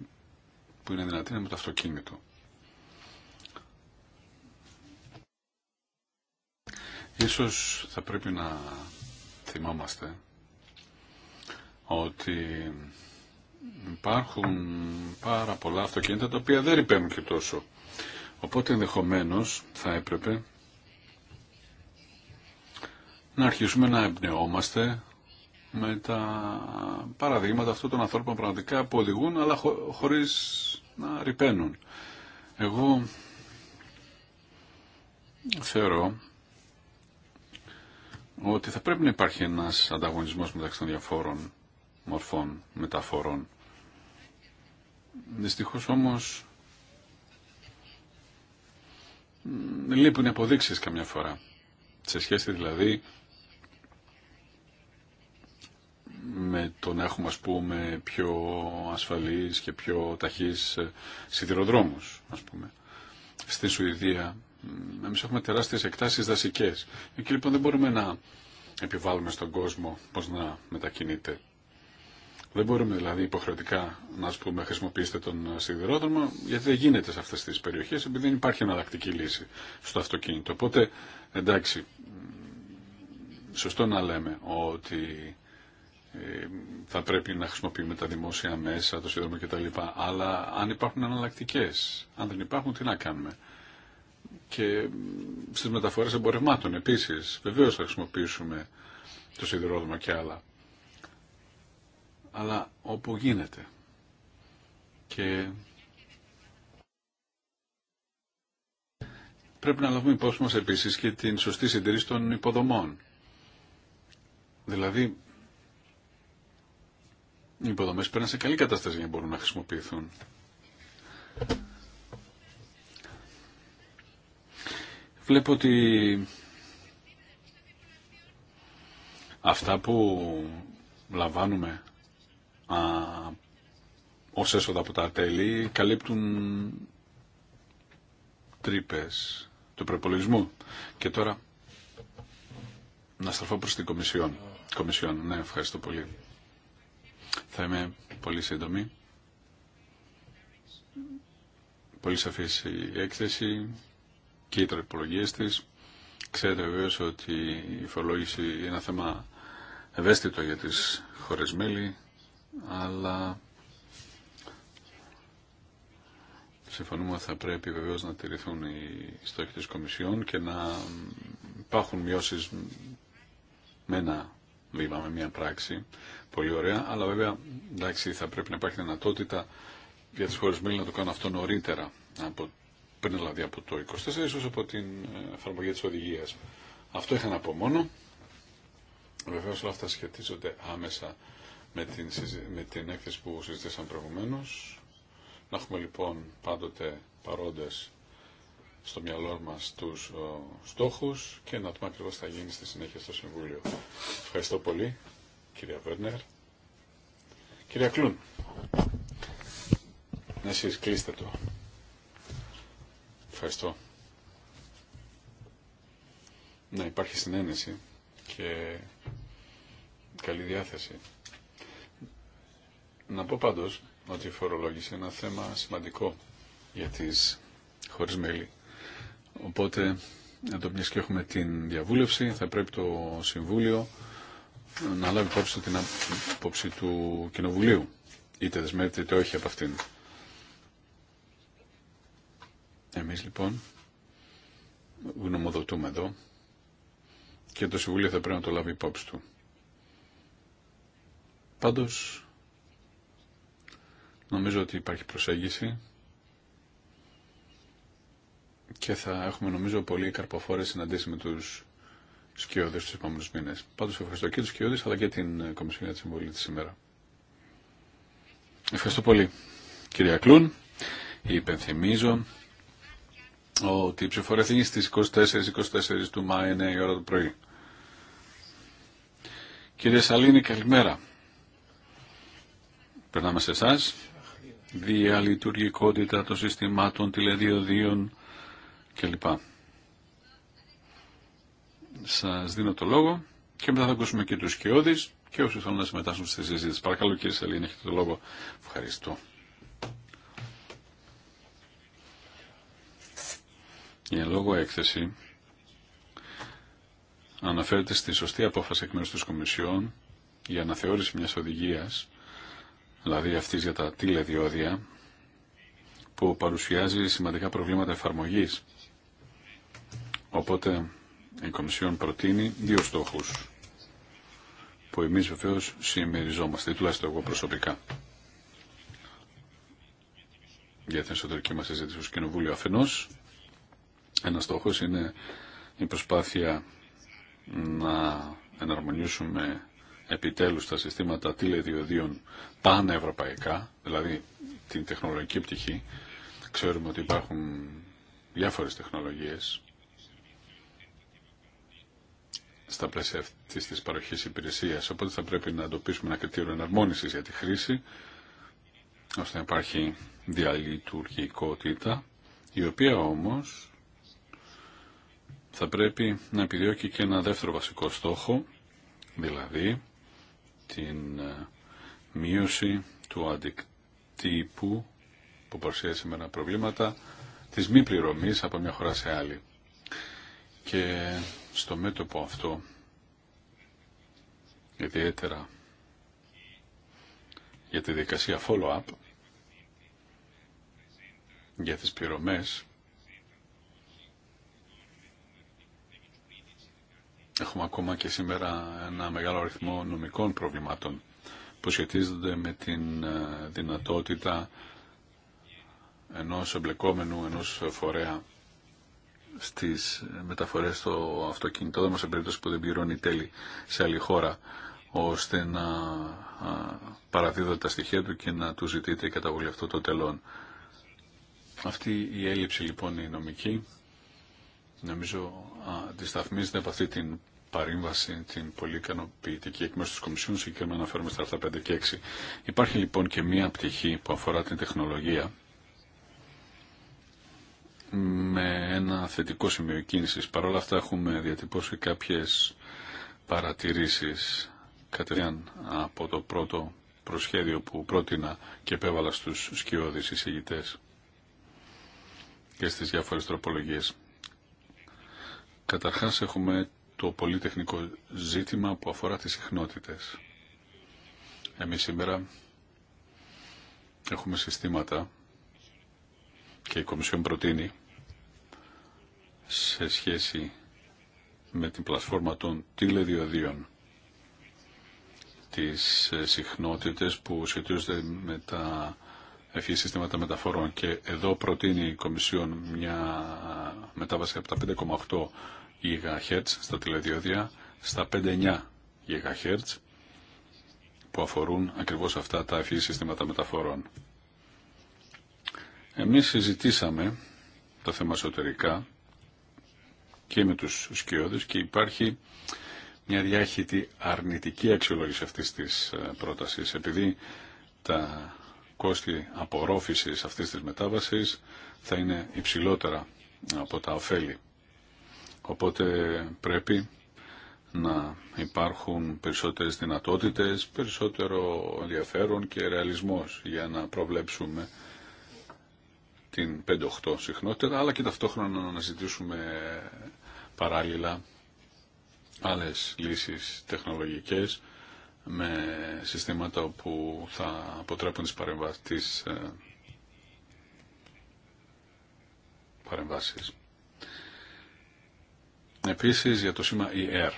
[SPEAKER 3] που είναι δυνατή είναι με το αυτοκίνητο. Ίσως θα πρέπει να θυμάμαστε ότι υπάρχουν πάρα πολλά αυτοκίνητα τα οποία δεν ρηπαίνουν και τόσο. Οπότε ενδεχομένω θα έπρεπε να αρχίσουμε να εμπνεώμαστε με τα παραδείγματα αυτών των ανθρώπων πραγματικά που οδηγούν αλλά χωρίς να ρηπαίνουν. Εγώ θεωρώ ότι θα πρέπει να υπάρχει ένας ανταγωνισμός μεταξύ των διαφόρων μορφών μεταφορών. Δυστυχώς όμως λείπουν οι αποδείξεις καμιά φορά. Σε σχέση δηλαδή με το να έχουμε ας πούμε πιο ασφαλείς και πιο ταχύς σιδηροδρόμους ας πούμε. Στη Σουηδία Εμεί έχουμε τεράστιε εκτάσει δασικέ. Εκεί λοιπόν δεν μπορούμε να επιβάλλουμε στον κόσμο πώ να μετακινείται. Δεν μπορούμε δηλαδή υποχρεωτικά να ας πούμε χρησιμοποιήσετε τον σιδηρόδρομο γιατί δεν γίνεται σε αυτές τις περιοχές επειδή δεν υπάρχει εναλλακτική λύση στο αυτοκίνητο. Οπότε εντάξει, σωστό να λέμε ότι ε, θα πρέπει να χρησιμοποιούμε τα δημόσια μέσα, το σύνδρομο κτλ. Αλλά αν υπάρχουν αναλλακτικέ, αν δεν υπάρχουν, τι να κάνουμε και στις μεταφορές εμπορευμάτων επίσης. Βεβαίως θα χρησιμοποιήσουμε το σιδηρόδρομο και άλλα. Αλλά όπου γίνεται. Και πρέπει να λάβουμε υπόψη μας επίσης και την σωστή συντήρηση των υποδομών. Δηλαδή, οι υποδομές να σε καλή κατάσταση για να μπορούν να χρησιμοποιηθούν. βλέπω ότι αυτά που λαμβάνουμε α, ως έσοδα από τα τέλη καλύπτουν τρύπες του προπολογισμού. Και τώρα να στραφώ προς την Κομισιόν. Κομισιόν, ναι, ευχαριστώ πολύ. Θα είμαι πολύ σύντομη. Πολύ σαφής η έκθεση και οι τροπολογίες Ξέρετε βεβαίω ότι η φορολόγηση είναι ένα θέμα ευαίσθητο για τις χώρες μέλη, αλλά συμφωνούμε ότι θα πρέπει βεβαίως να τηρηθούν οι στόχοι της Κομισιόν και να υπάρχουν μειώσεις με ένα βήμα, με μια πράξη. Πολύ ωραία, αλλά βέβαια εντάξει, θα πρέπει να υπάρχει δυνατότητα για τις χώρες μέλη να το κάνουν αυτό νωρίτερα από πριν δηλαδή από το 24, ίσως από την ε, εφαρμογή της οδηγίας. Αυτό είχα να πω μόνο. Βεβαίως όλα αυτά σχετίζονται άμεσα με την, με την έκθεση που συζητήσαμε προηγουμένω. Να έχουμε λοιπόν πάντοτε παρόντες στο μυαλό μας τους ο, στόχους και να δούμε ακριβώ θα γίνει στη συνέχεια στο Συμβούλιο. Ευχαριστώ πολύ, κυρία Βέρνερ. Κυρία Κλούν, εσείς κλείστε το. Ευχαριστώ. Να υπάρχει συνένεση και καλή διάθεση. Να πω πάντως ότι η φορολόγηση είναι ένα θέμα σημαντικό για τις χωρίς μέλη. Οπότε, αν το και έχουμε την διαβούλευση, θα πρέπει το Συμβούλιο να λάβει υπόψη την άποψη του Κοινοβουλίου. Είτε δεσμεύεται είτε όχι από αυτήν. Εμείς λοιπόν γνωμοδοτούμε εδώ και το Συμβούλιο θα πρέπει να το λάβει υπόψη του. Πάντως, νομίζω ότι υπάρχει προσέγγιση και θα έχουμε νομίζω πολύ καρποφόρες συναντήσεις με τους σκιώδες τους επόμενους μήνες. Πάντως ευχαριστώ και τους σκιώδες αλλά και την Κομισιόν της Συμβουλή σήμερα. Ευχαριστώ πολύ. Κυρία Κλούν, υπενθυμίζω ότι η ψηφορία θα στις 24-24 του Μάη 9 η ώρα το πρωί. Κύριε Σαλίνη, καλημέρα. Περνάμε σε εσά. Διαλειτουργικότητα των συστημάτων τηλεδιοδίων κλπ. Σας δίνω το λόγο και μετά θα ακούσουμε και τους σκιώδεις και όσους θέλουν να συμμετάσχουν στη συζήτηση. Παρακαλώ κύριε Σαλήνη, έχετε το λόγο. Ευχαριστώ. Η λόγω έκθεση αναφέρεται στη σωστή απόφαση εκ μέρους της Κομισιόν για αναθεώρηση μιας οδηγίας, δηλαδή αυτής για τα τηλεδιόδια, που παρουσιάζει σημαντικά προβλήματα εφαρμογής. Οπότε η Κομισιόν προτείνει δύο στόχους που εμείς βεβαίω συμμεριζόμαστε, τουλάχιστον εγώ προσωπικά. Για την εσωτερική μας συζήτηση Κοινοβούλιο αφενός ένα στόχο είναι η προσπάθεια να εναρμονίσουμε επιτέλους τα συστήματα τηλεδιοδίων πανευρωπαϊκά, δηλαδή την τεχνολογική πτυχή. Ξέρουμε ότι υπάρχουν διάφορες τεχνολογίες στα πλαίσια αυτή τη παροχή υπηρεσία. Οπότε θα πρέπει να εντοπίσουμε ένα κριτήριο εναρμόνιση για τη χρήση, ώστε να υπάρχει διαλειτουργικότητα, η οποία όμως θα πρέπει να επιδιώκει και ένα δεύτερο βασικό στόχο, δηλαδή την ε, μείωση του αντικτύπου που παρουσιάζει σήμερα προβλήματα της μη πληρωμής από μια χώρα σε άλλη. Και στο μέτωπο αυτό, ιδιαίτερα για τη δικασία follow-up, για τις πληρωμές, έχουμε ακόμα και σήμερα ένα μεγάλο αριθμό νομικών προβλημάτων που σχετίζονται με την ε, δυνατότητα ενός εμπλεκόμενου, ενός φορέα στις μεταφορές στο αυτοκινητόδρομο σε περίπτωση που δεν πληρώνει τέλη σε άλλη χώρα ώστε να παραδίδονται τα στοιχεία του και να του ζητείται η καταβολή των τελών. Αυτή η έλλειψη λοιπόν η νομική Νομίζω αντισταθμίζεται από αυτή την παρήμβαση, την πολύ ικανοποιητική εκ μέρου τη Κομισιόν, συγκεκριμένα αναφέρουμε στα άρθρα 5 και 6. Υπάρχει λοιπόν και μία πτυχή που αφορά την τεχνολογία με ένα θετικό σημείο κίνηση. Παρ' όλα αυτά έχουμε διατυπώσει κάποιε παρατηρήσει κατευθείαν από το πρώτο προσχέδιο που πρότεινα και επέβαλα στους σκιώδεις εισηγητές και στις διάφορες τροπολογίες. Καταρχάς έχουμε το πολυτεχνικό ζήτημα που αφορά τις συχνότητες. Εμείς σήμερα έχουμε συστήματα και η Κομισιόν προτείνει σε σχέση με την πλατφόρμα των τηλεδιοδίων τις συχνότητες που σχετίζονται με τα ευφυή συστήματα μεταφορών και εδώ προτείνει η Κομισιόν μια μετάβαση από τα 5,8 GHz στα τηλεδιόδια στα 5,9 GHz που αφορούν ακριβώς αυτά τα ευφυή συστήματα μεταφορών. Εμείς συζητήσαμε τα θέμα εσωτερικά και με τους σκιώδες και υπάρχει μια διάχυτη αρνητική αξιολόγηση αυτής της ε, πρότασης επειδή τα κόστη απορρόφησης αυτής της μετάβασης θα είναι υψηλότερα από τα ωφέλη. Οπότε πρέπει να υπάρχουν περισσότερες δυνατότητες, περισσότερο ενδιαφέρον και ρεαλισμός για να προβλέψουμε την 5-8 συχνότητα, αλλά και ταυτόχρονα να αναζητήσουμε παράλληλα άλλες λύσεις τεχνολογικές με συστήματα που θα αποτρέπουν τις παρεμβάσεις, ε, παρεμβάσεις. Επίσης για το σήμα ER.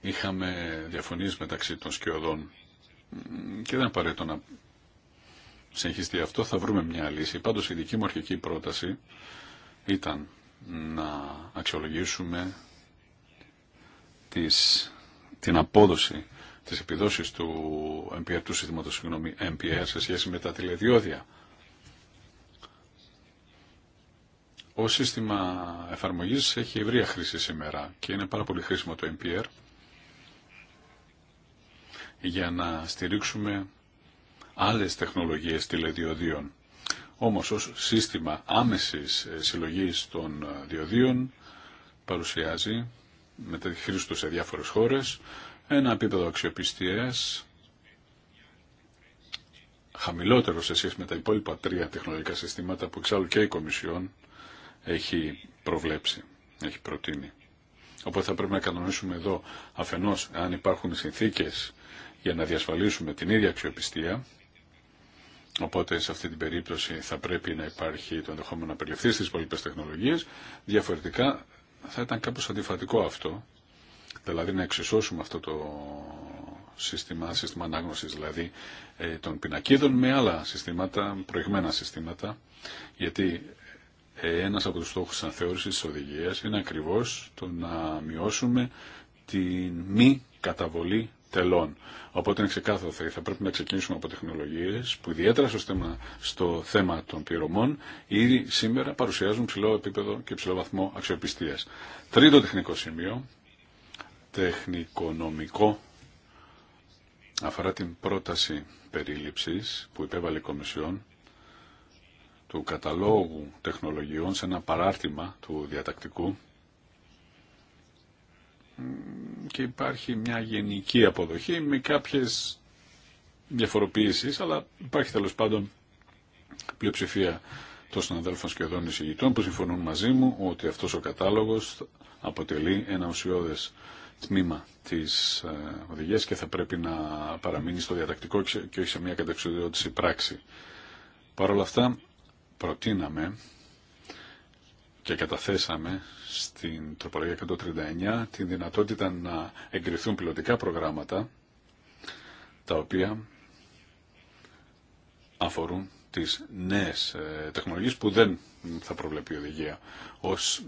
[SPEAKER 3] Είχαμε διαφωνίες μεταξύ των σκιωδών και δεν απαραίτητο να συνεχιστεί αυτό θα βρούμε μια λύση. Πάντως η δική μου αρχική πρόταση ήταν να αξιολογήσουμε τις, την απόδοση της επιδόσης του MPR, του συστήματος συγγνώμη, MPR σε σχέση με τα τηλεδιώδια. Ο σύστημα εφαρμογής έχει ευρία χρήση σήμερα και είναι πάρα πολύ χρήσιμο το MPR για να στηρίξουμε άλλες τεχνολογίες τηλεδιοδίων. Όμως ω σύστημα άμεσης ε, συλλογή των ε, διοδίων παρουσιάζει με τη χρήση του σε διάφορες χώρες ένα επίπεδο αξιοπιστίας χαμηλότερο σε σχέση με τα υπόλοιπα τρία τεχνολογικά συστήματα που εξάλλου και η Κομισιόν έχει προβλέψει, έχει προτείνει. Οπότε θα πρέπει να κανονίσουμε εδώ αφενός αν υπάρχουν συνθήκες για να διασφαλίσουμε την ίδια αξιοπιστία Οπότε σε αυτή την περίπτωση θα πρέπει να υπάρχει το ενδεχόμενο να περιληφθεί στις υπόλοιπε τεχνολογίες. Διαφορετικά θα ήταν κάπως αντιφατικό αυτό, δηλαδή να εξισώσουμε αυτό το σύστημα, σύστημα ανάγνωσης δηλαδή ε, των πινακίδων με άλλα συστήματα, προηγμένα συστήματα, γιατί ε, ένας από τους στόχους ανθεώρησης της οδηγίας είναι ακριβώς το να μειώσουμε την μη καταβολή τελών. Οπότε είναι ξεκάθαρο θα πρέπει να ξεκινήσουμε από τεχνολογίες που ιδιαίτερα στο θέμα, στο θέμα των πληρωμών ήδη σήμερα παρουσιάζουν ψηλό επίπεδο και ψηλό βαθμό αξιοπιστίας. Τρίτο τεχνικό σημείο, τεχνικονομικό, αφορά την πρόταση περίληψης που υπέβαλε η Κομισιόν του καταλόγου τεχνολογιών σε ένα παράρτημα του διατακτικού και υπάρχει μια γενική αποδοχή με κάποιες διαφοροποιήσεις, αλλά υπάρχει τέλο πάντων πλειοψηφία των συναδέλφων σχεδόν εισηγητών που συμφωνούν μαζί μου ότι αυτός ο κατάλογος αποτελεί ένα ουσιώδες τμήμα της ε, οδηγίας και θα πρέπει να παραμείνει στο διατακτικό και όχι σε μια της πράξη. Παρ' όλα αυτά προτείναμε και καταθέσαμε στην τροπολογία 139 την δυνατότητα να εγκριθούν πιλωτικά προγράμματα τα οποία αφορούν τις νέες ε, τεχνολογίες που δεν θα προβλέπει η οδηγία. Ως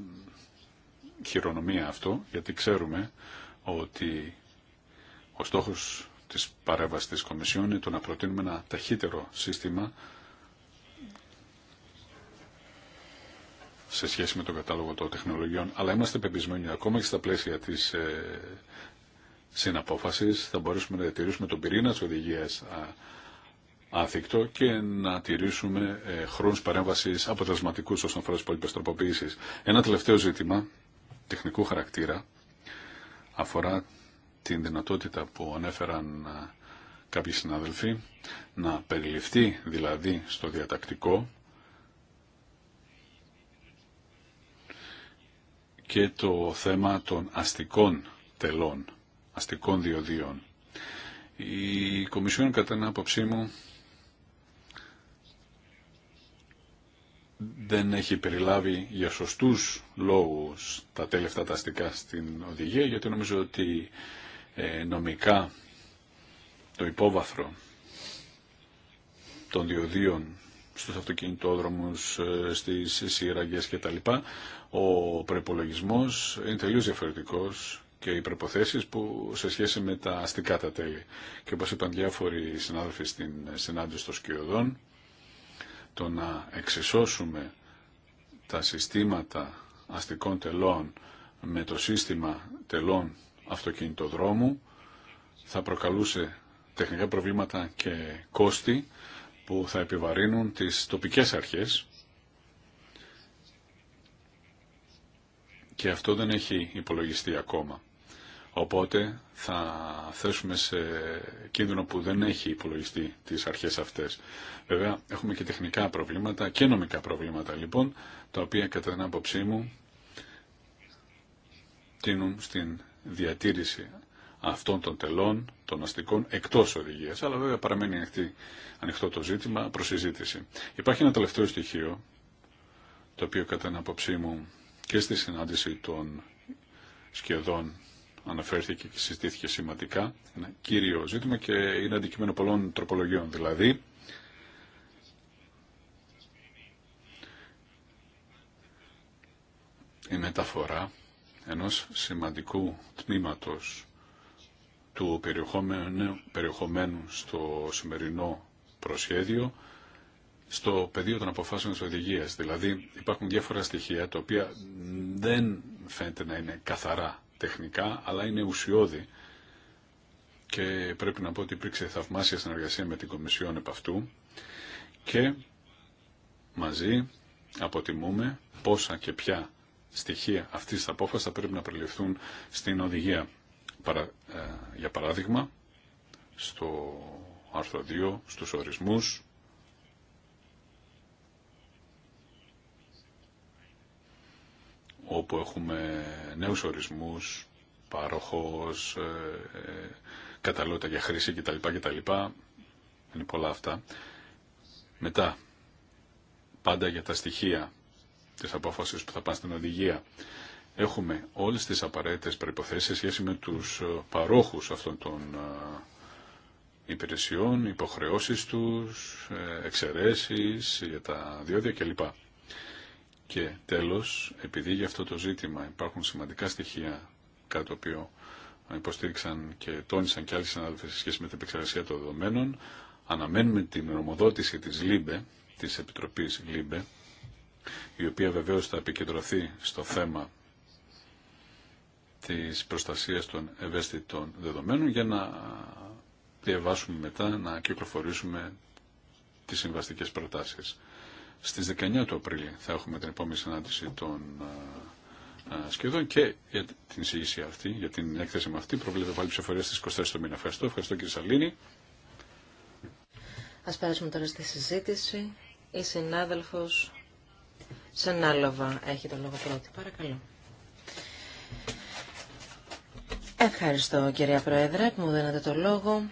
[SPEAKER 3] χειρονομία αυτό, γιατί ξέρουμε ότι ο στόχος της παρέμβασης της Κομισιόν είναι το να προτείνουμε ένα ταχύτερο σύστημα σε σχέση με τον κατάλογο των τεχνολογιών, αλλά είμαστε πεπισμένοι ακόμα και στα πλαίσια της ε, συναπόφασης θα μπορέσουμε να διατηρήσουμε τον πυρήνα τη οδηγία άθικτο και να τηρήσουμε ε, χρόνους παρέμβασης αποτελεσματικούς όσον αφορά τι υπόλοιπε τροποποιήσει. Ένα τελευταίο ζήτημα τεχνικού χαρακτήρα αφορά την δυνατότητα που ανέφεραν ε, κάποιοι συνάδελφοι να περιληφθεί δηλαδή στο διατακτικό και το θέμα των αστικών τελών, αστικών διοδίων. Η Κομισιόν κατά την άποψή μου δεν έχει περιλάβει για σωστούς λόγους τα τελευταία τα αστικά στην οδηγία γιατί νομίζω ότι ε, νομικά το υπόβαθρο των διοδίων στους αυτοκινητόδρομους, ε, στις σύραγγες κτλ. Ο προπολογισμό είναι τελείως διαφορετικός και οι προποθέσει που σε σχέση με τα αστικά τα τέλη. Και όπως είπαν διάφοροι συνάδελφοι στην συνάντηση των Σκιωδών, το να εξισώσουμε τα συστήματα αστικών τελών με το σύστημα τελών αυτοκινητοδρόμου θα προκαλούσε τεχνικά προβλήματα και κόστη που θα επιβαρύνουν τις τοπικές αρχές και αυτό δεν έχει υπολογιστεί ακόμα. Οπότε θα θέσουμε σε κίνδυνο που δεν έχει υπολογιστεί τις αρχές αυτές. Βέβαια έχουμε και τεχνικά προβλήματα και νομικά προβλήματα λοιπόν, τα οποία κατά την άποψή μου τίνουν στην διατήρηση αυτών των τελών, των αστικών, εκτός οδηγία. Αλλά βέβαια παραμένει ανοιχτή, ανοιχτό το ζήτημα προ συζήτηση. Υπάρχει ένα τελευταίο στοιχείο, το οποίο κατά την απόψή μου και στη συνάντηση των σχεδόν αναφέρθηκε και συζητήθηκε σημαντικά, ένα κύριο ζήτημα και είναι αντικείμενο πολλών τροπολογιών. Δηλαδή, η μεταφορά ενός σημαντικού τμήματος του περιεχομένου, περιεχομένου στο σημερινό προσχέδιο στο πεδίο των αποφάσεων της οδηγίας. Δηλαδή υπάρχουν διάφορα στοιχεία τα οποία δεν φαίνεται να είναι καθαρά τεχνικά αλλά είναι ουσιώδη και πρέπει να πω ότι υπήρξε θαυμάσια συνεργασία με την Κομισιόν επ' αυτού και μαζί αποτιμούμε πόσα και ποια στοιχεία αυτής της απόφασης θα πρέπει να προληφθούν στην οδηγία. Ε, για παράδειγμα, στο άρθρο 2, στους ορισμούς, όπου έχουμε νέους ορισμούς, παροχός, ε, ε, καταλότητα για χρήση κτλ. κτλ. Είναι πολλά αυτά. Μετά, πάντα για τα στοιχεία της απόφασης που θα πάνε στην οδηγία έχουμε όλες τις απαραίτητες προϋποθέσεις σε σχέση με τους ε, παρόχους αυτών των ε, υπηρεσιών, υποχρεώσεις τους, ε, εξαιρέσεις για τα διόδια κλπ. Και τέλος, επειδή για αυτό το ζήτημα υπάρχουν σημαντικά στοιχεία, κάτι το οποίο υποστήριξαν και τόνισαν και άλλοι συνάδελφοι σε σχέση με την επεξεργασία των δεδομένων, αναμένουμε την νομοδότηση της ΛΥΜΠΕ, της Επιτροπής ΛΥΜΠΕ, η οποία βεβαίως θα επικεντρωθεί στο θέμα της προστασίας των ευαίσθητων δεδομένων για να διαβάσουμε μετά, να κυκλοφορήσουμε τις συμβαστικές προτάσεις. Στις 19 του Απρίλη θα έχουμε την επόμενη συνάντηση των ε, ε, σχεδόν και για την εισήγηση αυτή, για την έκθεση με αυτή, προβλέπεται πάλι ψηφοφορία στις 24 του μήνα. Ευχαριστώ, ευχαριστώ κύριε Σαλήνη.
[SPEAKER 2] Α περάσουμε τώρα στη συζήτηση. Η συνάδελφος Σενάλοβα έχει το λόγο πρώτη. Παρακαλώ. Ευχαριστώ κυρία Πρόεδρε που μου δίνετε το λόγο.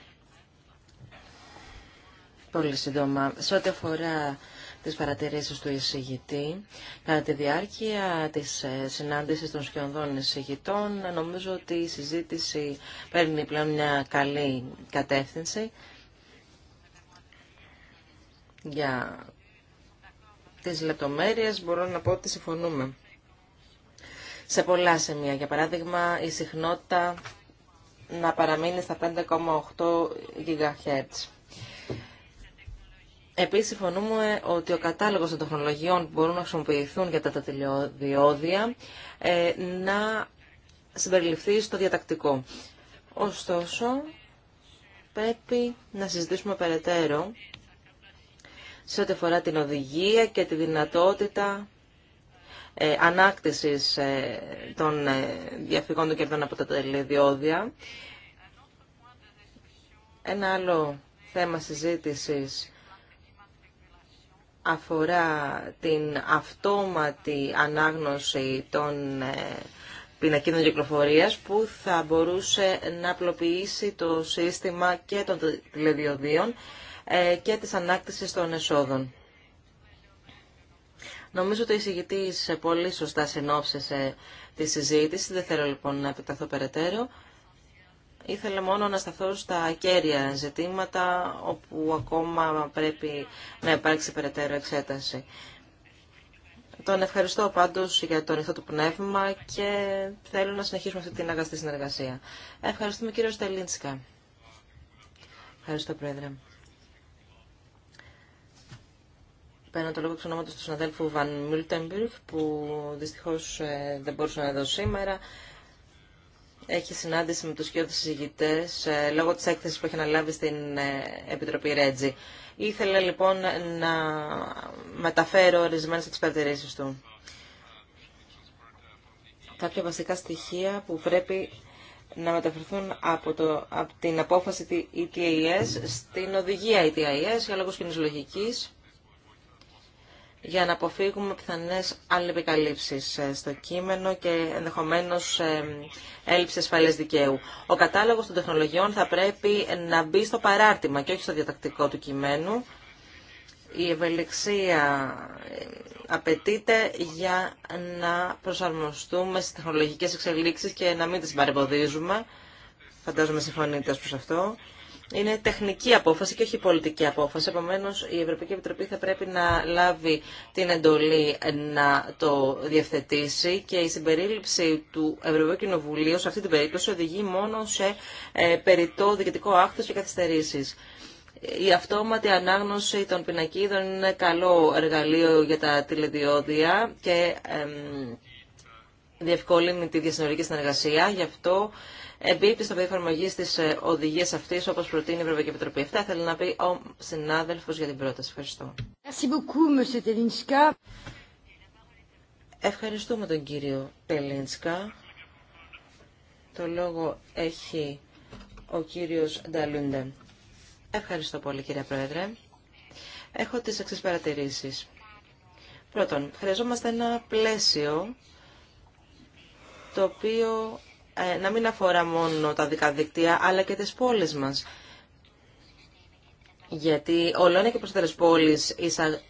[SPEAKER 2] Πολύ σύντομα. Σε ό,τι αφορά τις παρατηρήσεις του εισηγητή, κατά τη διάρκεια της ε, συνάντησης των σχεδόν εισηγητών, νομίζω ότι η συζήτηση παίρνει πλέον μια καλή κατεύθυνση για τις λεπτομέρειες μπορώ να πω ότι συμφωνούμε σε πολλά σημεία. Για παράδειγμα, η συχνότητα να παραμείνει στα 5,8 GHz. Επίσης, συμφωνούμε ότι ο κατάλογος των τεχνολογιών που μπορούν να χρησιμοποιηθούν για τα ε, να συμπεριληφθεί στο διατακτικό. Ωστόσο, πρέπει να συζητήσουμε περαιτέρω σε ό,τι αφορά την οδηγία και τη δυνατότητα ε, ανάκτησης ε, των ε, διαφυγών των κερδών από τα τελεδιώδια. Ένα άλλο θέμα συζήτησης αφορά την αυτόματη ανάγνωση των πινακίδων κυκλοφορίας που θα μπορούσε να απλοποιήσει το σύστημα και των τηλεδιοδίων και της ανάκτησης των εσόδων. Νομίζω ότι η σε πολύ σωστά συνόψεσε τη συζήτηση. Δεν θέλω λοιπόν να επεκταθώ περαιτέρω. Ήθελα μόνο να σταθώ στα κέρια ζητήματα όπου ακόμα πρέπει να υπάρξει περαιτέρω εξέταση. Τον ευχαριστώ πάντως για το ανοιχτό του πνεύμα και θέλω να συνεχίσουμε αυτή την αγαστή συνεργασία. Ευχαριστούμε κύριο Στελίντσικα. Ευχαριστώ πρόεδρε. Παίρνω το λόγο εξ ονόματο του συναδέλφου Βαν Μιλτέμπουργκ, που δυστυχώ ε, δεν μπορούσε να είναι εδώ σήμερα. Έχει συνάντηση με του κοιότητε συζητητέ ε, λόγω τη έκθεση που έχει αναλάβει στην ε, Επιτροπή Ρέτζι. Ήθελα λοιπόν να μεταφέρω ορισμένε από τι παρατηρήσει του. Κάποια βασικά στοιχεία που πρέπει να μεταφερθούν από, το, από την απόφαση της ETIS στην οδηγία ETIS για λόγους κοινής λογικής για να αποφύγουμε πιθανές αλληλεπικαλύψεις ε, στο κείμενο και ενδεχομένως ε, έλλειψη ασφαλές δικαίου. Ο κατάλογος των τεχνολογιών θα πρέπει να μπει στο παράρτημα και όχι στο διατακτικό του κειμένου. Η ευελιξία ε, απαιτείται για να προσαρμοστούμε στις τεχνολογικές εξελίξεις και να μην τις παρεμποδίζουμε. Φαντάζομαι συμφωνείτε προς αυτό είναι τεχνική απόφαση και όχι πολιτική απόφαση. Επομένω, η Ευρωπαϊκή Επιτροπή θα πρέπει να λάβει την εντολή να το διευθετήσει και η συμπερίληψη του Ευρωπαϊκού Κοινοβουλίου σε αυτή την περίπτωση οδηγεί μόνο σε ε, περιττό διοικητικό άκτο και καθυστερήσει. Η αυτόματη ανάγνωση των πινακίδων είναι καλό εργαλείο για τα τηλεδιόδια και διευκολύνει τη διασυνορική συνεργασία. Γι' αυτό εμπίπτει στο πεδίο εφαρμογή τη ε, οδηγία αυτή, όπω προτείνει η Ευρωπαϊκή Επιτροπή. Αυτά θέλω να πει ο συνάδελφο για την πρόταση. Ευχαριστώ. Ευχαριστούμε τον κύριο Τελίνσκα. Το λόγο έχει ο κύριος Νταλούντε. Ευχαριστώ πολύ κύριε Πρόεδρε. Έχω τις εξή παρατηρήσεις. Πρώτον, χρειαζόμαστε ένα πλαίσιο το οποίο ε, να μην αφορά μόνο τα δικά δικτύα, αλλά και τις πόλεις μας. Γιατί ένα και προσθέτερες πόλεις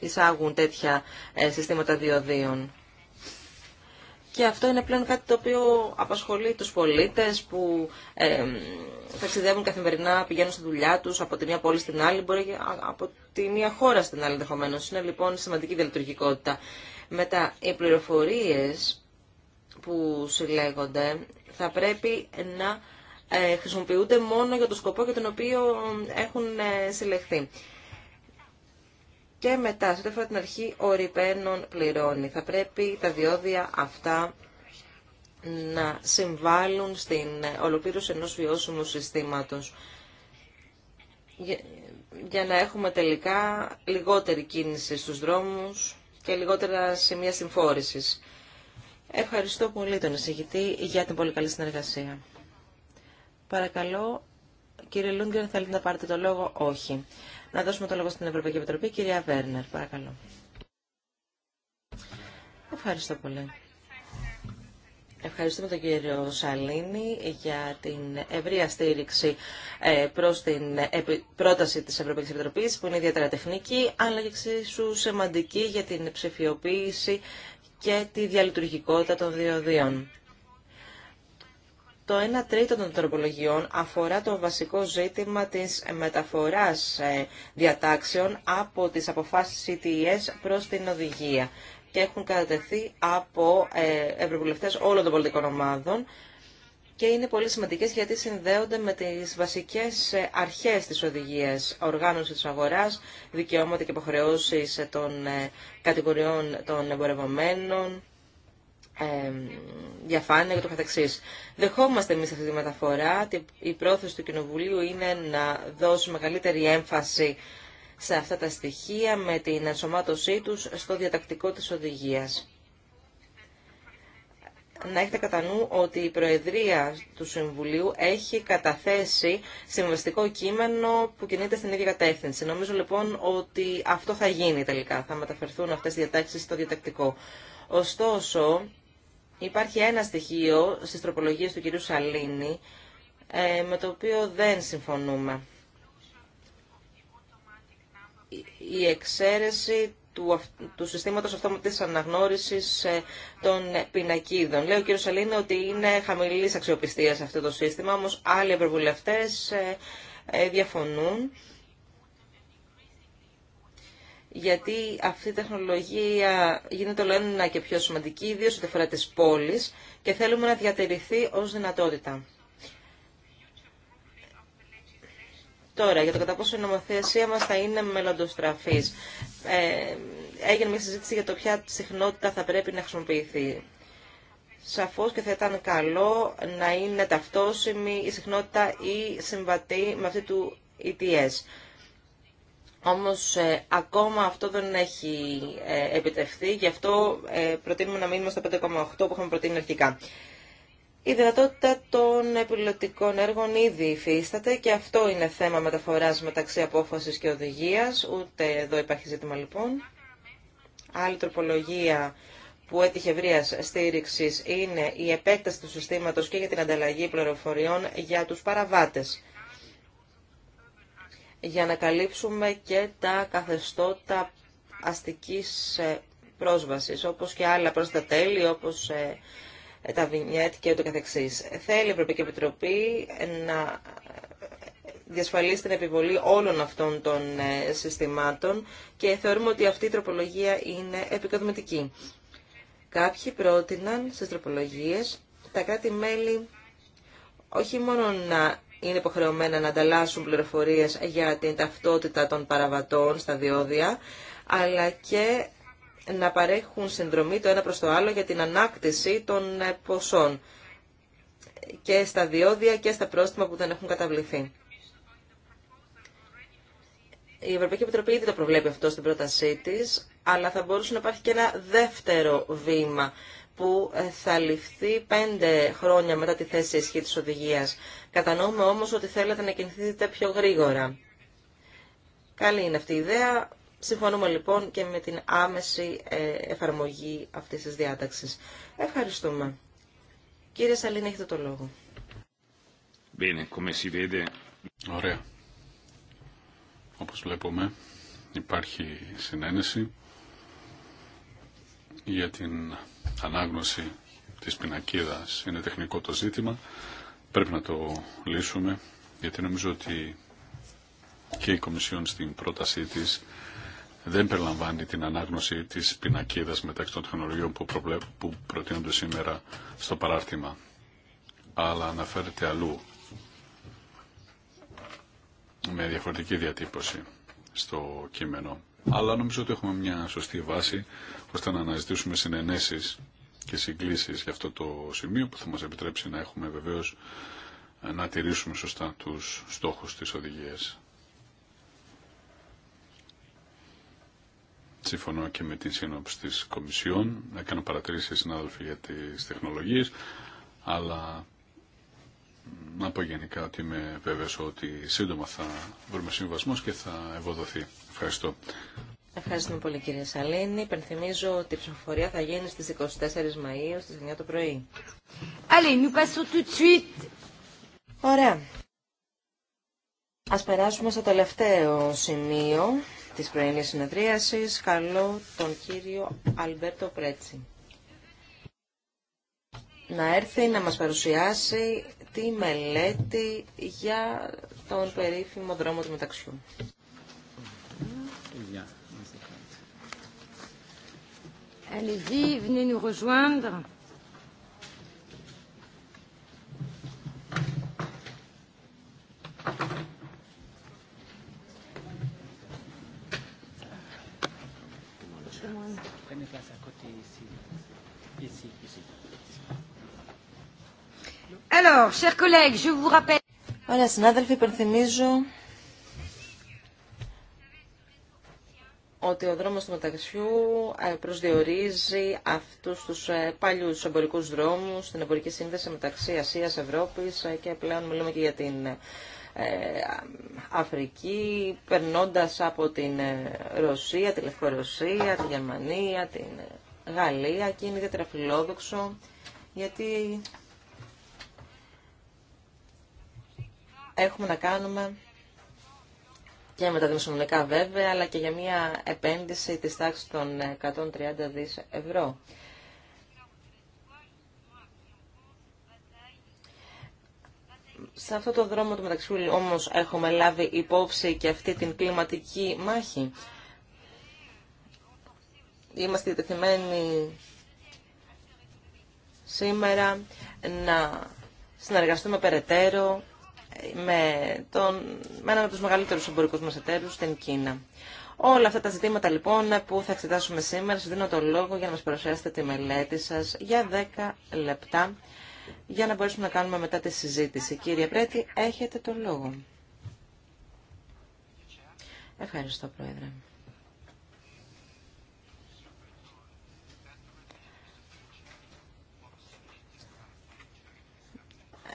[SPEAKER 2] εισάγουν τέτοια ε, συστήματα διοδίων. Και αυτό είναι πλέον κάτι το οποίο απασχολεί τους πολίτες που ε, ταξιδεύουν καθημερινά, πηγαίνουν στη δουλειά τους από τη μία πόλη στην άλλη, μπορεί από τη μία χώρα στην άλλη ενδεχομένω. Είναι λοιπόν σημαντική διαλειτουργικότητα. Μετά, οι πληροφορίες που συλλέγονται θα πρέπει να ε, χρησιμοποιούνται μόνο για το σκοπό για τον οποίο έχουν ε, συλλεχθεί. Και μετά, σε την αρχή, ο ρηπαίνων πληρώνει. Θα πρέπει τα διόδια αυτά να συμβάλλουν στην ολοκλήρωση ενός βιώσιμου συστήματος για, να έχουμε τελικά λιγότερη κίνηση στους δρόμους και λιγότερα σημεία συμφόρησης. Ευχαριστώ πολύ τον εισηγητή για την πολύ καλή συνεργασία. Παρακαλώ, κύριε Λούνγκερ, θέλετε να πάρετε το λόγο. Όχι. Να δώσουμε το λόγο στην Ευρωπαϊκή Επιτροπή. Κυρία Βέρνερ, παρακαλώ. Ευχαριστώ πολύ. Ευχαριστούμε τον κύριο Σαλίνη για την ευρεία στήριξη ε, προς την πρόταση της Ευρωπαϊκής Επιτροπής που είναι ιδιαίτερα τεχνική αλλά και εξίσου σημαντική για την ψηφιοποίηση και τη διαλειτουργικότητα των διοδίων. Το 1 τρίτο των τροπολογιών αφορά το βασικό ζήτημα της μεταφοράς ε, διατάξεων από τις αποφάσεις CTS e προς την οδηγία και έχουν κατατεθεί από ε, ευρωβουλευτές όλων των πολιτικών ομάδων και είναι πολύ σημαντικές γιατί συνδέονται με τις βασικές αρχές της οδηγίας, οργάνωση της αγοράς, δικαιώματα και υποχρεώσεις των ε, κατηγοριών των εμπορευομένων, ε, διαφάνεια και το καθεξής. Δεχόμαστε εμείς αυτή τη μεταφορά. Η πρόθεση του Κοινοβουλίου είναι να δώσει μεγαλύτερη έμφαση σε αυτά τα στοιχεία με την ενσωμάτωσή τους στο διατακτικό της οδηγίας να έχετε κατά νου ότι η Προεδρία του Συμβουλίου έχει καταθέσει συμβαστικό κείμενο που κινείται στην ίδια κατεύθυνση. Νομίζω λοιπόν ότι αυτό θα γίνει τελικά, θα μεταφερθούν αυτές οι διατάξεις στο διατακτικό. Ωστόσο, υπάρχει ένα στοιχείο στις τροπολογίες του κυρίου Σαλίνη ε, με το οποίο δεν συμφωνούμε. Η εξαίρεση του, του συστήματος αυτόματης αναγνώρισης ε, των πινακίδων. Λέει ο κ. Σαλίνη ότι είναι χαμηλής αξιοπιστίας αυτό το σύστημα, όμως άλλοι ευρωβουλευτές ε, ε, διαφωνούν γιατί αυτή η τεχνολογία γίνεται το ένα και πιο σημαντική, ιδίως ό,τι αφορά τις πόλεις και θέλουμε να διατηρηθεί ως δυνατότητα. Τώρα, για το κατά πόσο η νομοθεσία μας θα είναι μελλοντοστραφής. Ε, έγινε μια συζήτηση για το ποια συχνότητα θα πρέπει να χρησιμοποιηθεί. Σαφώς και θα ήταν καλό να είναι ταυτόσιμη η συχνότητα ή συμβατή με αυτή του ETS. Όμως ε, ακόμα αυτό δεν έχει ε, επιτευχθεί, γι' αυτό ε, προτείνουμε να μείνουμε στο 5,8 που είχαμε προτείνει αρχικά. Η δυνατότητα των επιλογικών έργων ήδη υφίσταται και αυτό είναι θέμα μεταφοράς μεταξύ απόφασης και οδηγίας, ούτε εδώ υπάρχει ζήτημα λοιπόν. Άλλη τροπολογία που έτυχε ευρεία στήριξη είναι η επέκταση του συστήματος και για την ανταλλαγή πληροφοριών για τους παραβάτες για να καλύψουμε και τα καθεστώτα αστικής ε, πρόσβασης, όπως και άλλα τα τέλη, όπως ε, ε, τα βινιέτ και ούτω καθεξής. Θέλει η Ευρωπαϊκή Επιτροπή να διασφαλίσει την επιβολή όλων αυτών των ε, συστημάτων και θεωρούμε ότι αυτή η τροπολογία είναι επικοδομητική. Κάποιοι πρότειναν στις τροπολογίες τα κράτη-μέλη όχι μόνο να είναι υποχρεωμένα να ανταλλάσσουν πληροφορίες για την ταυτότητα των παραβατών στα διόδια, αλλά και να παρέχουν συνδρομή το ένα προς το άλλο για την ανάκτηση των ε, ποσών και στα διόδια και στα πρόστιμα που δεν έχουν καταβληθεί. Η Ευρωπαϊκή Επιτροπή ήδη το προβλέπει αυτό στην πρότασή της, αλλά θα μπορούσε να υπάρχει και ένα δεύτερο βήμα που ε, θα ληφθεί πέντε χρόνια μετά τη θέση ισχύ της οδηγίας. Κατανοούμε όμως ότι θέλετε να κινηθείτε πιο γρήγορα. Καλή είναι αυτή η ιδέα, Συμφωνούμε λοιπόν και με την άμεση ε, εφαρμογή αυτής της διάταξης. Ευχαριστούμε. Κύριε Σαλίνη, έχετε το λόγο.
[SPEAKER 3] Ωραία. Όπως βλέπουμε υπάρχει συνένεση για την ανάγνωση της πινακίδας. Είναι τεχνικό το ζήτημα. Πρέπει να το λύσουμε γιατί νομίζω ότι και η Κομισιόν στην πρότασή της δεν περιλαμβάνει την ανάγνωση της πινακίδας μεταξύ των τεχνολογιών που, προβλέ... που προτείνονται σήμερα στο παράρτημα, αλλά αναφέρεται αλλού με διαφορετική διατύπωση στο κείμενο. Αλλά νομίζω ότι έχουμε μια σωστή βάση ώστε να αναζητήσουμε συνενέσεις και συγκλήσεις για αυτό το σημείο που θα μας επιτρέψει να έχουμε βεβαίως να τηρήσουμε σωστά τους στόχους της οδηγίας. Συμφωνώ και με την σύνοψη της Κομισιόν. Έκανα παρατηρήσεις συνάδελφοι για τις τεχνολογίες, αλλά να πω γενικά ότι είμαι βέβαιος ότι σύντομα θα βρούμε συμβασμός και θα ευοδοθεί. Ευχαριστώ.
[SPEAKER 2] Ευχαριστούμε πολύ κύριε Σαλήνη. Υπενθυμίζω ότι η ψηφοφορία θα γίνει στις 24 Μαΐου στις 9 το πρωί. Allez, nous passons tout de suite. Ωραία. Ας περάσουμε στο τελευταίο σημείο της πρωινής συνεδρίασης. Καλώ τον κύριο Αλμπέρτο Πρέτσι να έρθει να μας παρουσιάσει τη μελέτη για τον περίφημο δρόμο του μεταξιού.
[SPEAKER 1] Allez-y, venez nous
[SPEAKER 2] Ωραία, συνάδελφοι, υπενθυμίζω ότι ο δρόμος του μεταξιού ε, προσδιορίζει αυτούς τους ε, παλιούς εμπορικούς δρόμους, την εμπορική σύνδεση μεταξύ Ασίας, Ευρώπης ε, και πλέον μιλούμε και για την ε, Αφρική, περνώντας από την ε, Ρωσία, τη Λευκορωσία, τη Γερμανία, την ε, Γαλλία και είναι ιδιαίτερα φιλόδοξο γιατί έχουμε να κάνουμε και με τα δημοσιονομικά βέβαια, αλλά και για μια επένδυση της τάξης των 130 δις ευρώ. σε αυτό το δρόμο του μεταξύ όμως έχουμε λάβει υπόψη και αυτή την κλιματική μάχη. Είμαστε διατεθειμένοι σήμερα να συνεργαστούμε περαιτέρω με, τον, με έναν από τους μεγαλύτερους εμπορικούς μας εταίρους, την Κίνα. Όλα αυτά τα ζητήματα λοιπόν που θα εξετάσουμε σήμερα, σας δίνω το λόγο για να μας παρουσιάσετε τη μελέτη σας για 10 λεπτά για να μπορέσουμε να κάνουμε μετά τη συζήτηση. Κύριε Πρέτη, έχετε τον λόγο. Ευχαριστώ, Πρόεδρε.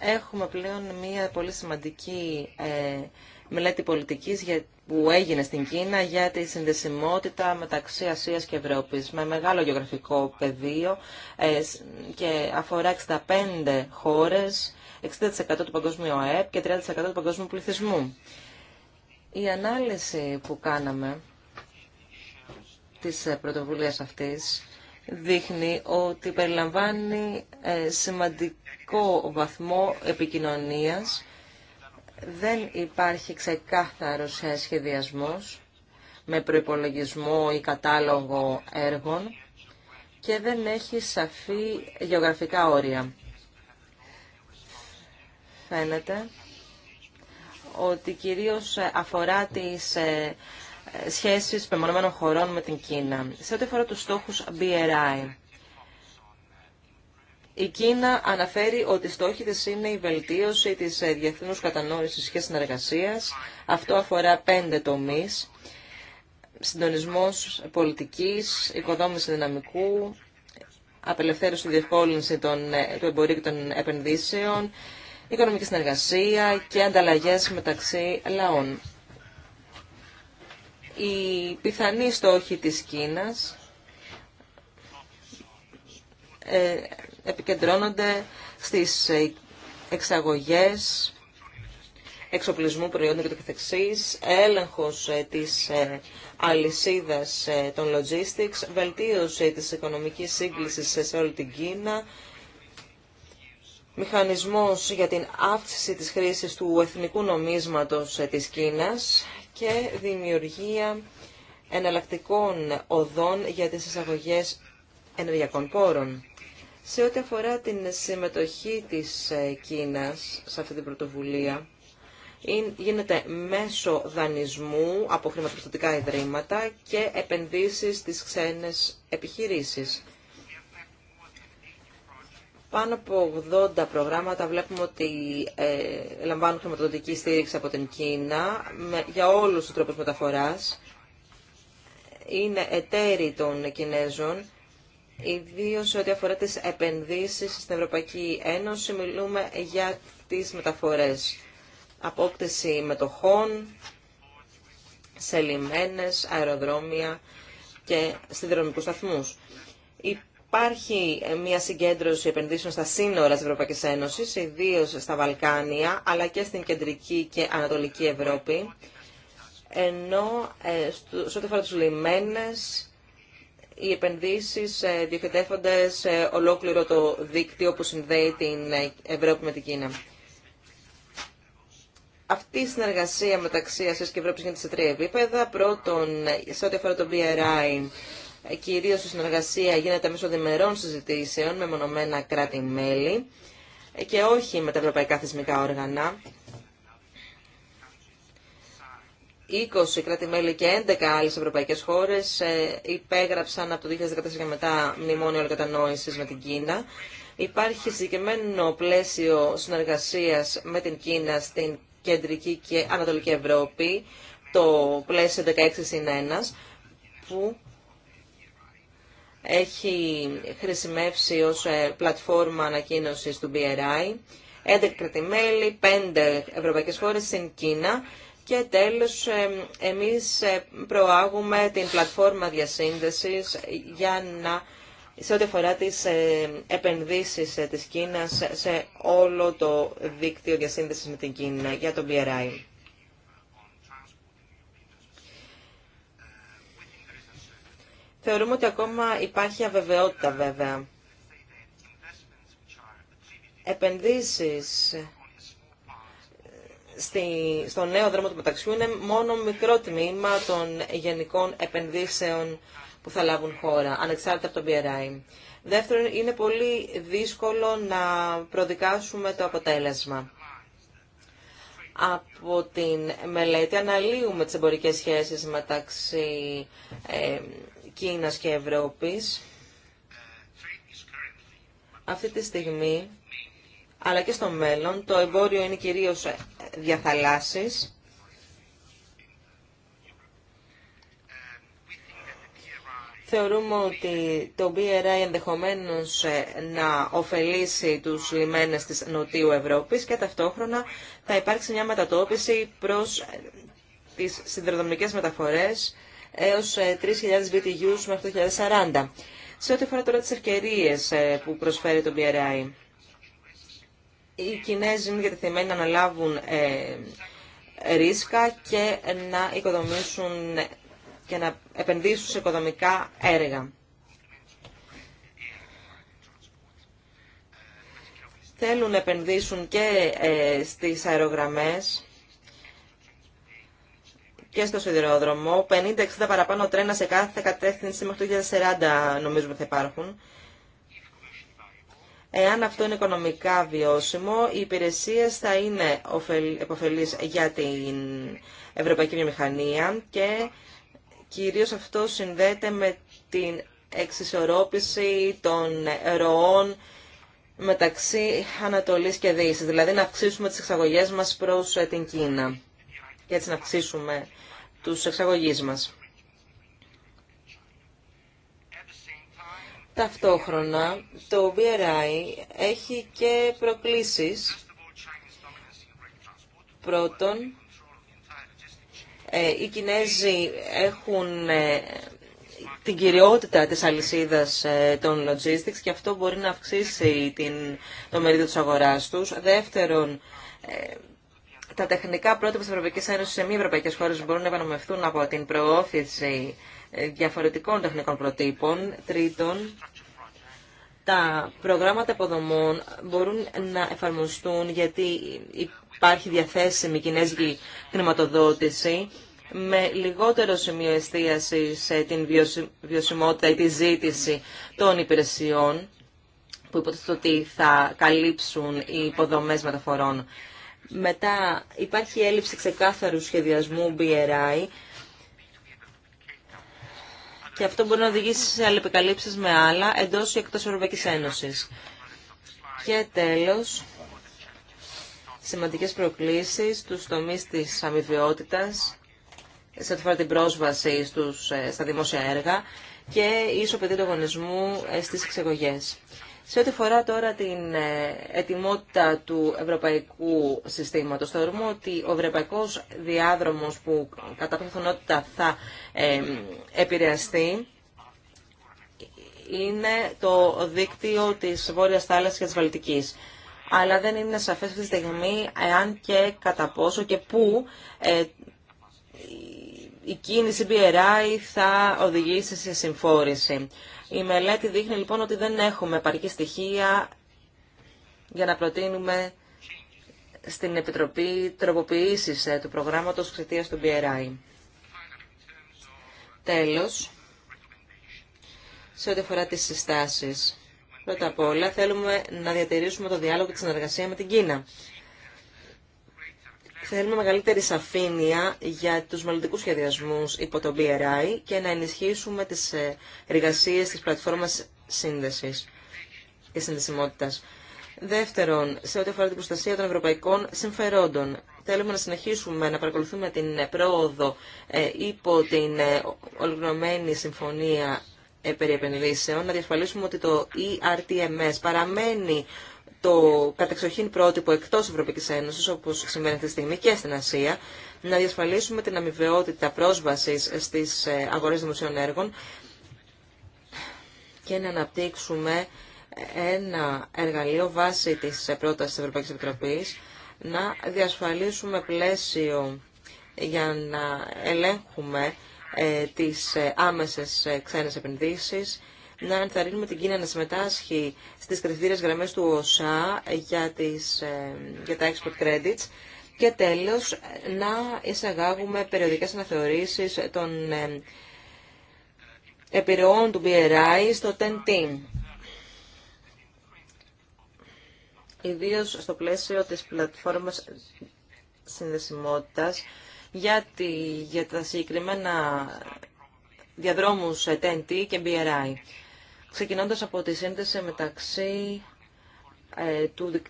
[SPEAKER 2] Έχουμε πλέον μία πολύ σημαντική ε, μελέτη πολιτικής για που έγινε στην Κίνα για τη συνδεσιμότητα μεταξύ Ασίας και Ευρώπης με μεγάλο γεωγραφικό πεδίο ε, και αφορά 65 χώρες, 60% του παγκόσμιου ΑΕΠ και 30% του παγκόσμιου πληθυσμού. Η ανάλυση που κάναμε της ε, πρωτοβουλίας αυτής δείχνει ότι περιλαμβάνει ε, σημαντικό βαθμό επικοινωνίας δεν υπάρχει ξεκάθαρος ε, σχεδιασμός με προϋπολογισμό ή κατάλογο έργων και δεν έχει σαφή γεωγραφικά όρια. Φαίνεται ότι κυρίως αφορά τις ε, ε, σχέσεις πεμονωμένων χωρών με την Κίνα. Σε ό,τι αφορά τους στόχους BRI, η Κίνα αναφέρει ότι στόχοι της είναι η βελτίωση της ε, διεθνούς κατανόησης και συνεργασίας. Αυτό αφορά πέντε τομείς. Συντονισμός πολιτικής, οικοδόμηση δυναμικού, απελευθέρωση και διευκόλυνση των, ε, του εμπορίου και των επενδύσεων, οικονομική συνεργασία και ανταλλαγές μεταξύ λαών. Οι πιθανοί στόχοι της Κίνας ε, επικεντρώνονται στις εξαγωγές εξοπλισμού προϊόντων και το καθεξής, έλεγχος ε, της ε, αλυσίδας ε, των logistics, βελτίωση της οικονομικής σύγκλησης σε όλη την Κίνα, μηχανισμός για την αύξηση της χρήσης του εθνικού νομίσματος της Κίνας και δημιουργία εναλλακτικών οδών για τις εισαγωγές ενεργειακών πόρων. Σε ό,τι αφορά την συμμετοχή της ε, Κίνας σε αυτή την πρωτοβουλία, γίνεται μέσω δανεισμού από χρηματοπιστωτικά ιδρύματα και επενδύσεις στις ξένες επιχειρήσεις. Πάνω από 80 προγράμματα βλέπουμε ότι ε, λαμβάνουν χρηματοδοτική στήριξη από την Κίνα για όλους τους τρόπους μεταφοράς. Είναι εταίροι των Κινέζων Ιδίω ό,τι αφορά τις επενδύσεις στην Ευρωπαϊκή Ένωση, μιλούμε για τις μεταφορές. Απόκτηση μετοχών σε λιμένες, αεροδρόμια και σιδηροδρομικούς σταθμού. Υπάρχει μια συγκέντρωση επενδύσεων στα σύνορα της Ευρωπαϊκής Ένωσης, ιδίως στα Βαλκάνια, αλλά και στην Κεντρική και Ανατολική Ευρώπη, ενώ ε, σε ό,τι αφορά τους λιμένες, οι επενδύσεις ε, διοχετεύονται σε ολόκληρο το δίκτυο που συνδέει την ε, Ευρώπη με την Κίνα. Αυτή η συνεργασία μεταξύ Ασίας και Ευρώπης γίνεται σε τρία επίπεδα. Πρώτον, σε ό,τι αφορά το BRI, κυρίω η συνεργασία γίνεται μέσω διμερών συζητήσεων με μονομένα κράτη-μέλη και όχι με τα ευρωπαϊκά θεσμικά όργανα. 20 κράτη-μέλη και 11 άλλες ευρωπαϊκές χώρες ε, υπέγραψαν από το 2014 και μετά μνημόνιο κατανόησης με την Κίνα. Υπάρχει συγκεκριμένο πλαίσιο συνεργασίας με την Κίνα στην Κεντρική και Ανατολική Ευρώπη, το πλαίσιο 16 1, που έχει χρησιμεύσει ως ε, πλατφόρμα ανακοίνωσης του BRI. 11 κράτη-μέλη, 5 ευρωπαϊκές χώρες στην Κίνα και τέλος, ε, εμείς ε, προάγουμε την πλατφόρμα διασύνδεσης για να, σε ό,τι αφορά τις ε, επενδύσεις της Κίνας σε όλο το δίκτυο διασύνδεσης με την Κίνα για τον BRI. Θεωρούμε ότι ακόμα υπάρχει αβεβαιότητα βέβαια. Επενδύσεις στη, στο νέο δρόμο του μεταξύ είναι μόνο μικρό τμήμα των γενικών επενδύσεων που θα λάβουν χώρα, ανεξάρτητα από τον BRI. Δεύτερον, είναι πολύ δύσκολο να προδικάσουμε το αποτέλεσμα. Από την μελέτη αναλύουμε τις εμπορικές σχέσεις μεταξύ ε, Κίνας και Ευρώπης. Αυτή τη στιγμή, αλλά και στο μέλλον, το εμπόριο είναι κυρίως διαθαλάσσεις. Θεωρούμε ότι το BRI ενδεχομένως ε, να ωφελήσει τους λιμένες της Νοτιού Ευρώπης και ταυτόχρονα θα υπάρξει μια μετατόπιση προς ε, τις συνδρομικές μεταφορές έως 3.000 ε, BTUs μέχρι το 2040. Σε ό,τι αφορά τώρα τις ευκαιρίες που προσφέρει το BRI οι Κινέζοι είναι διατεθειμένοι να αναλάβουν ε, ρίσκα και να οικοδομήσουν και να επενδύσουν σε οικοδομικά έργα. Θέλουν να επενδύσουν και ε, στις αερογραμμές και στο σιδηρόδρομο. 50-60 παραπάνω τρένα σε κάθε κατεύθυνση μέχρι το 2040 νομίζουμε θα υπάρχουν. Εάν αυτό είναι οικονομικά βιώσιμο, οι υπηρεσίες θα είναι επωφελείς για την ευρωπαϊκή βιομηχανία και κυρίως αυτό συνδέεται με την εξισορρόπηση των ροών μεταξύ Ανατολής και Δύσης, δηλαδή να αυξήσουμε τις εξαγωγές μας προς ε, την Κίνα και έτσι να αυξήσουμε τους εξαγωγείς μας. Ταυτόχρονα, το BRI έχει και προκλήσεις. Πρώτον, ε, οι Κινέζοι έχουν ε, την κυριότητα της αλυσίδας ε, των logistics και αυτό μπορεί να αυξήσει την, το μερίδιο της αγοράς τους. Δεύτερον, τα τεχνικά πρότυπα της Ευρωπαϊκής Ένωσης σε μη ευρωπαϊκές χώρες μπορούν να επανομευθούν από την προώθηση ε, διαφορετικών τεχνικών προτύπων. Τρίτον, τα προγράμματα υποδομών μπορούν να εφαρμοστούν γιατί υπάρχει διαθέσιμη κινέζικη χρηματοδότηση με λιγότερο σημείο εστίαση σε την βιωσιμότητα ή τη ζήτηση των υπηρεσιών που υποτίθεται ότι θα καλύψουν οι υποδομές μεταφορών. Μετά υπάρχει έλλειψη ξεκάθαρου σχεδιασμού BRI και αυτό μπορεί να οδηγήσει σε αλληλεπικαλύψεις με άλλα εντός ή εκτός Ευρωπαϊκής Ένωσης. Και τέλος, σημαντικές προκλήσεις στους τομείς της αμοιβαιότητας σε ό,τι την πρόσβαση στους, ε, στα δημόσια έργα και ίσο παιδί του αγωνισμού ε, στις εξεγωγές. Σε ό,τι φορά τώρα την ε, ετοιμότητα του ευρωπαϊκού συστήματος, θεωρούμε ότι ο ευρωπαϊκός διάδρομος που κατά πιθανότητα θα ε, επηρεαστεί είναι το δίκτυο της Βόρειας Θάλασσας και της Βαλτικής. Αλλά δεν είναι σαφές αυτή τη στιγμή εάν και κατά πόσο και πού ε, η κίνηση BRI θα οδηγήσει σε συμφόρηση. Η μελέτη δείχνει λοιπόν ότι δεν έχουμε επαρκή στοιχεία για να προτείνουμε στην Επιτροπή τροποποιήσεις ε, του προγράμματος εξαιτία του BRI. Τέλος, σε ό,τι αφορά τις συστάσεις. Πρώτα απ' όλα θέλουμε να διατηρήσουμε το διάλογο και τη συνεργασία με την Κίνα θέλουμε μεγαλύτερη σαφήνεια για τους μελλοντικούς σχεδιασμούς υπό το BRI και να ενισχύσουμε τις ε, εργασίες της πλατφόρμας σύνδεσης και συνδεσιμότητας. Δεύτερον, σε ό,τι αφορά την προστασία των ευρωπαϊκών συμφερόντων, θέλουμε να συνεχίσουμε να παρακολουθούμε την ε, πρόοδο ε, υπό την ολοκληρωμένη συμφωνία περί επενδύσεων, να διασφαλίσουμε ότι το ERTMS παραμένει το κατεξοχήν πρότυπο εκτός Ευρωπαϊκής Ένωσης, όπως συμβαίνει αυτή τη στιγμή και στην Ασία, να διασφαλίσουμε την αμοιβαιότητα πρόσβασης στις ε, αγορές δημοσίων έργων και να αναπτύξουμε ένα εργαλείο βάσει της ε, πρότασης της Ευρωπαϊκής Επιτροπής, να διασφαλίσουμε πλαίσιο για να ελέγχουμε ε, τις άμεσες ξένες επενδύσεις, να ενθαρρύνουμε την Κίνα να συμμετάσχει στις κριτήριες γραμμές του ΟΣΑ για, τις, ε, για τα export credits και τέλος να εισαγάγουμε περιοδικές αναθεωρήσεις των ε, επιρροών του BRI στο TEN-T. Ιδίως στο πλαίσιο της πλατφόρμας συνδεσιμότητας για, για τα συγκεκριμένα διαδρόμους TNT και BRI ξεκινώντας από τη σύνδεση μεταξύ ε, του,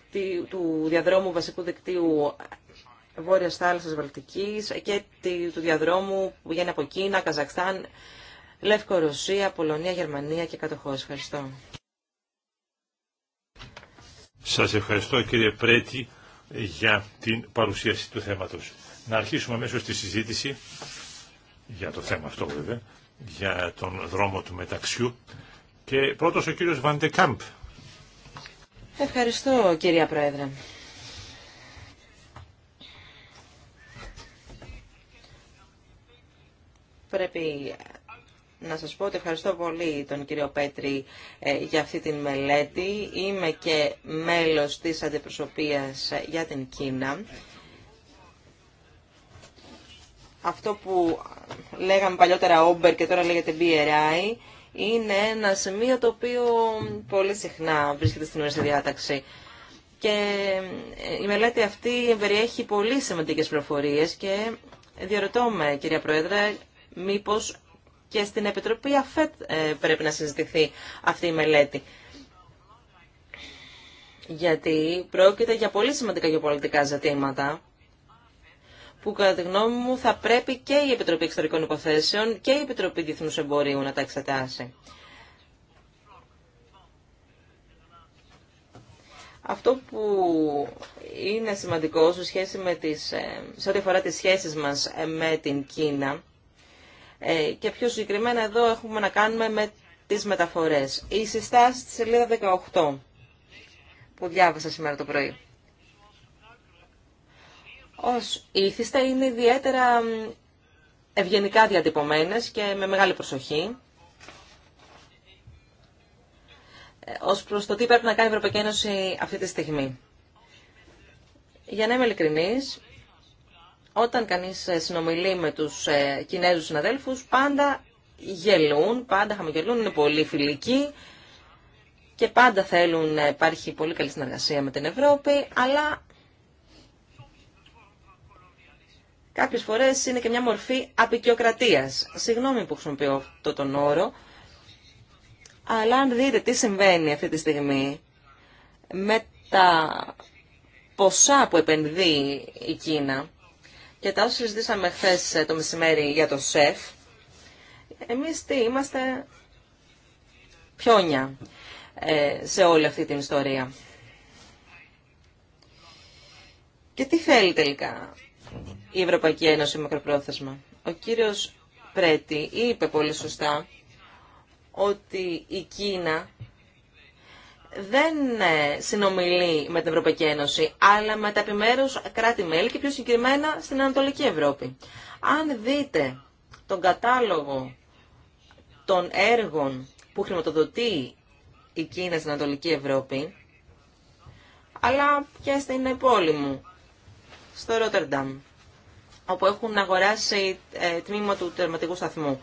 [SPEAKER 2] του διαδρόμου βασικού δικτύου ε, Βόρειας Θάλασσας Βαλτικής και του διαδρόμου που βγαίνει από Κίνα, Καζακστάν, Λεύκο Ρωσία, Πολωνία, Γερμανία και κατοχώς. Ευχαριστώ.
[SPEAKER 4] Σας ευχαριστώ κύριε Πρέτη για την παρουσίαση του θέματος. Να αρχίσουμε μέσω τη συζήτηση για το θέμα αυτό βέβαια, για τον δρόμο του μεταξιού και πρώτος ο κύριος Βαντεκάμπ.
[SPEAKER 2] Ευχαριστώ κυρία Πρόεδρε. Πρέπει να σας πω ότι ευχαριστώ πολύ τον κύριο Πέτρη ε, για αυτή την μελέτη. Είμαι και μέλος της αντιπροσωπείας για την Κίνα. Αυτό που λέγαμε παλιότερα Όμπερ και τώρα λέγεται BRI είναι ένα σημείο το οποίο πολύ συχνά βρίσκεται στην ορίστη διάταξη. Και ε, η μελέτη αυτή περιέχει πολύ σημαντικές πληροφορίες και διαρωτώ με, κυρία Πρόεδρε, μήπως και στην Επιτροπή ΑΦΕΤ ε, πρέπει να συζητηθεί αυτή η μελέτη. Γιατί πρόκειται για πολύ σημαντικά γεωπολιτικά ζητήματα που κατά τη γνώμη μου θα πρέπει και η Επιτροπή Εξωτερικών Υποθέσεων και η Επιτροπή Διεθνούς Εμπορίου να τα εξετάσει. Αυτό που είναι σημαντικό σε, με τις, ε, σε ό,τι αφορά τις σχέσεις μας ε, με την Κίνα ε, και πιο συγκεκριμένα εδώ έχουμε να κάνουμε με τις μεταφορές. Η συστάση της σελίδα 18 που διάβασα σήμερα το πρωί ως ήθιστα είναι ιδιαίτερα ευγενικά διατυπωμένες και με μεγάλη προσοχή. Ε, ως προς το τι πρέπει να κάνει η Ευρωπαϊκή Ένωση αυτή τη στιγμή. Για να είμαι ειλικρινής, όταν κανείς ε, συνομιλεί με τους ε, Κινέζους συναδέλφους, πάντα γελούν, πάντα χαμογελούν, είναι πολύ φιλικοί και πάντα θέλουν να υπάρχει πολύ καλή συνεργασία με την Ευρώπη, αλλά κάποιες φορές είναι και μια μορφή απεικιοκρατίας. Συγγνώμη που χρησιμοποιώ αυτό τον όρο, αλλά αν δείτε τι συμβαίνει αυτή τη στιγμή με τα ποσά που επενδύει η Κίνα και τα όσα συζητήσαμε χθε ε, το μεσημέρι για το ΣΕΦ, εμείς τι είμαστε πιόνια ε, σε όλη αυτή την ιστορία. Και τι θέλει τελικά η Ευρωπαϊκή Ένωση μακροπρόθεσμα. Ο κύριος Πρέτη είπε πολύ σωστά ότι η Κίνα δεν ε, συνομιλεί με την Ευρωπαϊκή Ένωση, αλλά με τα επιμέρους κράτη-μέλη και πιο συγκεκριμένα στην Ανατολική Ευρώπη. Αν δείτε τον κατάλογο των έργων που χρηματοδοτεί η Κίνα στην Ανατολική Ευρώπη, αλλά και στην πόλη μου, στο Ρότερνταμ όπου έχουν αγοράσει ε, τμήμα του τερματικού σταθμού.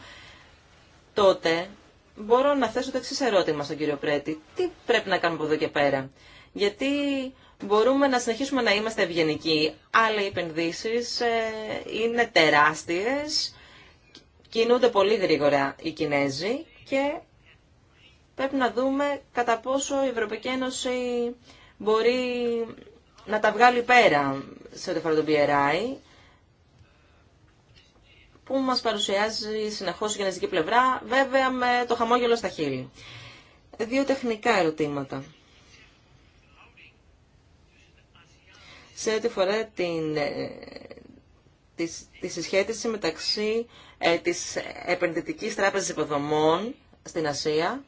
[SPEAKER 2] Τότε μπορώ να θέσω το εξή ερώτημα στον κύριο Πρέτη. Τι πρέπει να κάνουμε από εδώ και πέρα. Γιατί μπορούμε να συνεχίσουμε να είμαστε ευγενικοί, αλλά οι ε, είναι τεράστιε, κινούνται πολύ γρήγορα οι Κινέζοι και πρέπει να δούμε κατά πόσο η Ευρωπαϊκή Ένωση μπορεί να τα βγάλει πέρα σε ό,τι αφορά τον BRI που μας παρουσιάζει συνεχώς η γενεστική πλευρά, βέβαια με το χαμόγελο στα χείλη. Δύο τεχνικά ερωτήματα. Σε ό,τι φορά την, ε, τη, συσχέτιση μεταξύ ε, της επενδυτικής τράπεζας υποδομών στην Ασία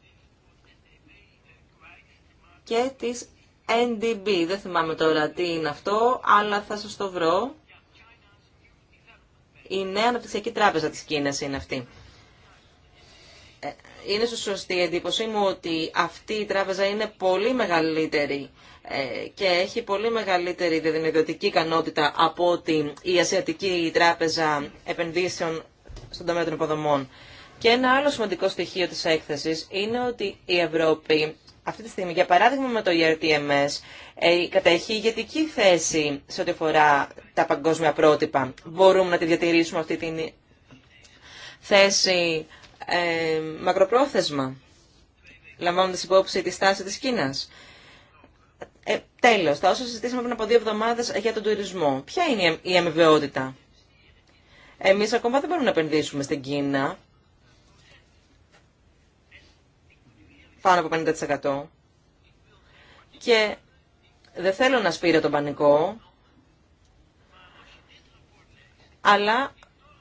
[SPEAKER 2] και της NDB. Δεν θυμάμαι τώρα τι είναι αυτό, αλλά θα σας το βρω. Η νέα αναπτυξιακή τράπεζα της Κίνας είναι αυτή. Ε, είναι σωστή η εντύπωσή μου ότι αυτή η τράπεζα είναι πολύ μεγαλύτερη ε, και έχει πολύ μεγαλύτερη διδημιδιωτική ικανότητα από ότι η Ασιατική Τράπεζα Επενδύσεων στον τομέα των υποδομών. Και ένα άλλο σημαντικό στοιχείο της έκθεσης είναι ότι η Ευρώπη αυτή τη στιγμή, για παράδειγμα με το ERTMS, ε, κατέχει ηγετική θέση σε ό,τι αφορά τα παγκόσμια πρότυπα. Μπορούμε να τη διατηρήσουμε αυτή τη θέση ε, μακροπρόθεσμα, λαμβάνοντας υπόψη τη στάση της Κίνας. Ε, τέλος, τα όσα συζητήσαμε πριν από δύο εβδομάδες για τον τουρισμό. Ποια είναι η αμοιβαιότητα. Εμείς ακόμα δεν μπορούμε να επενδύσουμε στην Κίνα, πάνω από 50%. Και δεν θέλω να σπείρω τον πανικό, αλλά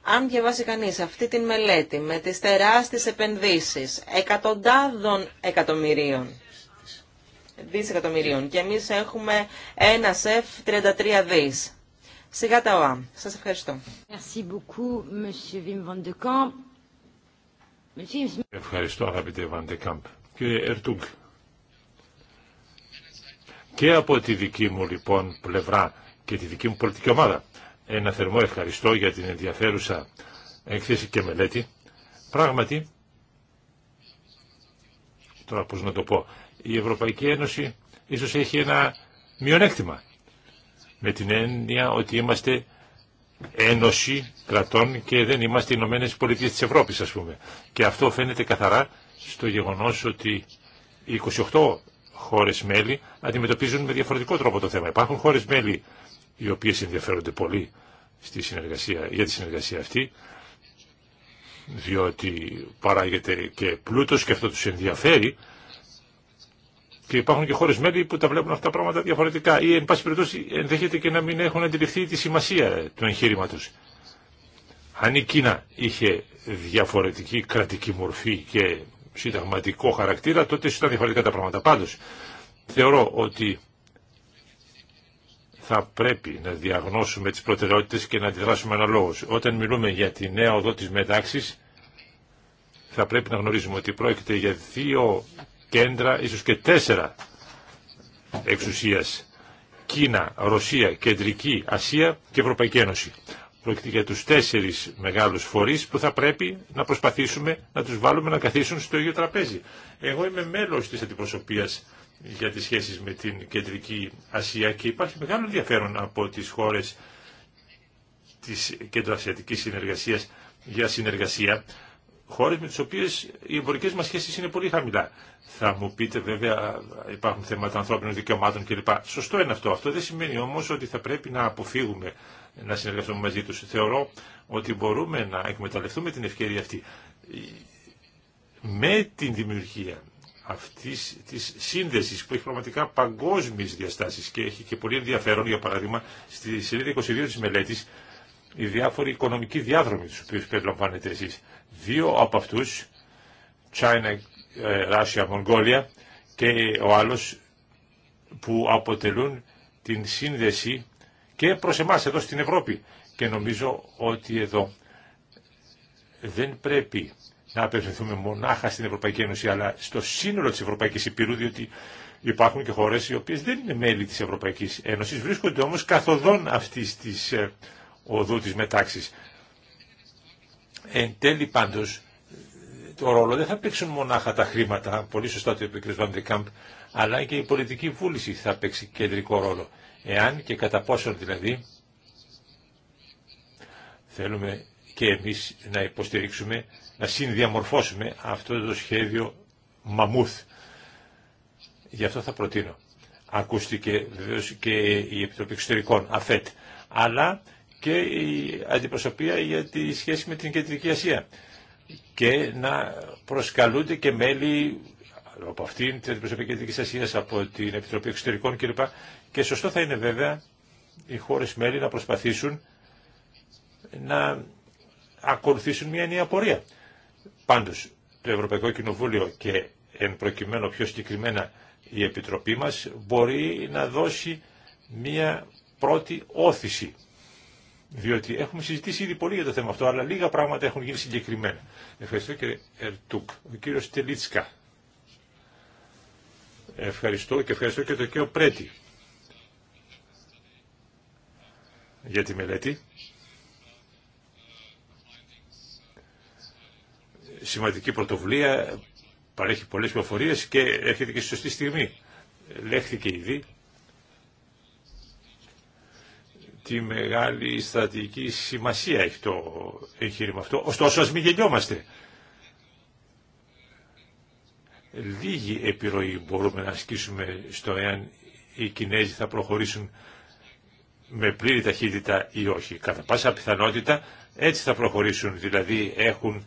[SPEAKER 2] αν διαβάσει κανείς αυτή την μελέτη με τις τεράστιες επενδύσεις εκατοντάδων εκατομμυρίων, εκατομμυρίων και εμείς έχουμε ένα σεφ 33 δις. Σιγά τα ΟΑ. Σας ευχαριστώ.
[SPEAKER 4] Ευχαριστώ αγαπητέ Βαντεκάμπ κύριε Ερτούγκ. Και από τη δική μου λοιπόν πλευρά και τη δική μου πολιτική ομάδα ένα θερμό ευχαριστώ για την ενδιαφέρουσα εκθέση και μελέτη. Πράγματι, τώρα πώς να το πω, η Ευρωπαϊκή Ένωση ίσως έχει ένα μειονέκτημα με την έννοια ότι είμαστε ένωση κρατών και δεν είμαστε οι Ηνωμένε Πολιτείες της Ευρώπης ας πούμε. Και αυτό φαίνεται καθαρά στο γεγονός ότι οι 28 χώρες μέλη αντιμετωπίζουν με διαφορετικό τρόπο το θέμα. Υπάρχουν χώρες μέλη οι οποίες ενδιαφέρονται πολύ στη συνεργασία, για τη συνεργασία αυτή, διότι παράγεται και πλούτος και αυτό τους ενδιαφέρει και υπάρχουν και χώρες μέλη που τα βλέπουν αυτά τα πράγματα διαφορετικά ή εν πάση περιπτώσει ενδέχεται και να μην έχουν αντιληφθεί τη σημασία του εγχείρηματος. Αν η Κίνα είχε διαφορετική κρατική μορφή και συνταγματικό χαρακτήρα, τότε ήταν διαφορετικά τα πράγματα. Πάντω, θεωρώ ότι θα πρέπει να διαγνώσουμε τις προτεραιότητες και να αντιδράσουμε αναλόγως. Όταν μιλούμε για τη νέα οδό τη μετάξη, θα πρέπει να γνωρίζουμε ότι πρόκειται για δύο κέντρα, ίσως και τέσσερα εξουσία: Κίνα, Ρωσία, Κεντρική Ασία και Ευρωπαϊκή Ένωση. Πρόκειται για τους τέσσερις μεγάλους φορείς που θα πρέπει να προσπαθήσουμε να τους βάλουμε να καθίσουν στο ίδιο τραπέζι. Εγώ είμαι μέλος της αντιπροσωπείας για τις σχέσεις με την Κεντρική Ασία και υπάρχει μεγάλο ενδιαφέρον από τις χώρες της Κεντροασιατικής Συνεργασίας για συνεργασία, χώρες με τις οποίες οι εμπορικές μας σχέσεις είναι πολύ χαμηλά. Θα μου πείτε βέβαια υπάρχουν θέματα ανθρώπινων δικαιωμάτων κλπ. Σωστό είναι αυτό. Αυτό δεν σημαίνει όμως ότι θα πρέπει να αποφύγουμε να συνεργαστούμε μαζί τους. Θεωρώ ότι μπορούμε να εκμεταλλευτούμε την ευκαιρία αυτή με την δημιουργία αυτής της σύνδεσης που έχει πραγματικά παγκόσμιες διαστάσεις και έχει και πολύ ενδιαφέρον, για παράδειγμα, στη σελίδα 22 της μελέτης, οι διάφοροι οικονομικοί διάδρομοι τους οποίους περιλαμβάνετε εσείς. Δύο από αυτούς, China, ε, Russia, Mongolia και ο άλλος που αποτελούν την σύνδεση και προς εμάς εδώ στην Ευρώπη. Και νομίζω ότι εδώ δεν πρέπει να απευθυνθούμε μονάχα στην Ευρωπαϊκή Ένωση, αλλά στο σύνολο της Ευρωπαϊκής Υπηρού, διότι υπάρχουν και χώρες οι οποίες δεν είναι μέλη της Ευρωπαϊκής Ένωσης, βρίσκονται όμως καθοδόν αυτής της ε, οδού της μετάξης. Εν τέλει πάντως, το ρόλο δεν θα παίξουν μονάχα τα χρήματα, πολύ σωστά το είπε ο κ. Βαντεκάμπ, αλλά και η πολιτική βούληση θα παίξει κεντρικό ρόλο εάν και κατά πόσον δηλαδή θέλουμε και εμείς να υποστηρίξουμε, να συνδιαμορφώσουμε αυτό το σχέδιο μαμούθ. Γι' αυτό θα προτείνω. Ακούστηκε βεβαίως και η Επιτροπή Εξωτερικών, ΑΦΕΤ, αλλά και η αντιπροσωπεία για τη σχέση με την Κεντρική Ασία. Και να προσκαλούνται και μέλη από αυτήν, την αντιπροσωπική δική Ασία, από την Επιτροπή Εξωτερικών κλπ. Και σωστό θα είναι βέβαια οι χώρε μέλη να προσπαθήσουν να ακολουθήσουν μια νέα πορεία. Πάντω, το Ευρωπαϊκό Κοινοβούλιο και εν προκειμένου πιο συγκεκριμένα η Επιτροπή μα μπορεί να δώσει μια πρώτη όθηση. Διότι έχουμε συζητήσει ήδη πολύ για το θέμα αυτό, αλλά λίγα πράγματα έχουν γίνει συγκεκριμένα. Ευχαριστώ κύριε Ερτούκ. Ο κύριος Τελίτσκα. Ευχαριστώ και ευχαριστώ και τον κύριο Πρέτη για τη μελέτη. Σημαντική πρωτοβουλία, παρέχει πολλές πληροφορίε και έρχεται και στη σωστή στιγμή. Λέχθηκε ήδη τη μεγάλη στρατηγική σημασία έχει το εγχείρημα αυτό. Ωστόσο, ας μην γελιόμαστε λίγη επιρροή μπορούμε να ασκήσουμε στο εάν οι Κινέζοι θα προχωρήσουν με πλήρη ταχύτητα ή όχι. Κατά πάσα πιθανότητα έτσι θα προχωρήσουν, δηλαδή έχουν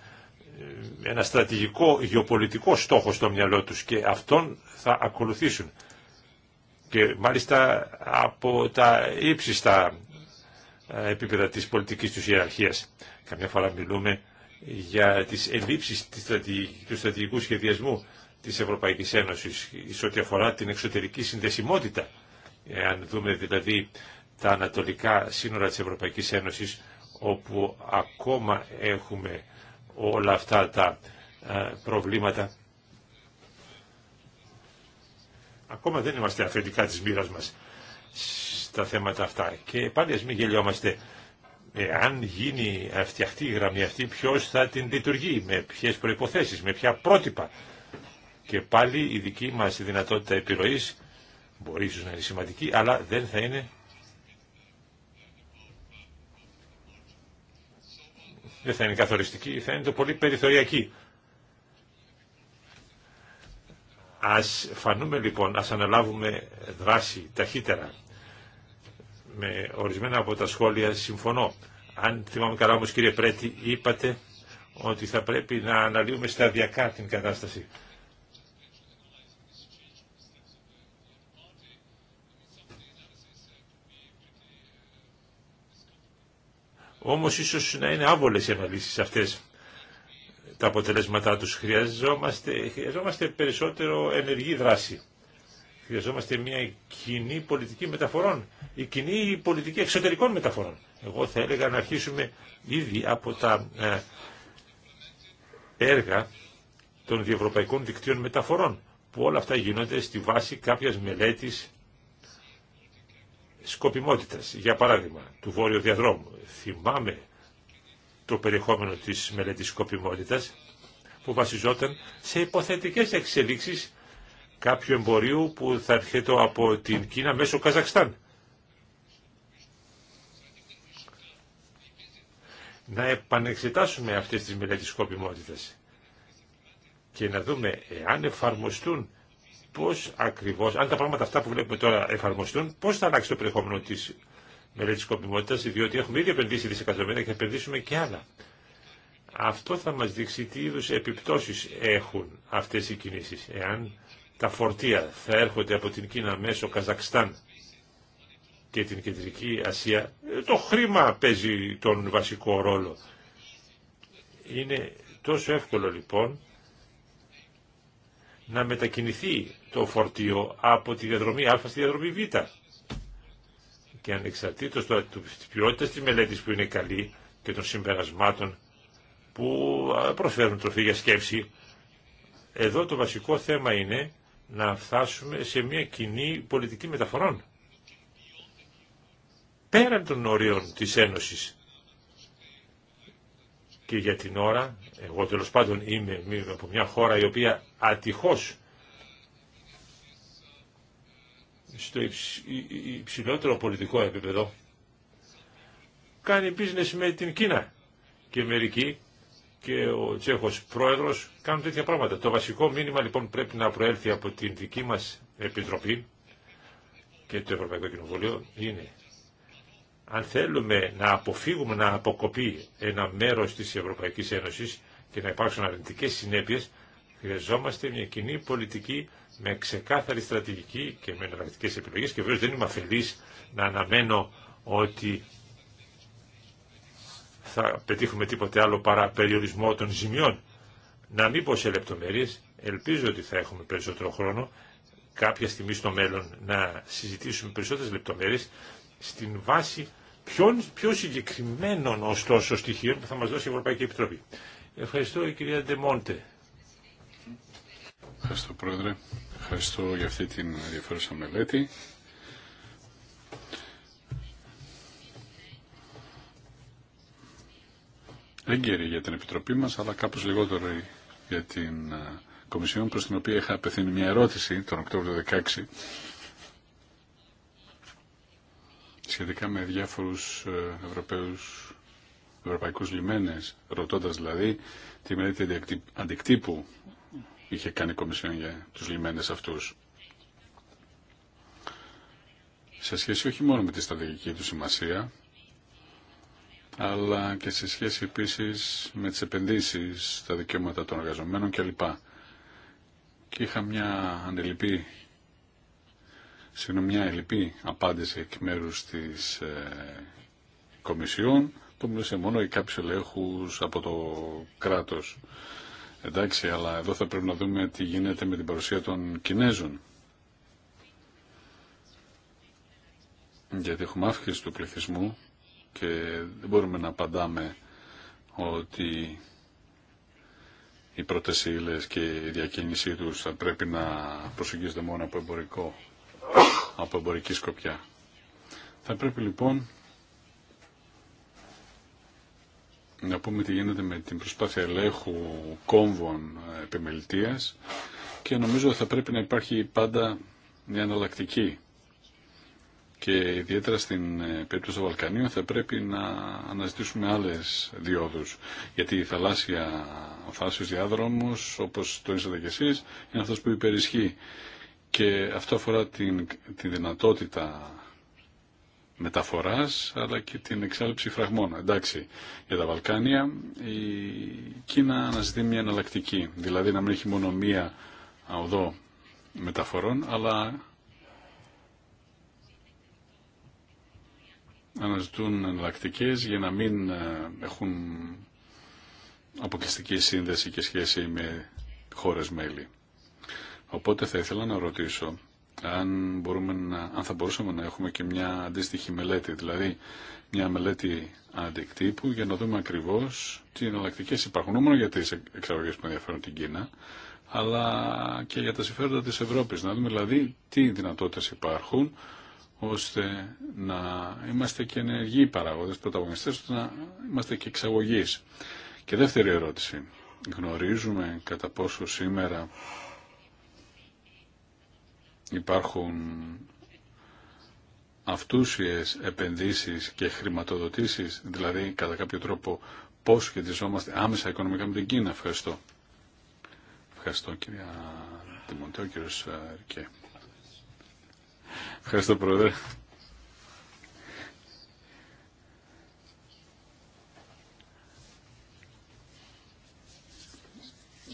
[SPEAKER 4] ε, ένα στρατηγικό γεωπολιτικό στόχο στο μυαλό τους και αυτόν θα ακολουθήσουν. Και μάλιστα από τα ύψιστα ε, επίπεδα της πολιτικής τους ιεραρχίας. Καμιά φορά μιλούμε για τις ελλείψεις του στρατηγικού σχεδιασμού της Ευρωπαϊκής Ένωσης σε ό,τι αφορά την εξωτερική συνδεσιμότητα. αν δούμε δηλαδή τα ανατολικά σύνορα της Ευρωπαϊκής Ένωσης όπου ακόμα έχουμε όλα αυτά τα ε, προβλήματα. Ακόμα δεν είμαστε αφεντικά της μοίρας μας στα θέματα αυτά. Και πάλι ας μην γελιόμαστε. Εάν γίνει αυτή η γραμμή αυτή, ποιος θα την λειτουργεί, με ποιες προϋποθέσεις, με ποια πρότυπα. Και πάλι η δική μας δυνατότητα επιρροής μπορεί ίσως να είναι σημαντική, αλλά δεν θα είναι δεν θα είναι καθοριστική, θα είναι το πολύ περιθωριακή. Ας φανούμε λοιπόν, ας αναλάβουμε δράση ταχύτερα. Με ορισμένα από τα σχόλια συμφωνώ. Αν θυμάμαι καλά όμως κύριε Πρέτη, είπατε ότι θα πρέπει να αναλύουμε σταδιακά την κατάσταση. Όμως ίσως να είναι άβολες οι αναλύσεις αυτές τα αποτελέσματά τους. Χρειαζόμαστε, χρειαζόμαστε περισσότερο ενεργή δράση. Χρειαζόμαστε μια κοινή πολιτική μεταφορών ή κοινή πολιτική εξωτερικών μεταφορών. Εγώ θα έλεγα να αρχίσουμε ήδη από τα ε, έργα των διευρωπαϊκών δικτύων μεταφορών που όλα αυτά γίνονται στη βάση κάποιας μελέτης σκοπιμότητας, για παράδειγμα, του Βόρειου Διαδρόμου. Θυμάμαι το περιεχόμενο της μελέτης σκοπιμότητας που βασιζόταν σε υποθετικές εξελίξεις κάποιου εμπορίου που θα έρχεται από την Κίνα μέσω Καζακστάν. Να επανεξετάσουμε αυτές τις μελέτες σκοπιμότητας και να δούμε εάν εφαρμοστούν Πώ ακριβώς, αν τα πράγματα αυτά που βλέπουμε τώρα εφαρμοστούν, πώ θα αλλάξει το περιεχόμενο της μελέτη σκοπιμότητας, διότι έχουμε ήδη επενδύσει δισεκατομμύρια και θα επενδύσουμε και άλλα. Αυτό θα μα δείξει τι είδου επιπτώσει έχουν αυτέ οι κινήσει. Εάν τα φορτία θα έρχονται από την Κίνα μέσω Καζακστάν και την Κεντρική Ασία, το χρήμα παίζει τον βασικό ρόλο. Είναι τόσο εύκολο λοιπόν να μετακινηθεί το φορτίο από τη διαδρομή Α στη διαδρομή Β. Και ανεξαρτήτως τώρα της ποιότητας της μελέτης που είναι καλή και των συμπερασμάτων που προσφέρουν τροφή για σκέψη, εδώ το βασικό θέμα είναι να φτάσουμε σε μια κοινή πολιτική μεταφορών. Πέραν των ορίων της Ένωσης. Και για την ώρα, εγώ τέλος πάντων είμαι από μια χώρα η οποία ατυχώς στο υψηλότερο πολιτικό επίπεδο κάνει business με την Κίνα και μερικοί και ο Τσέχος πρόεδρος κάνουν τέτοια πράγματα. Το βασικό μήνυμα λοιπόν πρέπει να προέλθει από την δική μας Επιτροπή και το Ευρωπαϊκό Κοινοβουλίο είναι αν θέλουμε να αποφύγουμε να αποκοπεί ένα μέρος της Ευρωπαϊκής Ένωσης και να υπάρξουν αρνητικές συνέπειες χρειαζόμαστε μια κοινή πολιτική με ξεκάθαρη στρατηγική και με εναλλακτικέ επιλογέ και βέβαια δεν είμαι αφελή να αναμένω ότι θα πετύχουμε τίποτε άλλο παρά περιορισμό των ζημιών. Να μην πω σε λεπτομέρειε, ελπίζω ότι θα έχουμε περισσότερο χρόνο κάποια στιγμή στο μέλλον να συζητήσουμε περισσότερε λεπτομέρειε στην βάση ποιον, πιο συγκεκριμένων ωστόσο στοιχείων που θα μα δώσει η Ευρωπαϊκή Επιτροπή. Ευχαριστώ η κυρία Ντεμόντε.
[SPEAKER 3] Ευχαριστώ Πρόεδρε. Ευχαριστώ για αυτή την ενδιαφέρουσα μελέτη. Έγκαιρη για την Επιτροπή μας, αλλά κάπως λιγότερο για την Κομισιόν, προς την οποία είχα απευθύνει μια ερώτηση τον Οκτώβριο 16 σχετικά με διάφορους ε, Ευρωπαίους, ευρωπαϊκούς λιμένες, ρωτώντας δηλαδή τη μελέτη αντικτύπου είχε κάνει η Κομισιόν για τους λιμένες αυτούς. Σε σχέση όχι μόνο με τη στρατηγική του σημασία, αλλά και σε σχέση επίσης με τις επενδύσεις, τα δικαιώματα των εργαζομένων κλπ. Και είχα μια ανελειπή, συγγνώμη, μια απάντηση εκ μέρους της ε, Κομισιόν, που μιλούσε μόνο για κάποιους ελέγχους από το κράτος. Εντάξει, αλλά εδώ θα πρέπει να δούμε τι γίνεται με την παρουσία των Κινέζων. Γιατί έχουμε αύξηση του πληθυσμού και δεν μπορούμε να απαντάμε ότι οι πρώτες και η διακίνησή τους θα πρέπει να προσεγγίζονται μόνο από, εμπορικό, από εμπορική σκοπιά. Θα πρέπει λοιπόν να πούμε τι γίνεται με την προσπάθεια ελέγχου κόμβων επιμελητίας και νομίζω θα πρέπει να υπάρχει πάντα μια αναλλακτική και ιδιαίτερα στην ε, περίπτωση των Βαλκανίων θα πρέπει να αναζητήσουμε άλλες διόδους γιατί η θαλάσσια, ο θαλάσσιος διάδρομος όπως το είσατε και εσείς είναι αυτός που υπερισχύει και αυτό αφορά την, τη δυνατότητα μεταφοράς αλλά και την εξάλληψη φραγμών. Εντάξει, για τα Βαλκάνια η Κίνα αναζητεί μια εναλλακτική, δηλαδή να μην έχει μόνο μία οδό μεταφορών, αλλά αναζητούν εναλλακτικέ για να μην ε, έχουν αποκλειστική σύνδεση και σχέση με χώρες μέλη. Οπότε θα ήθελα να ρωτήσω αν, μπορούμε να, αν θα μπορούσαμε να έχουμε και μια αντίστοιχη μελέτη, δηλαδή μια μελέτη αντικτύπου για να δούμε ακριβώς τι εναλλακτικέ υπάρχουν, μόνο για τις εξαγωγές που ενδιαφέρουν την Κίνα, αλλά και για τα συμφέροντα της Ευρώπης, να δούμε δηλαδή τι δυνατότητες υπάρχουν, ώστε να είμαστε και ενεργοί παράγοντες, πρωταγωνιστές, ώστε να είμαστε και εξαγωγείς. Και δεύτερη ερώτηση. Γνωρίζουμε κατά πόσο σήμερα υπάρχουν αυτούσιες επενδύσεις και χρηματοδοτήσεις, δηλαδή κατά κάποιο τρόπο πώς σχετιζόμαστε άμεσα οικονομικά με την Κίνα. Ευχαριστώ. Ευχαριστώ κυρία Τιμοντέο, κύριο. Ε, Ρικέ. Ευχαριστώ πρόεδρε.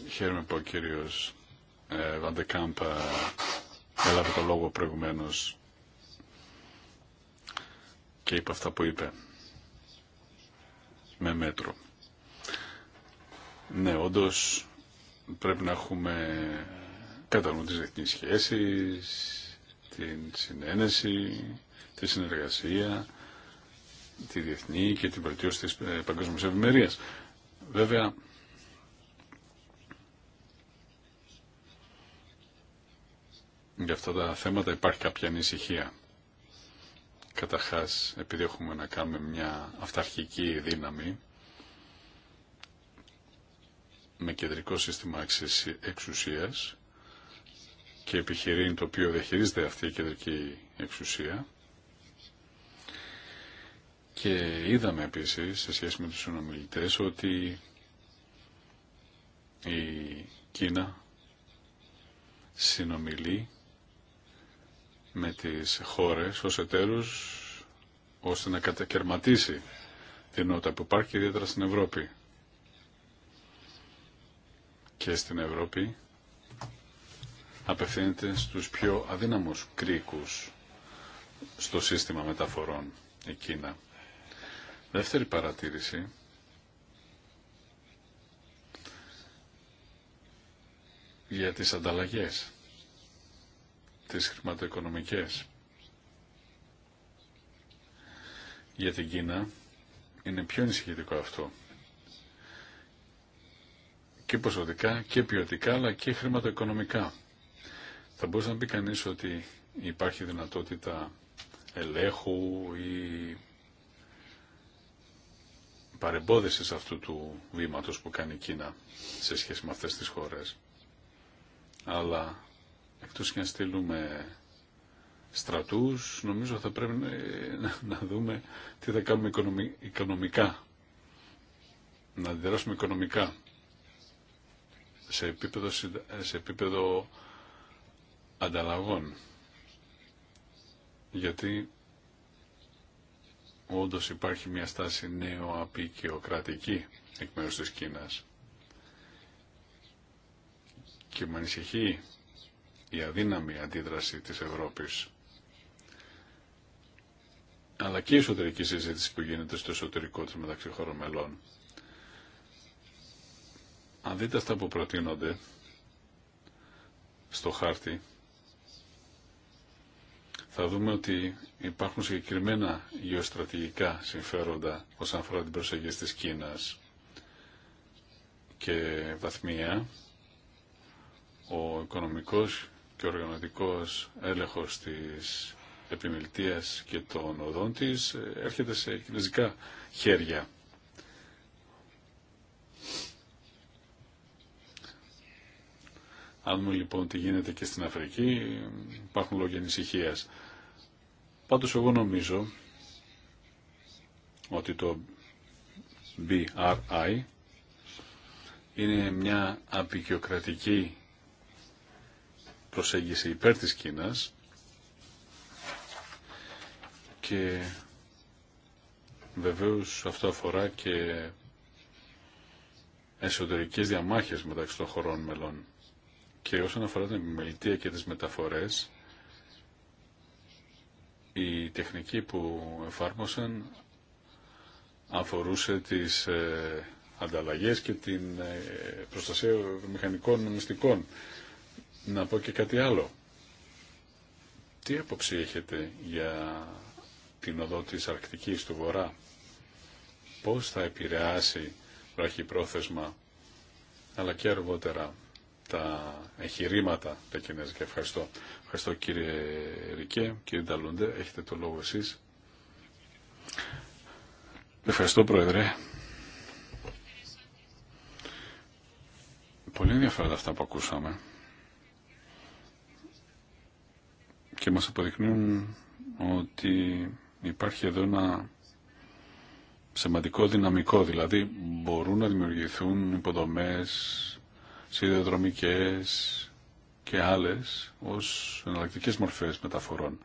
[SPEAKER 3] Χαίρομαι που ο κύριος ε, Βαντεκάμπ ε, έλαβε το λόγο προηγουμένως και είπε αυτά που είπε με μέτρο. Ναι, όντως πρέπει να έχουμε νου τις διεθνείς σχέσεις, την συνένεση, τη συνεργασία, τη διεθνή και την βελτίωση της ε, παγκόσμιας ευημερίας. Βέβαια, για αυτά τα θέματα υπάρχει κάποια ανησυχία. Καταρχάς, επειδή έχουμε να κάνουμε μια αυταρχική δύναμη με κεντρικό σύστημα εξουσίας και επιχειρήν το οποίο διαχειρίζεται αυτή η κεντρική εξουσία και είδαμε επίσης σε σχέση με τους συνομιλητές ότι η Κίνα συνομιλεί με τις χώρες ως εταίρους ώστε να κατακαιρματίσει την νότα που υπάρχει ιδιαίτερα στην Ευρώπη. Και στην Ευρώπη απευθύνεται στους πιο αδύναμους κρίκους στο σύστημα μεταφορών η Κίνα. Δεύτερη παρατήρηση για τις ανταλλαγές τις χρηματοοικονομικές. Για την Κίνα είναι πιο ενισχυτικό αυτό. Και ποσοτικά και ποιοτικά αλλά και χρηματοοικονομικά. Θα μπορούσε να πει κανείς ότι υπάρχει δυνατότητα ελέγχου ή παρεμπόδισης αυτού του βήματος που κάνει η Κίνα σε σχέση με αυτές τις χώρες. Αλλά εκτός και να στείλουμε στρατούς, νομίζω θα πρέπει να, δούμε τι θα κάνουμε οικονομικά, να αντιδράσουμε οικονομικά σε επίπεδο, σε επίπεδο ανταλλαγών. Γιατί όντως υπάρχει μια στάση νέο απεικιοκρατική εκ μέρους της Κίνας. Και με ανησυχεί η αδύναμη αντίδραση της Ευρώπης αλλά και η εσωτερική συζήτηση που γίνεται στο εσωτερικό της μεταξύ χωρών μελών. Αν δείτε αυτά που προτείνονται στο χάρτη, θα δούμε ότι υπάρχουν συγκεκριμένα γεωστρατηγικά συμφέροντα όσον αφορά την προσεγγίση της Κίνας και βαθμία ο οικονομικός και οργανωτικός έλεγχος της επιμελητίας και των οδών της ε, έρχεται σε κινέζικα χέρια. Αν μου λοιπόν τι γίνεται και στην Αφρική, υπάρχουν λόγια ανησυχία. Πάντως εγώ νομίζω ότι το BRI είναι μια απεικιοκρατική προσέγγιση υπέρ της Κίνας και βεβαίως αυτό αφορά και εσωτερικές διαμάχες μεταξύ των χωρών μελών. Και όσον αφορά την επιμελητία και τις μεταφορές, η τεχνική που εφάρμοσαν αφορούσε τις ε, ανταλλαγές και την ε, προστασία μηχανικών μυστικών να πω και κάτι άλλο. Τι άποψη έχετε για την οδό της Αρκτικής του Βορρά. Πώς θα επηρεάσει βραχυπρόθεσμα αλλά και αργότερα τα εγχειρήματα τα κινέζικα. Ευχαριστώ. Ευχαριστώ κύριε Ρικέ, κύριε Νταλούντε. Έχετε το λόγο εσείς. Ευχαριστώ Πρόεδρε. Πολύ ενδιαφέροντα αυτά που ακούσαμε. και μας αποδεικνύουν ότι υπάρχει εδώ ένα σημαντικό δυναμικό, δηλαδή μπορούν να δημιουργηθούν υποδομές, σιδηροδρομικές και άλλες ως εναλλακτικές μορφές μεταφορών.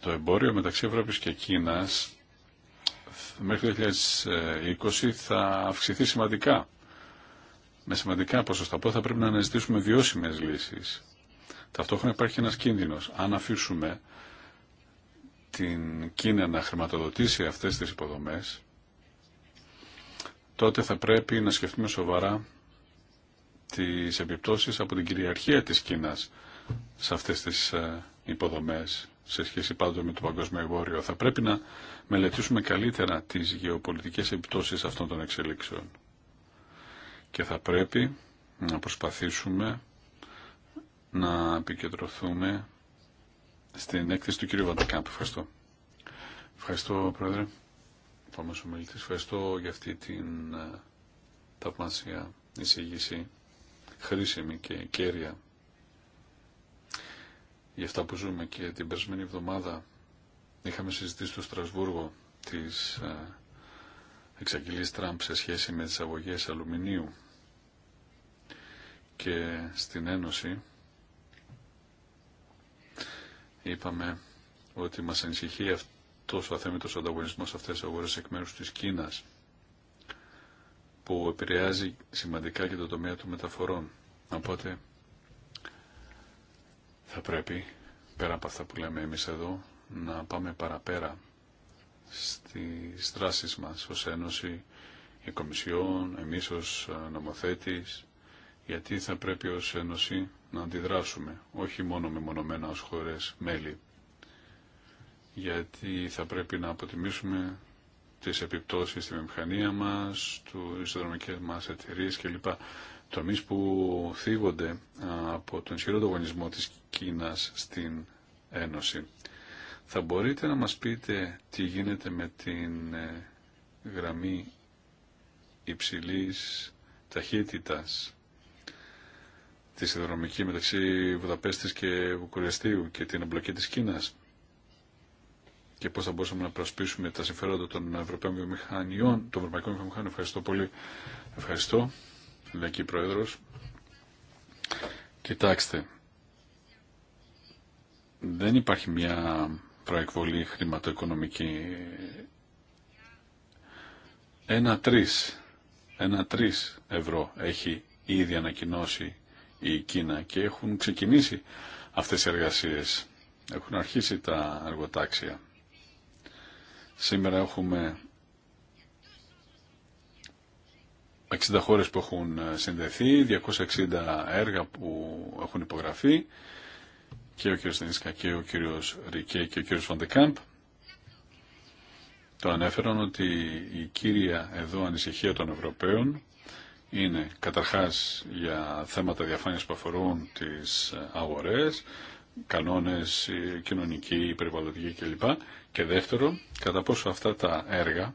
[SPEAKER 3] Το εμπόριο μεταξύ Ευρώπης και Κίνας μέχρι το 2020 θα αυξηθεί σημαντικά με σημαντικά ποσοστά. Οπότε θα πρέπει να αναζητήσουμε βιώσιμε λύσει. Ταυτόχρονα υπάρχει ένα κίνδυνο. Αν αφήσουμε την Κίνα να χρηματοδοτήσει αυτέ τι υποδομέ, τότε θα πρέπει να σκεφτούμε σοβαρά τι επιπτώσει από την κυριαρχία τη Κίνα σε αυτέ τι ε, υποδομέ σε σχέση πάντοτε με το παγκόσμιο εμπόριο. Θα πρέπει να μελετήσουμε καλύτερα τις γεωπολιτικές επιπτώσεις αυτών των εξελίξεων και θα πρέπει να προσπαθήσουμε να επικεντρωθούμε στην έκθεση του κύριου Βαντακάμπ. Ευχαριστώ. Ευχαριστώ, Πρόεδρε. Πάμε στο Ευχαριστώ για αυτή την ταυμάσια ε, εισηγήση, χρήσιμη και κέρια για αυτά που ζούμε και την περσμένη εβδομάδα είχαμε συζητήσει στο Στρασβούργο τις ε, εξαγγελίες Τραμπ σε σχέση με τις αγωγές αλουμινίου και στην Ένωση είπαμε ότι μας ανησυχεί αυτός ο αθέμητος ανταγωνισμός σε αυτές τις αγορές εκ μέρους της Κίνας που επηρεάζει σημαντικά και το τομέα των μεταφορών. Οπότε θα πρέπει πέρα από αυτά που λέμε εμείς εδώ να πάμε παραπέρα στις δράσεις μας ως Ένωση, η Κομισιόν, εμείς ως νομοθέτης γιατί θα πρέπει ως Ένωση να αντιδράσουμε, όχι μόνο με μονομένα ως χωρές μέλη, γιατί θα πρέπει να αποτιμήσουμε τις επιπτώσεις στη μηχανία μας, του δρομικές μας εταιρείες κλπ. Τομείς που θίγονται από τον ισχυρό ανταγωνισμό της Κίνας στην Ένωση. Θα μπορείτε να μας πείτε τι γίνεται με την ε, γραμμή υψηλής ταχύτητας τη συνδρομική μεταξύ Βουδαπέστης και Βουκουρεστίου και την εμπλοκή της Κίνας και πώς θα μπορούσαμε να προσπίσουμε τα συμφέροντα των Ευρωπαίων Βιομηχανιών, των Ευρωπαϊκών Βιομηχανιών. Ευχαριστώ πολύ. Ευχαριστώ, Λαϊκή Πρόεδρος. Κοιτάξτε, δεν υπάρχει μια προεκβολή χρηματοοικονομική. Ένα τρεις, ένα τρεις ευρώ έχει ήδη ανακοινώσει η Κίνα και έχουν ξεκινήσει αυτές οι εργασίες. Έχουν αρχίσει τα εργοτάξια. Σήμερα έχουμε 60 χώρες που έχουν συνδεθεί, 260 έργα που έχουν υπογραφεί και ο κύριος Στενίσκα και ο κύριος Ρικέ και ο κύριος Φοντεκάμπ Το ανέφεραν ότι η κύρια εδώ ανησυχία των Ευρωπαίων είναι καταρχάς για θέματα διαφάνειας που αφορούν τις αγορές, κανόνες κοινωνική, περιβαλλοντική κλπ. Και δεύτερο, κατά πόσο αυτά τα έργα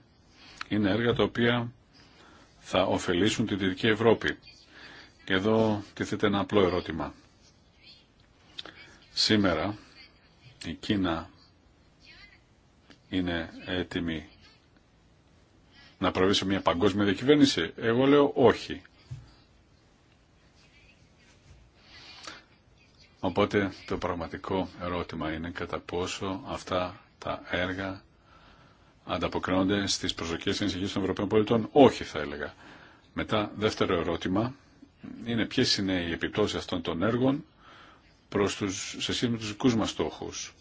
[SPEAKER 3] είναι έργα τα οποία θα ωφελήσουν τη Δυτική Ευρώπη. Και εδώ τίθεται ένα απλό ερώτημα. Σήμερα η Κίνα είναι έτοιμη να προβεί σε μια παγκόσμια διακυβέρνηση. Εγώ λέω όχι. Οπότε το πραγματικό ερώτημα είναι κατά πόσο αυτά τα έργα ανταποκρίνονται στις προσδοκίες της των Ευρωπαίων πολιτών. Όχι θα έλεγα. Μετά δεύτερο ερώτημα είναι ποιες είναι οι επιπτώσεις αυτών των έργων προς τους, σε σχέση με τους δικούς μας στόχους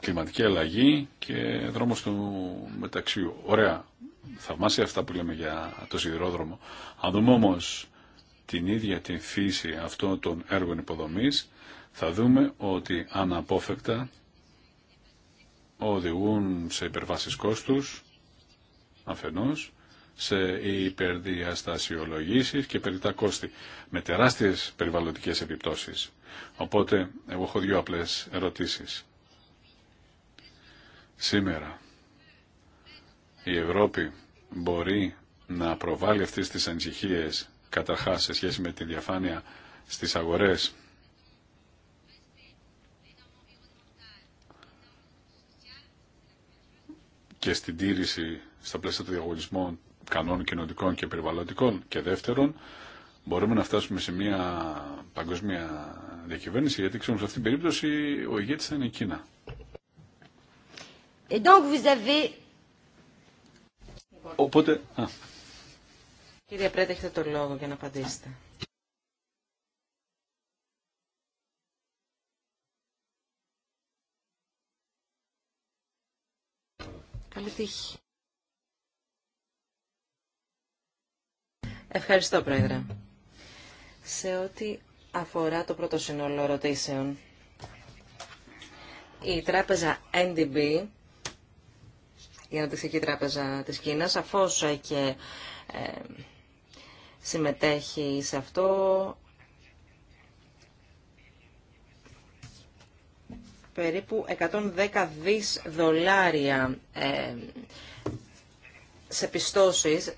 [SPEAKER 3] κλιματική αλλαγή και δρόμος του μεταξύ. Ωραία, θαυμάσια αυτά που λέμε για το σιδηρόδρομο. Αν δούμε όμω την ίδια την φύση αυτών των έργων υποδομή, θα δούμε ότι αναπόφευκτα οδηγούν σε υπερβάσεις κόστους, αφενός, σε υπερδιαστασιολογήσεις και περιτά κόστη, με τεράστιες περιβαλλοντικές επιπτώσεις. Οπότε, εγώ έχω δύο απλές ερωτήσεις. Σήμερα η Ευρώπη μπορεί να προβάλλει αυτές τις ανησυχίες καταρχάς σε σχέση με τη διαφάνεια στις αγορές και στην τήρηση στα πλαίσια των διαγωνισμών κανόνων κοινωνικών και περιβαλλοντικών και δεύτερον μπορούμε να φτάσουμε σε μια παγκόσμια διακυβέρνηση γιατί ξέρουμε σε αυτήν την περίπτωση ο ηγέτης θα είναι η Κίνα.
[SPEAKER 2] Et donc vous avez...
[SPEAKER 3] Οπότε... Α.
[SPEAKER 2] Κύριε Πρέτα, έχετε το λόγο για να απαντήσετε. Καλή τύχη. Ευχαριστώ, Πρόεδρε. Σε ό,τι αφορά το πρώτο σύνολο ερωτήσεων, η τράπεζα NDB η Αναπτυξιακή Τράπεζα της Κίνας. Σαφώς και ε, συμμετέχει σε αυτό. Περίπου 110 δις δολάρια ε, σε πιστώσεις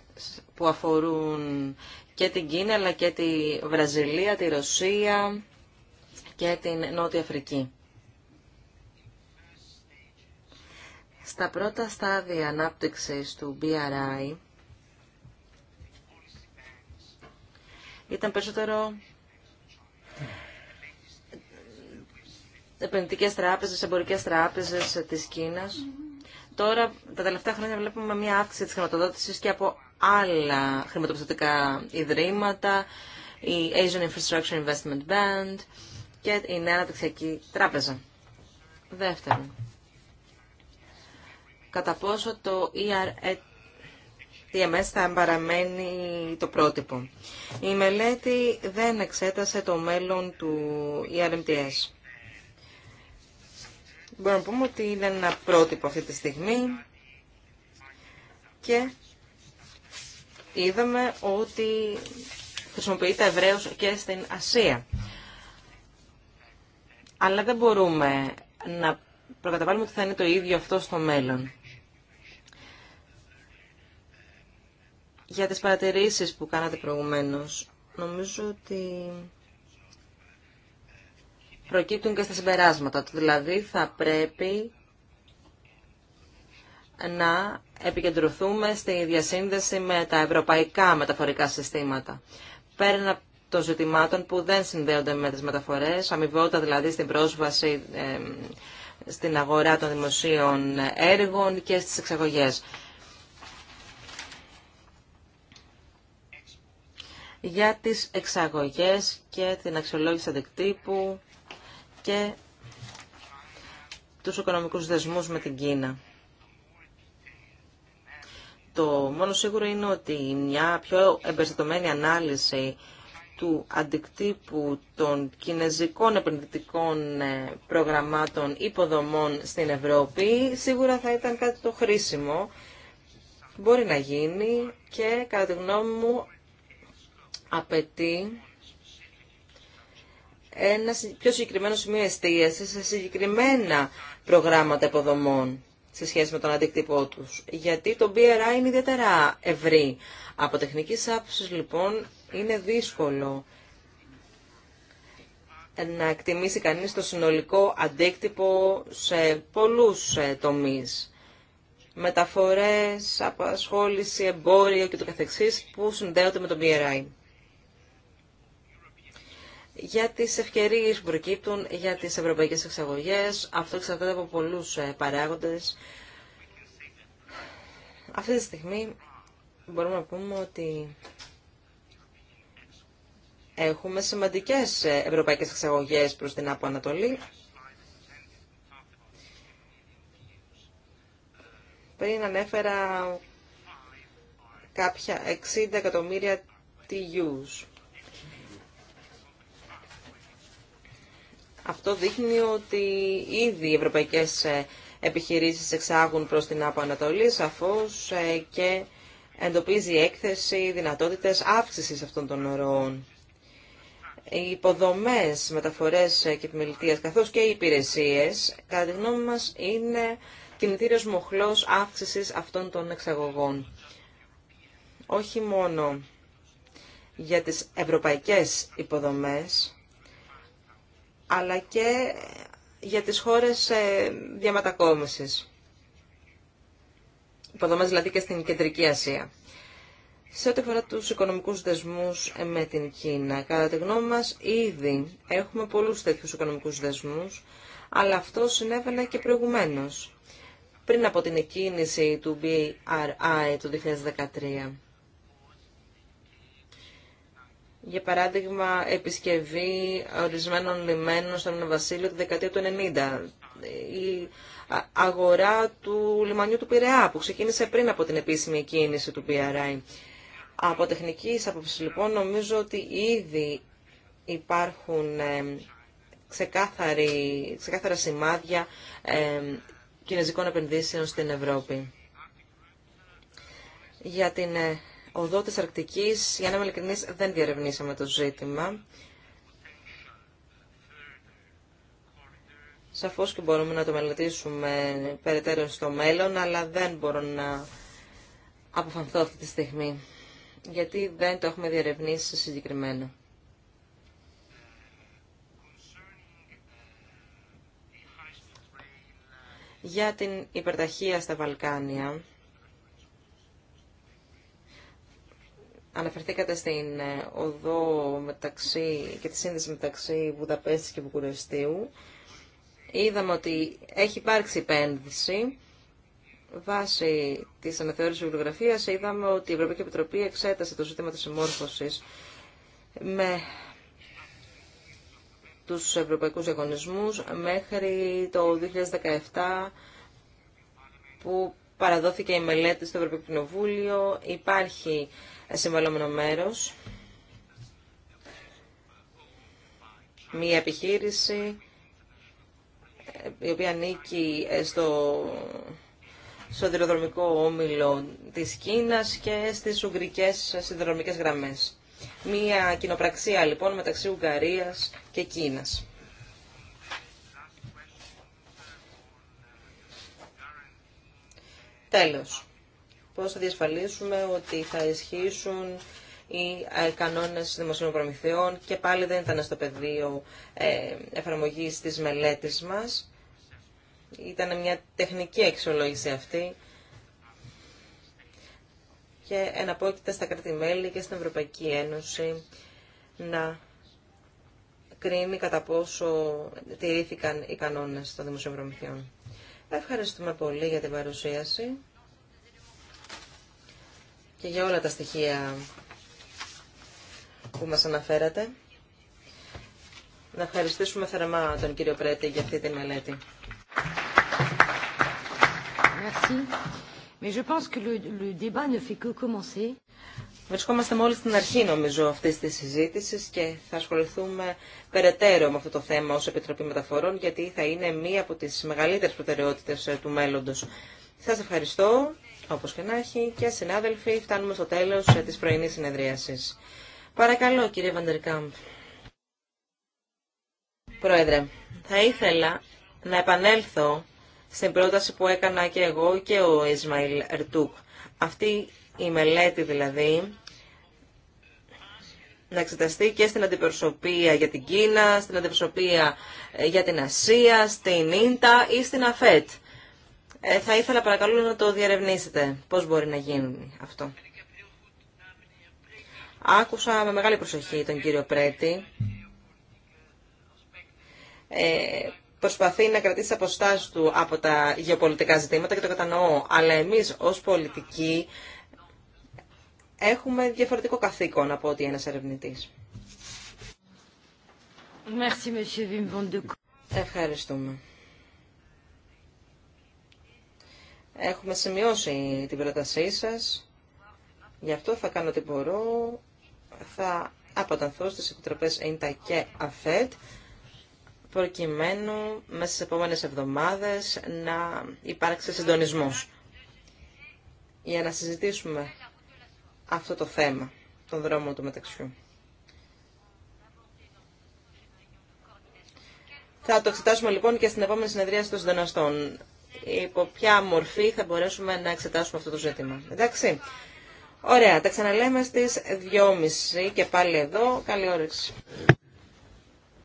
[SPEAKER 2] που αφορούν και την Κίνα αλλά και τη Βραζιλία, τη Ρωσία και την Νότια Αφρική. Στα πρώτα στάδια ανάπτυξης του BRI ήταν περισσότερο επενδυτικές τράπεζες, εμπορικές τράπεζες της Κίνας. Τώρα, τα τελευταία χρόνια βλέπουμε μια αύξηση της χρηματοδότησης και από άλλα χρηματοπιστωτικά ιδρύματα, η Asian Infrastructure Investment Bank και η Νέα Αναπτυξιακή Τράπεζα. Δεύτερον, κατά πόσο το ERTMS θα παραμένει το πρότυπο. Η μελέτη δεν εξέτασε το μέλλον του ERMTS. Μπορούμε να πούμε ότι είναι ένα πρότυπο αυτή τη στιγμή και είδαμε ότι χρησιμοποιείται ευρέως και στην Ασία. Αλλά δεν μπορούμε να προκαταβάλουμε ότι θα είναι το ίδιο αυτό στο μέλλον. για τις παρατηρήσεις που κάνατε προηγουμένως. Νομίζω ότι προκύπτουν και στα συμπεράσματα Δηλαδή θα πρέπει να επικεντρωθούμε στη διασύνδεση με τα ευρωπαϊκά μεταφορικά συστήματα. Πέραν των ζητημάτων που δεν συνδέονται με τις μεταφορές, αμοιβότητα δηλαδή στην πρόσβαση ε, στην αγορά των δημοσίων έργων και στις εξαγωγές. για τις εξαγωγές και την αξιολόγηση αντικτύπου και τους οικονομικούς δεσμούς με την Κίνα. Το μόνο σίγουρο είναι ότι μια πιο εμπεριστατωμένη ανάλυση του αντικτύπου των κινέζικων επενδυτικών ε, προγραμμάτων υποδομών στην Ευρώπη σίγουρα θα ήταν κάτι το χρήσιμο. Μπορεί να γίνει και κατά τη γνώμη μου απαιτεί ένα πιο συγκεκριμένο σημείο εστίαση σε συγκεκριμένα προγράμματα υποδομών σε σχέση με τον αντίκτυπό τους. Γιατί το BRI είναι ιδιαίτερα ευρύ. Από τεχνική άποψη λοιπόν είναι δύσκολο να εκτιμήσει κανείς το συνολικό αντίκτυπο σε πολλούς ε, τομείς. Μεταφορές, απασχόληση, εμπόριο και το καθεξής που συνδέονται με το BRI για τις ευκαιρίες που προκύπτουν για τις ευρωπαϊκές εξαγωγές. Αυτό εξαρτάται από πολλούς ε, παράγοντες. Αυτή τη στιγμή μπορούμε να πούμε ότι έχουμε σημαντικές ε, ευρωπαϊκές εξαγωγές προς την Άπο Πριν ανέφερα κάποια 60 εκατομμύρια TUs. Αυτό δείχνει ότι ήδη οι ευρωπαϊκές ε, επιχειρήσεις εξάγουν προς την Άπο Ανατολή, σαφώς ε, και εντοπίζει έκθεση δυνατότητες αύξησης αυτών των ροών. Οι υποδομές, μεταφορές ε, και επιμελητίας, καθώς και οι υπηρεσίες, κατά τη γνώμη μας, είναι κινητήριος μοχλός αύξησης αυτών των εξαγωγών. Όχι μόνο για τις ευρωπαϊκές υποδομές, αλλά και για τις χώρες ε, διαμετακόμισης. Υποδομές δηλαδή και στην Κεντρική Ασία. Σε ό,τι αφορά τους οικονομικούς δεσμούς ε, με την Κίνα, κατά τη γνώμη μας ήδη έχουμε πολλούς τέτοιους οικονομικούς δεσμούς, αλλά αυτό συνέβαινε και προηγουμένως, πριν από την εκκίνηση του BRI του 2013 για παράδειγμα, επισκευή ορισμένων λιμένων στον Βασίλειο τη δεκαετία του 1990. Η αγορά του λιμανιού του Πειραιά που ξεκίνησε πριν από την επίσημη κίνηση του PRI. Από τεχνική άποψη λοιπόν νομίζω ότι ήδη υπάρχουν ε, ξεκάθαρη, ξεκάθαρα σημάδια ε, κινέζικων επενδύσεων στην Ευρώπη. Για την ε, οδό της Αρκτικής, για να είμαι ειλικρινής, δεν διερευνήσαμε το ζήτημα. Σαφώς και μπορούμε να το μελετήσουμε περαιτέρω στο μέλλον, αλλά δεν μπορώ να αποφανθώ αυτή τη στιγμή, γιατί δεν το έχουμε διερευνήσει συγκεκριμένα. Για την υπερταχεία στα Βαλκάνια, Αναφερθήκατε στην ε, οδό μεταξύ και τη σύνδεση μεταξύ Βουδαπέστης και Βουκουρεστίου. Είδαμε ότι έχει υπάρξει επένδυση. Βάσει τη αναθεώρηση βιβλιογραφία, είδαμε ότι η Ευρωπαϊκή Επιτροπή εξέτασε το ζήτημα τη συμμόρφωση με του ευρωπαϊκού διαγωνισμού μέχρι το 2017 που παραδόθηκε η μελέτη στο Ευρωπαϊκό Κοινοβούλιο. Υπάρχει συμβαλόμενο μέρος, μία επιχείρηση ε, η οποία ανήκει ε, στο σιδηροδρομικό όμιλο της Κίνας και στις ουγγρικές σιδηροδρομικές γραμμές. Μία κοινοπραξία λοιπόν μεταξύ Ουγγαρίας και Κίνας. Τέλος πώς θα διασφαλίσουμε ότι θα ισχύσουν οι ε, κανόνες δημοσίων προμηθειών και πάλι δεν ήταν στο πεδίο ε, εφαρμογής της μελέτης μας. Ήταν μια τεχνική αξιολόγηση αυτή και εναπόκειται στα κράτη-μέλη και στην Ευρωπαϊκή Ένωση να κρίνει κατά πόσο τηρήθηκαν οι κανόνες των δημοσίων προμηθειών. Ευχαριστούμε πολύ για την παρουσίαση και για όλα τα στοιχεία που μας αναφέρατε. Να ευχαριστήσουμε θερμά τον κύριο Πρέτη για αυτή τη μελέτη. Βρισκόμαστε μόλις στην αρχή νομίζω αυτής της συζήτησης και θα ασχοληθούμε περαιτέρω με αυτό το θέμα ως Επιτροπή Μεταφορών γιατί θα είναι μία από τις μεγαλύτερες προτεραιότητες ε, του μέλλοντος. Σας ευχαριστώ όπως και να έχει. Και συνάδελφοι, φτάνουμε στο τέλος της πρωινή συνεδρίασης. Παρακαλώ, κύριε Βαντερκάμπ. Πρόεδρε, θα ήθελα να επανέλθω στην πρόταση που έκανα και εγώ και ο Ισμαήλ Ερτούκ. Αυτή η μελέτη δηλαδή να εξεταστεί και στην αντιπροσωπεία για την Κίνα, στην αντιπροσωπεία για την Ασία, στην Ίντα ή στην ΑΦΕΤ. Ε, θα ήθελα παρακαλώ να το διαρευνήσετε πώς μπορεί να γίνει αυτό. Άκουσα με μεγάλη προσοχή τον κύριο Πρέτη. Ε, προσπαθεί να κρατήσει αποστάσεις του από τα γεωπολιτικά ζητήματα και το κατανοώ. Αλλά εμείς ως πολιτικοί έχουμε διαφορετικό καθήκον από ότι ένας ερευνητής. Ευχαριστούμε. Έχουμε σημειώσει την πρότασή σας. Γι' αυτό θα κάνω ό,τι μπορώ. Θα αποταθώ στις επιτροπές ΕΙΝΤΑ και ΑΦΕΤ προκειμένου μέσα στις επόμενες εβδομάδες να υπάρξει συντονισμός για να συζητήσουμε αυτό το θέμα, τον δρόμο του μεταξιού. Θα το εξετάσουμε λοιπόν και στην επόμενη συνεδρία των συντονιστών υπό ποια μορφή θα μπορέσουμε να εξετάσουμε αυτό το ζήτημα. Εντάξει. Ωραία, τα ξαναλέμε στις 2.30 και πάλι εδώ. Καλή όρεξη.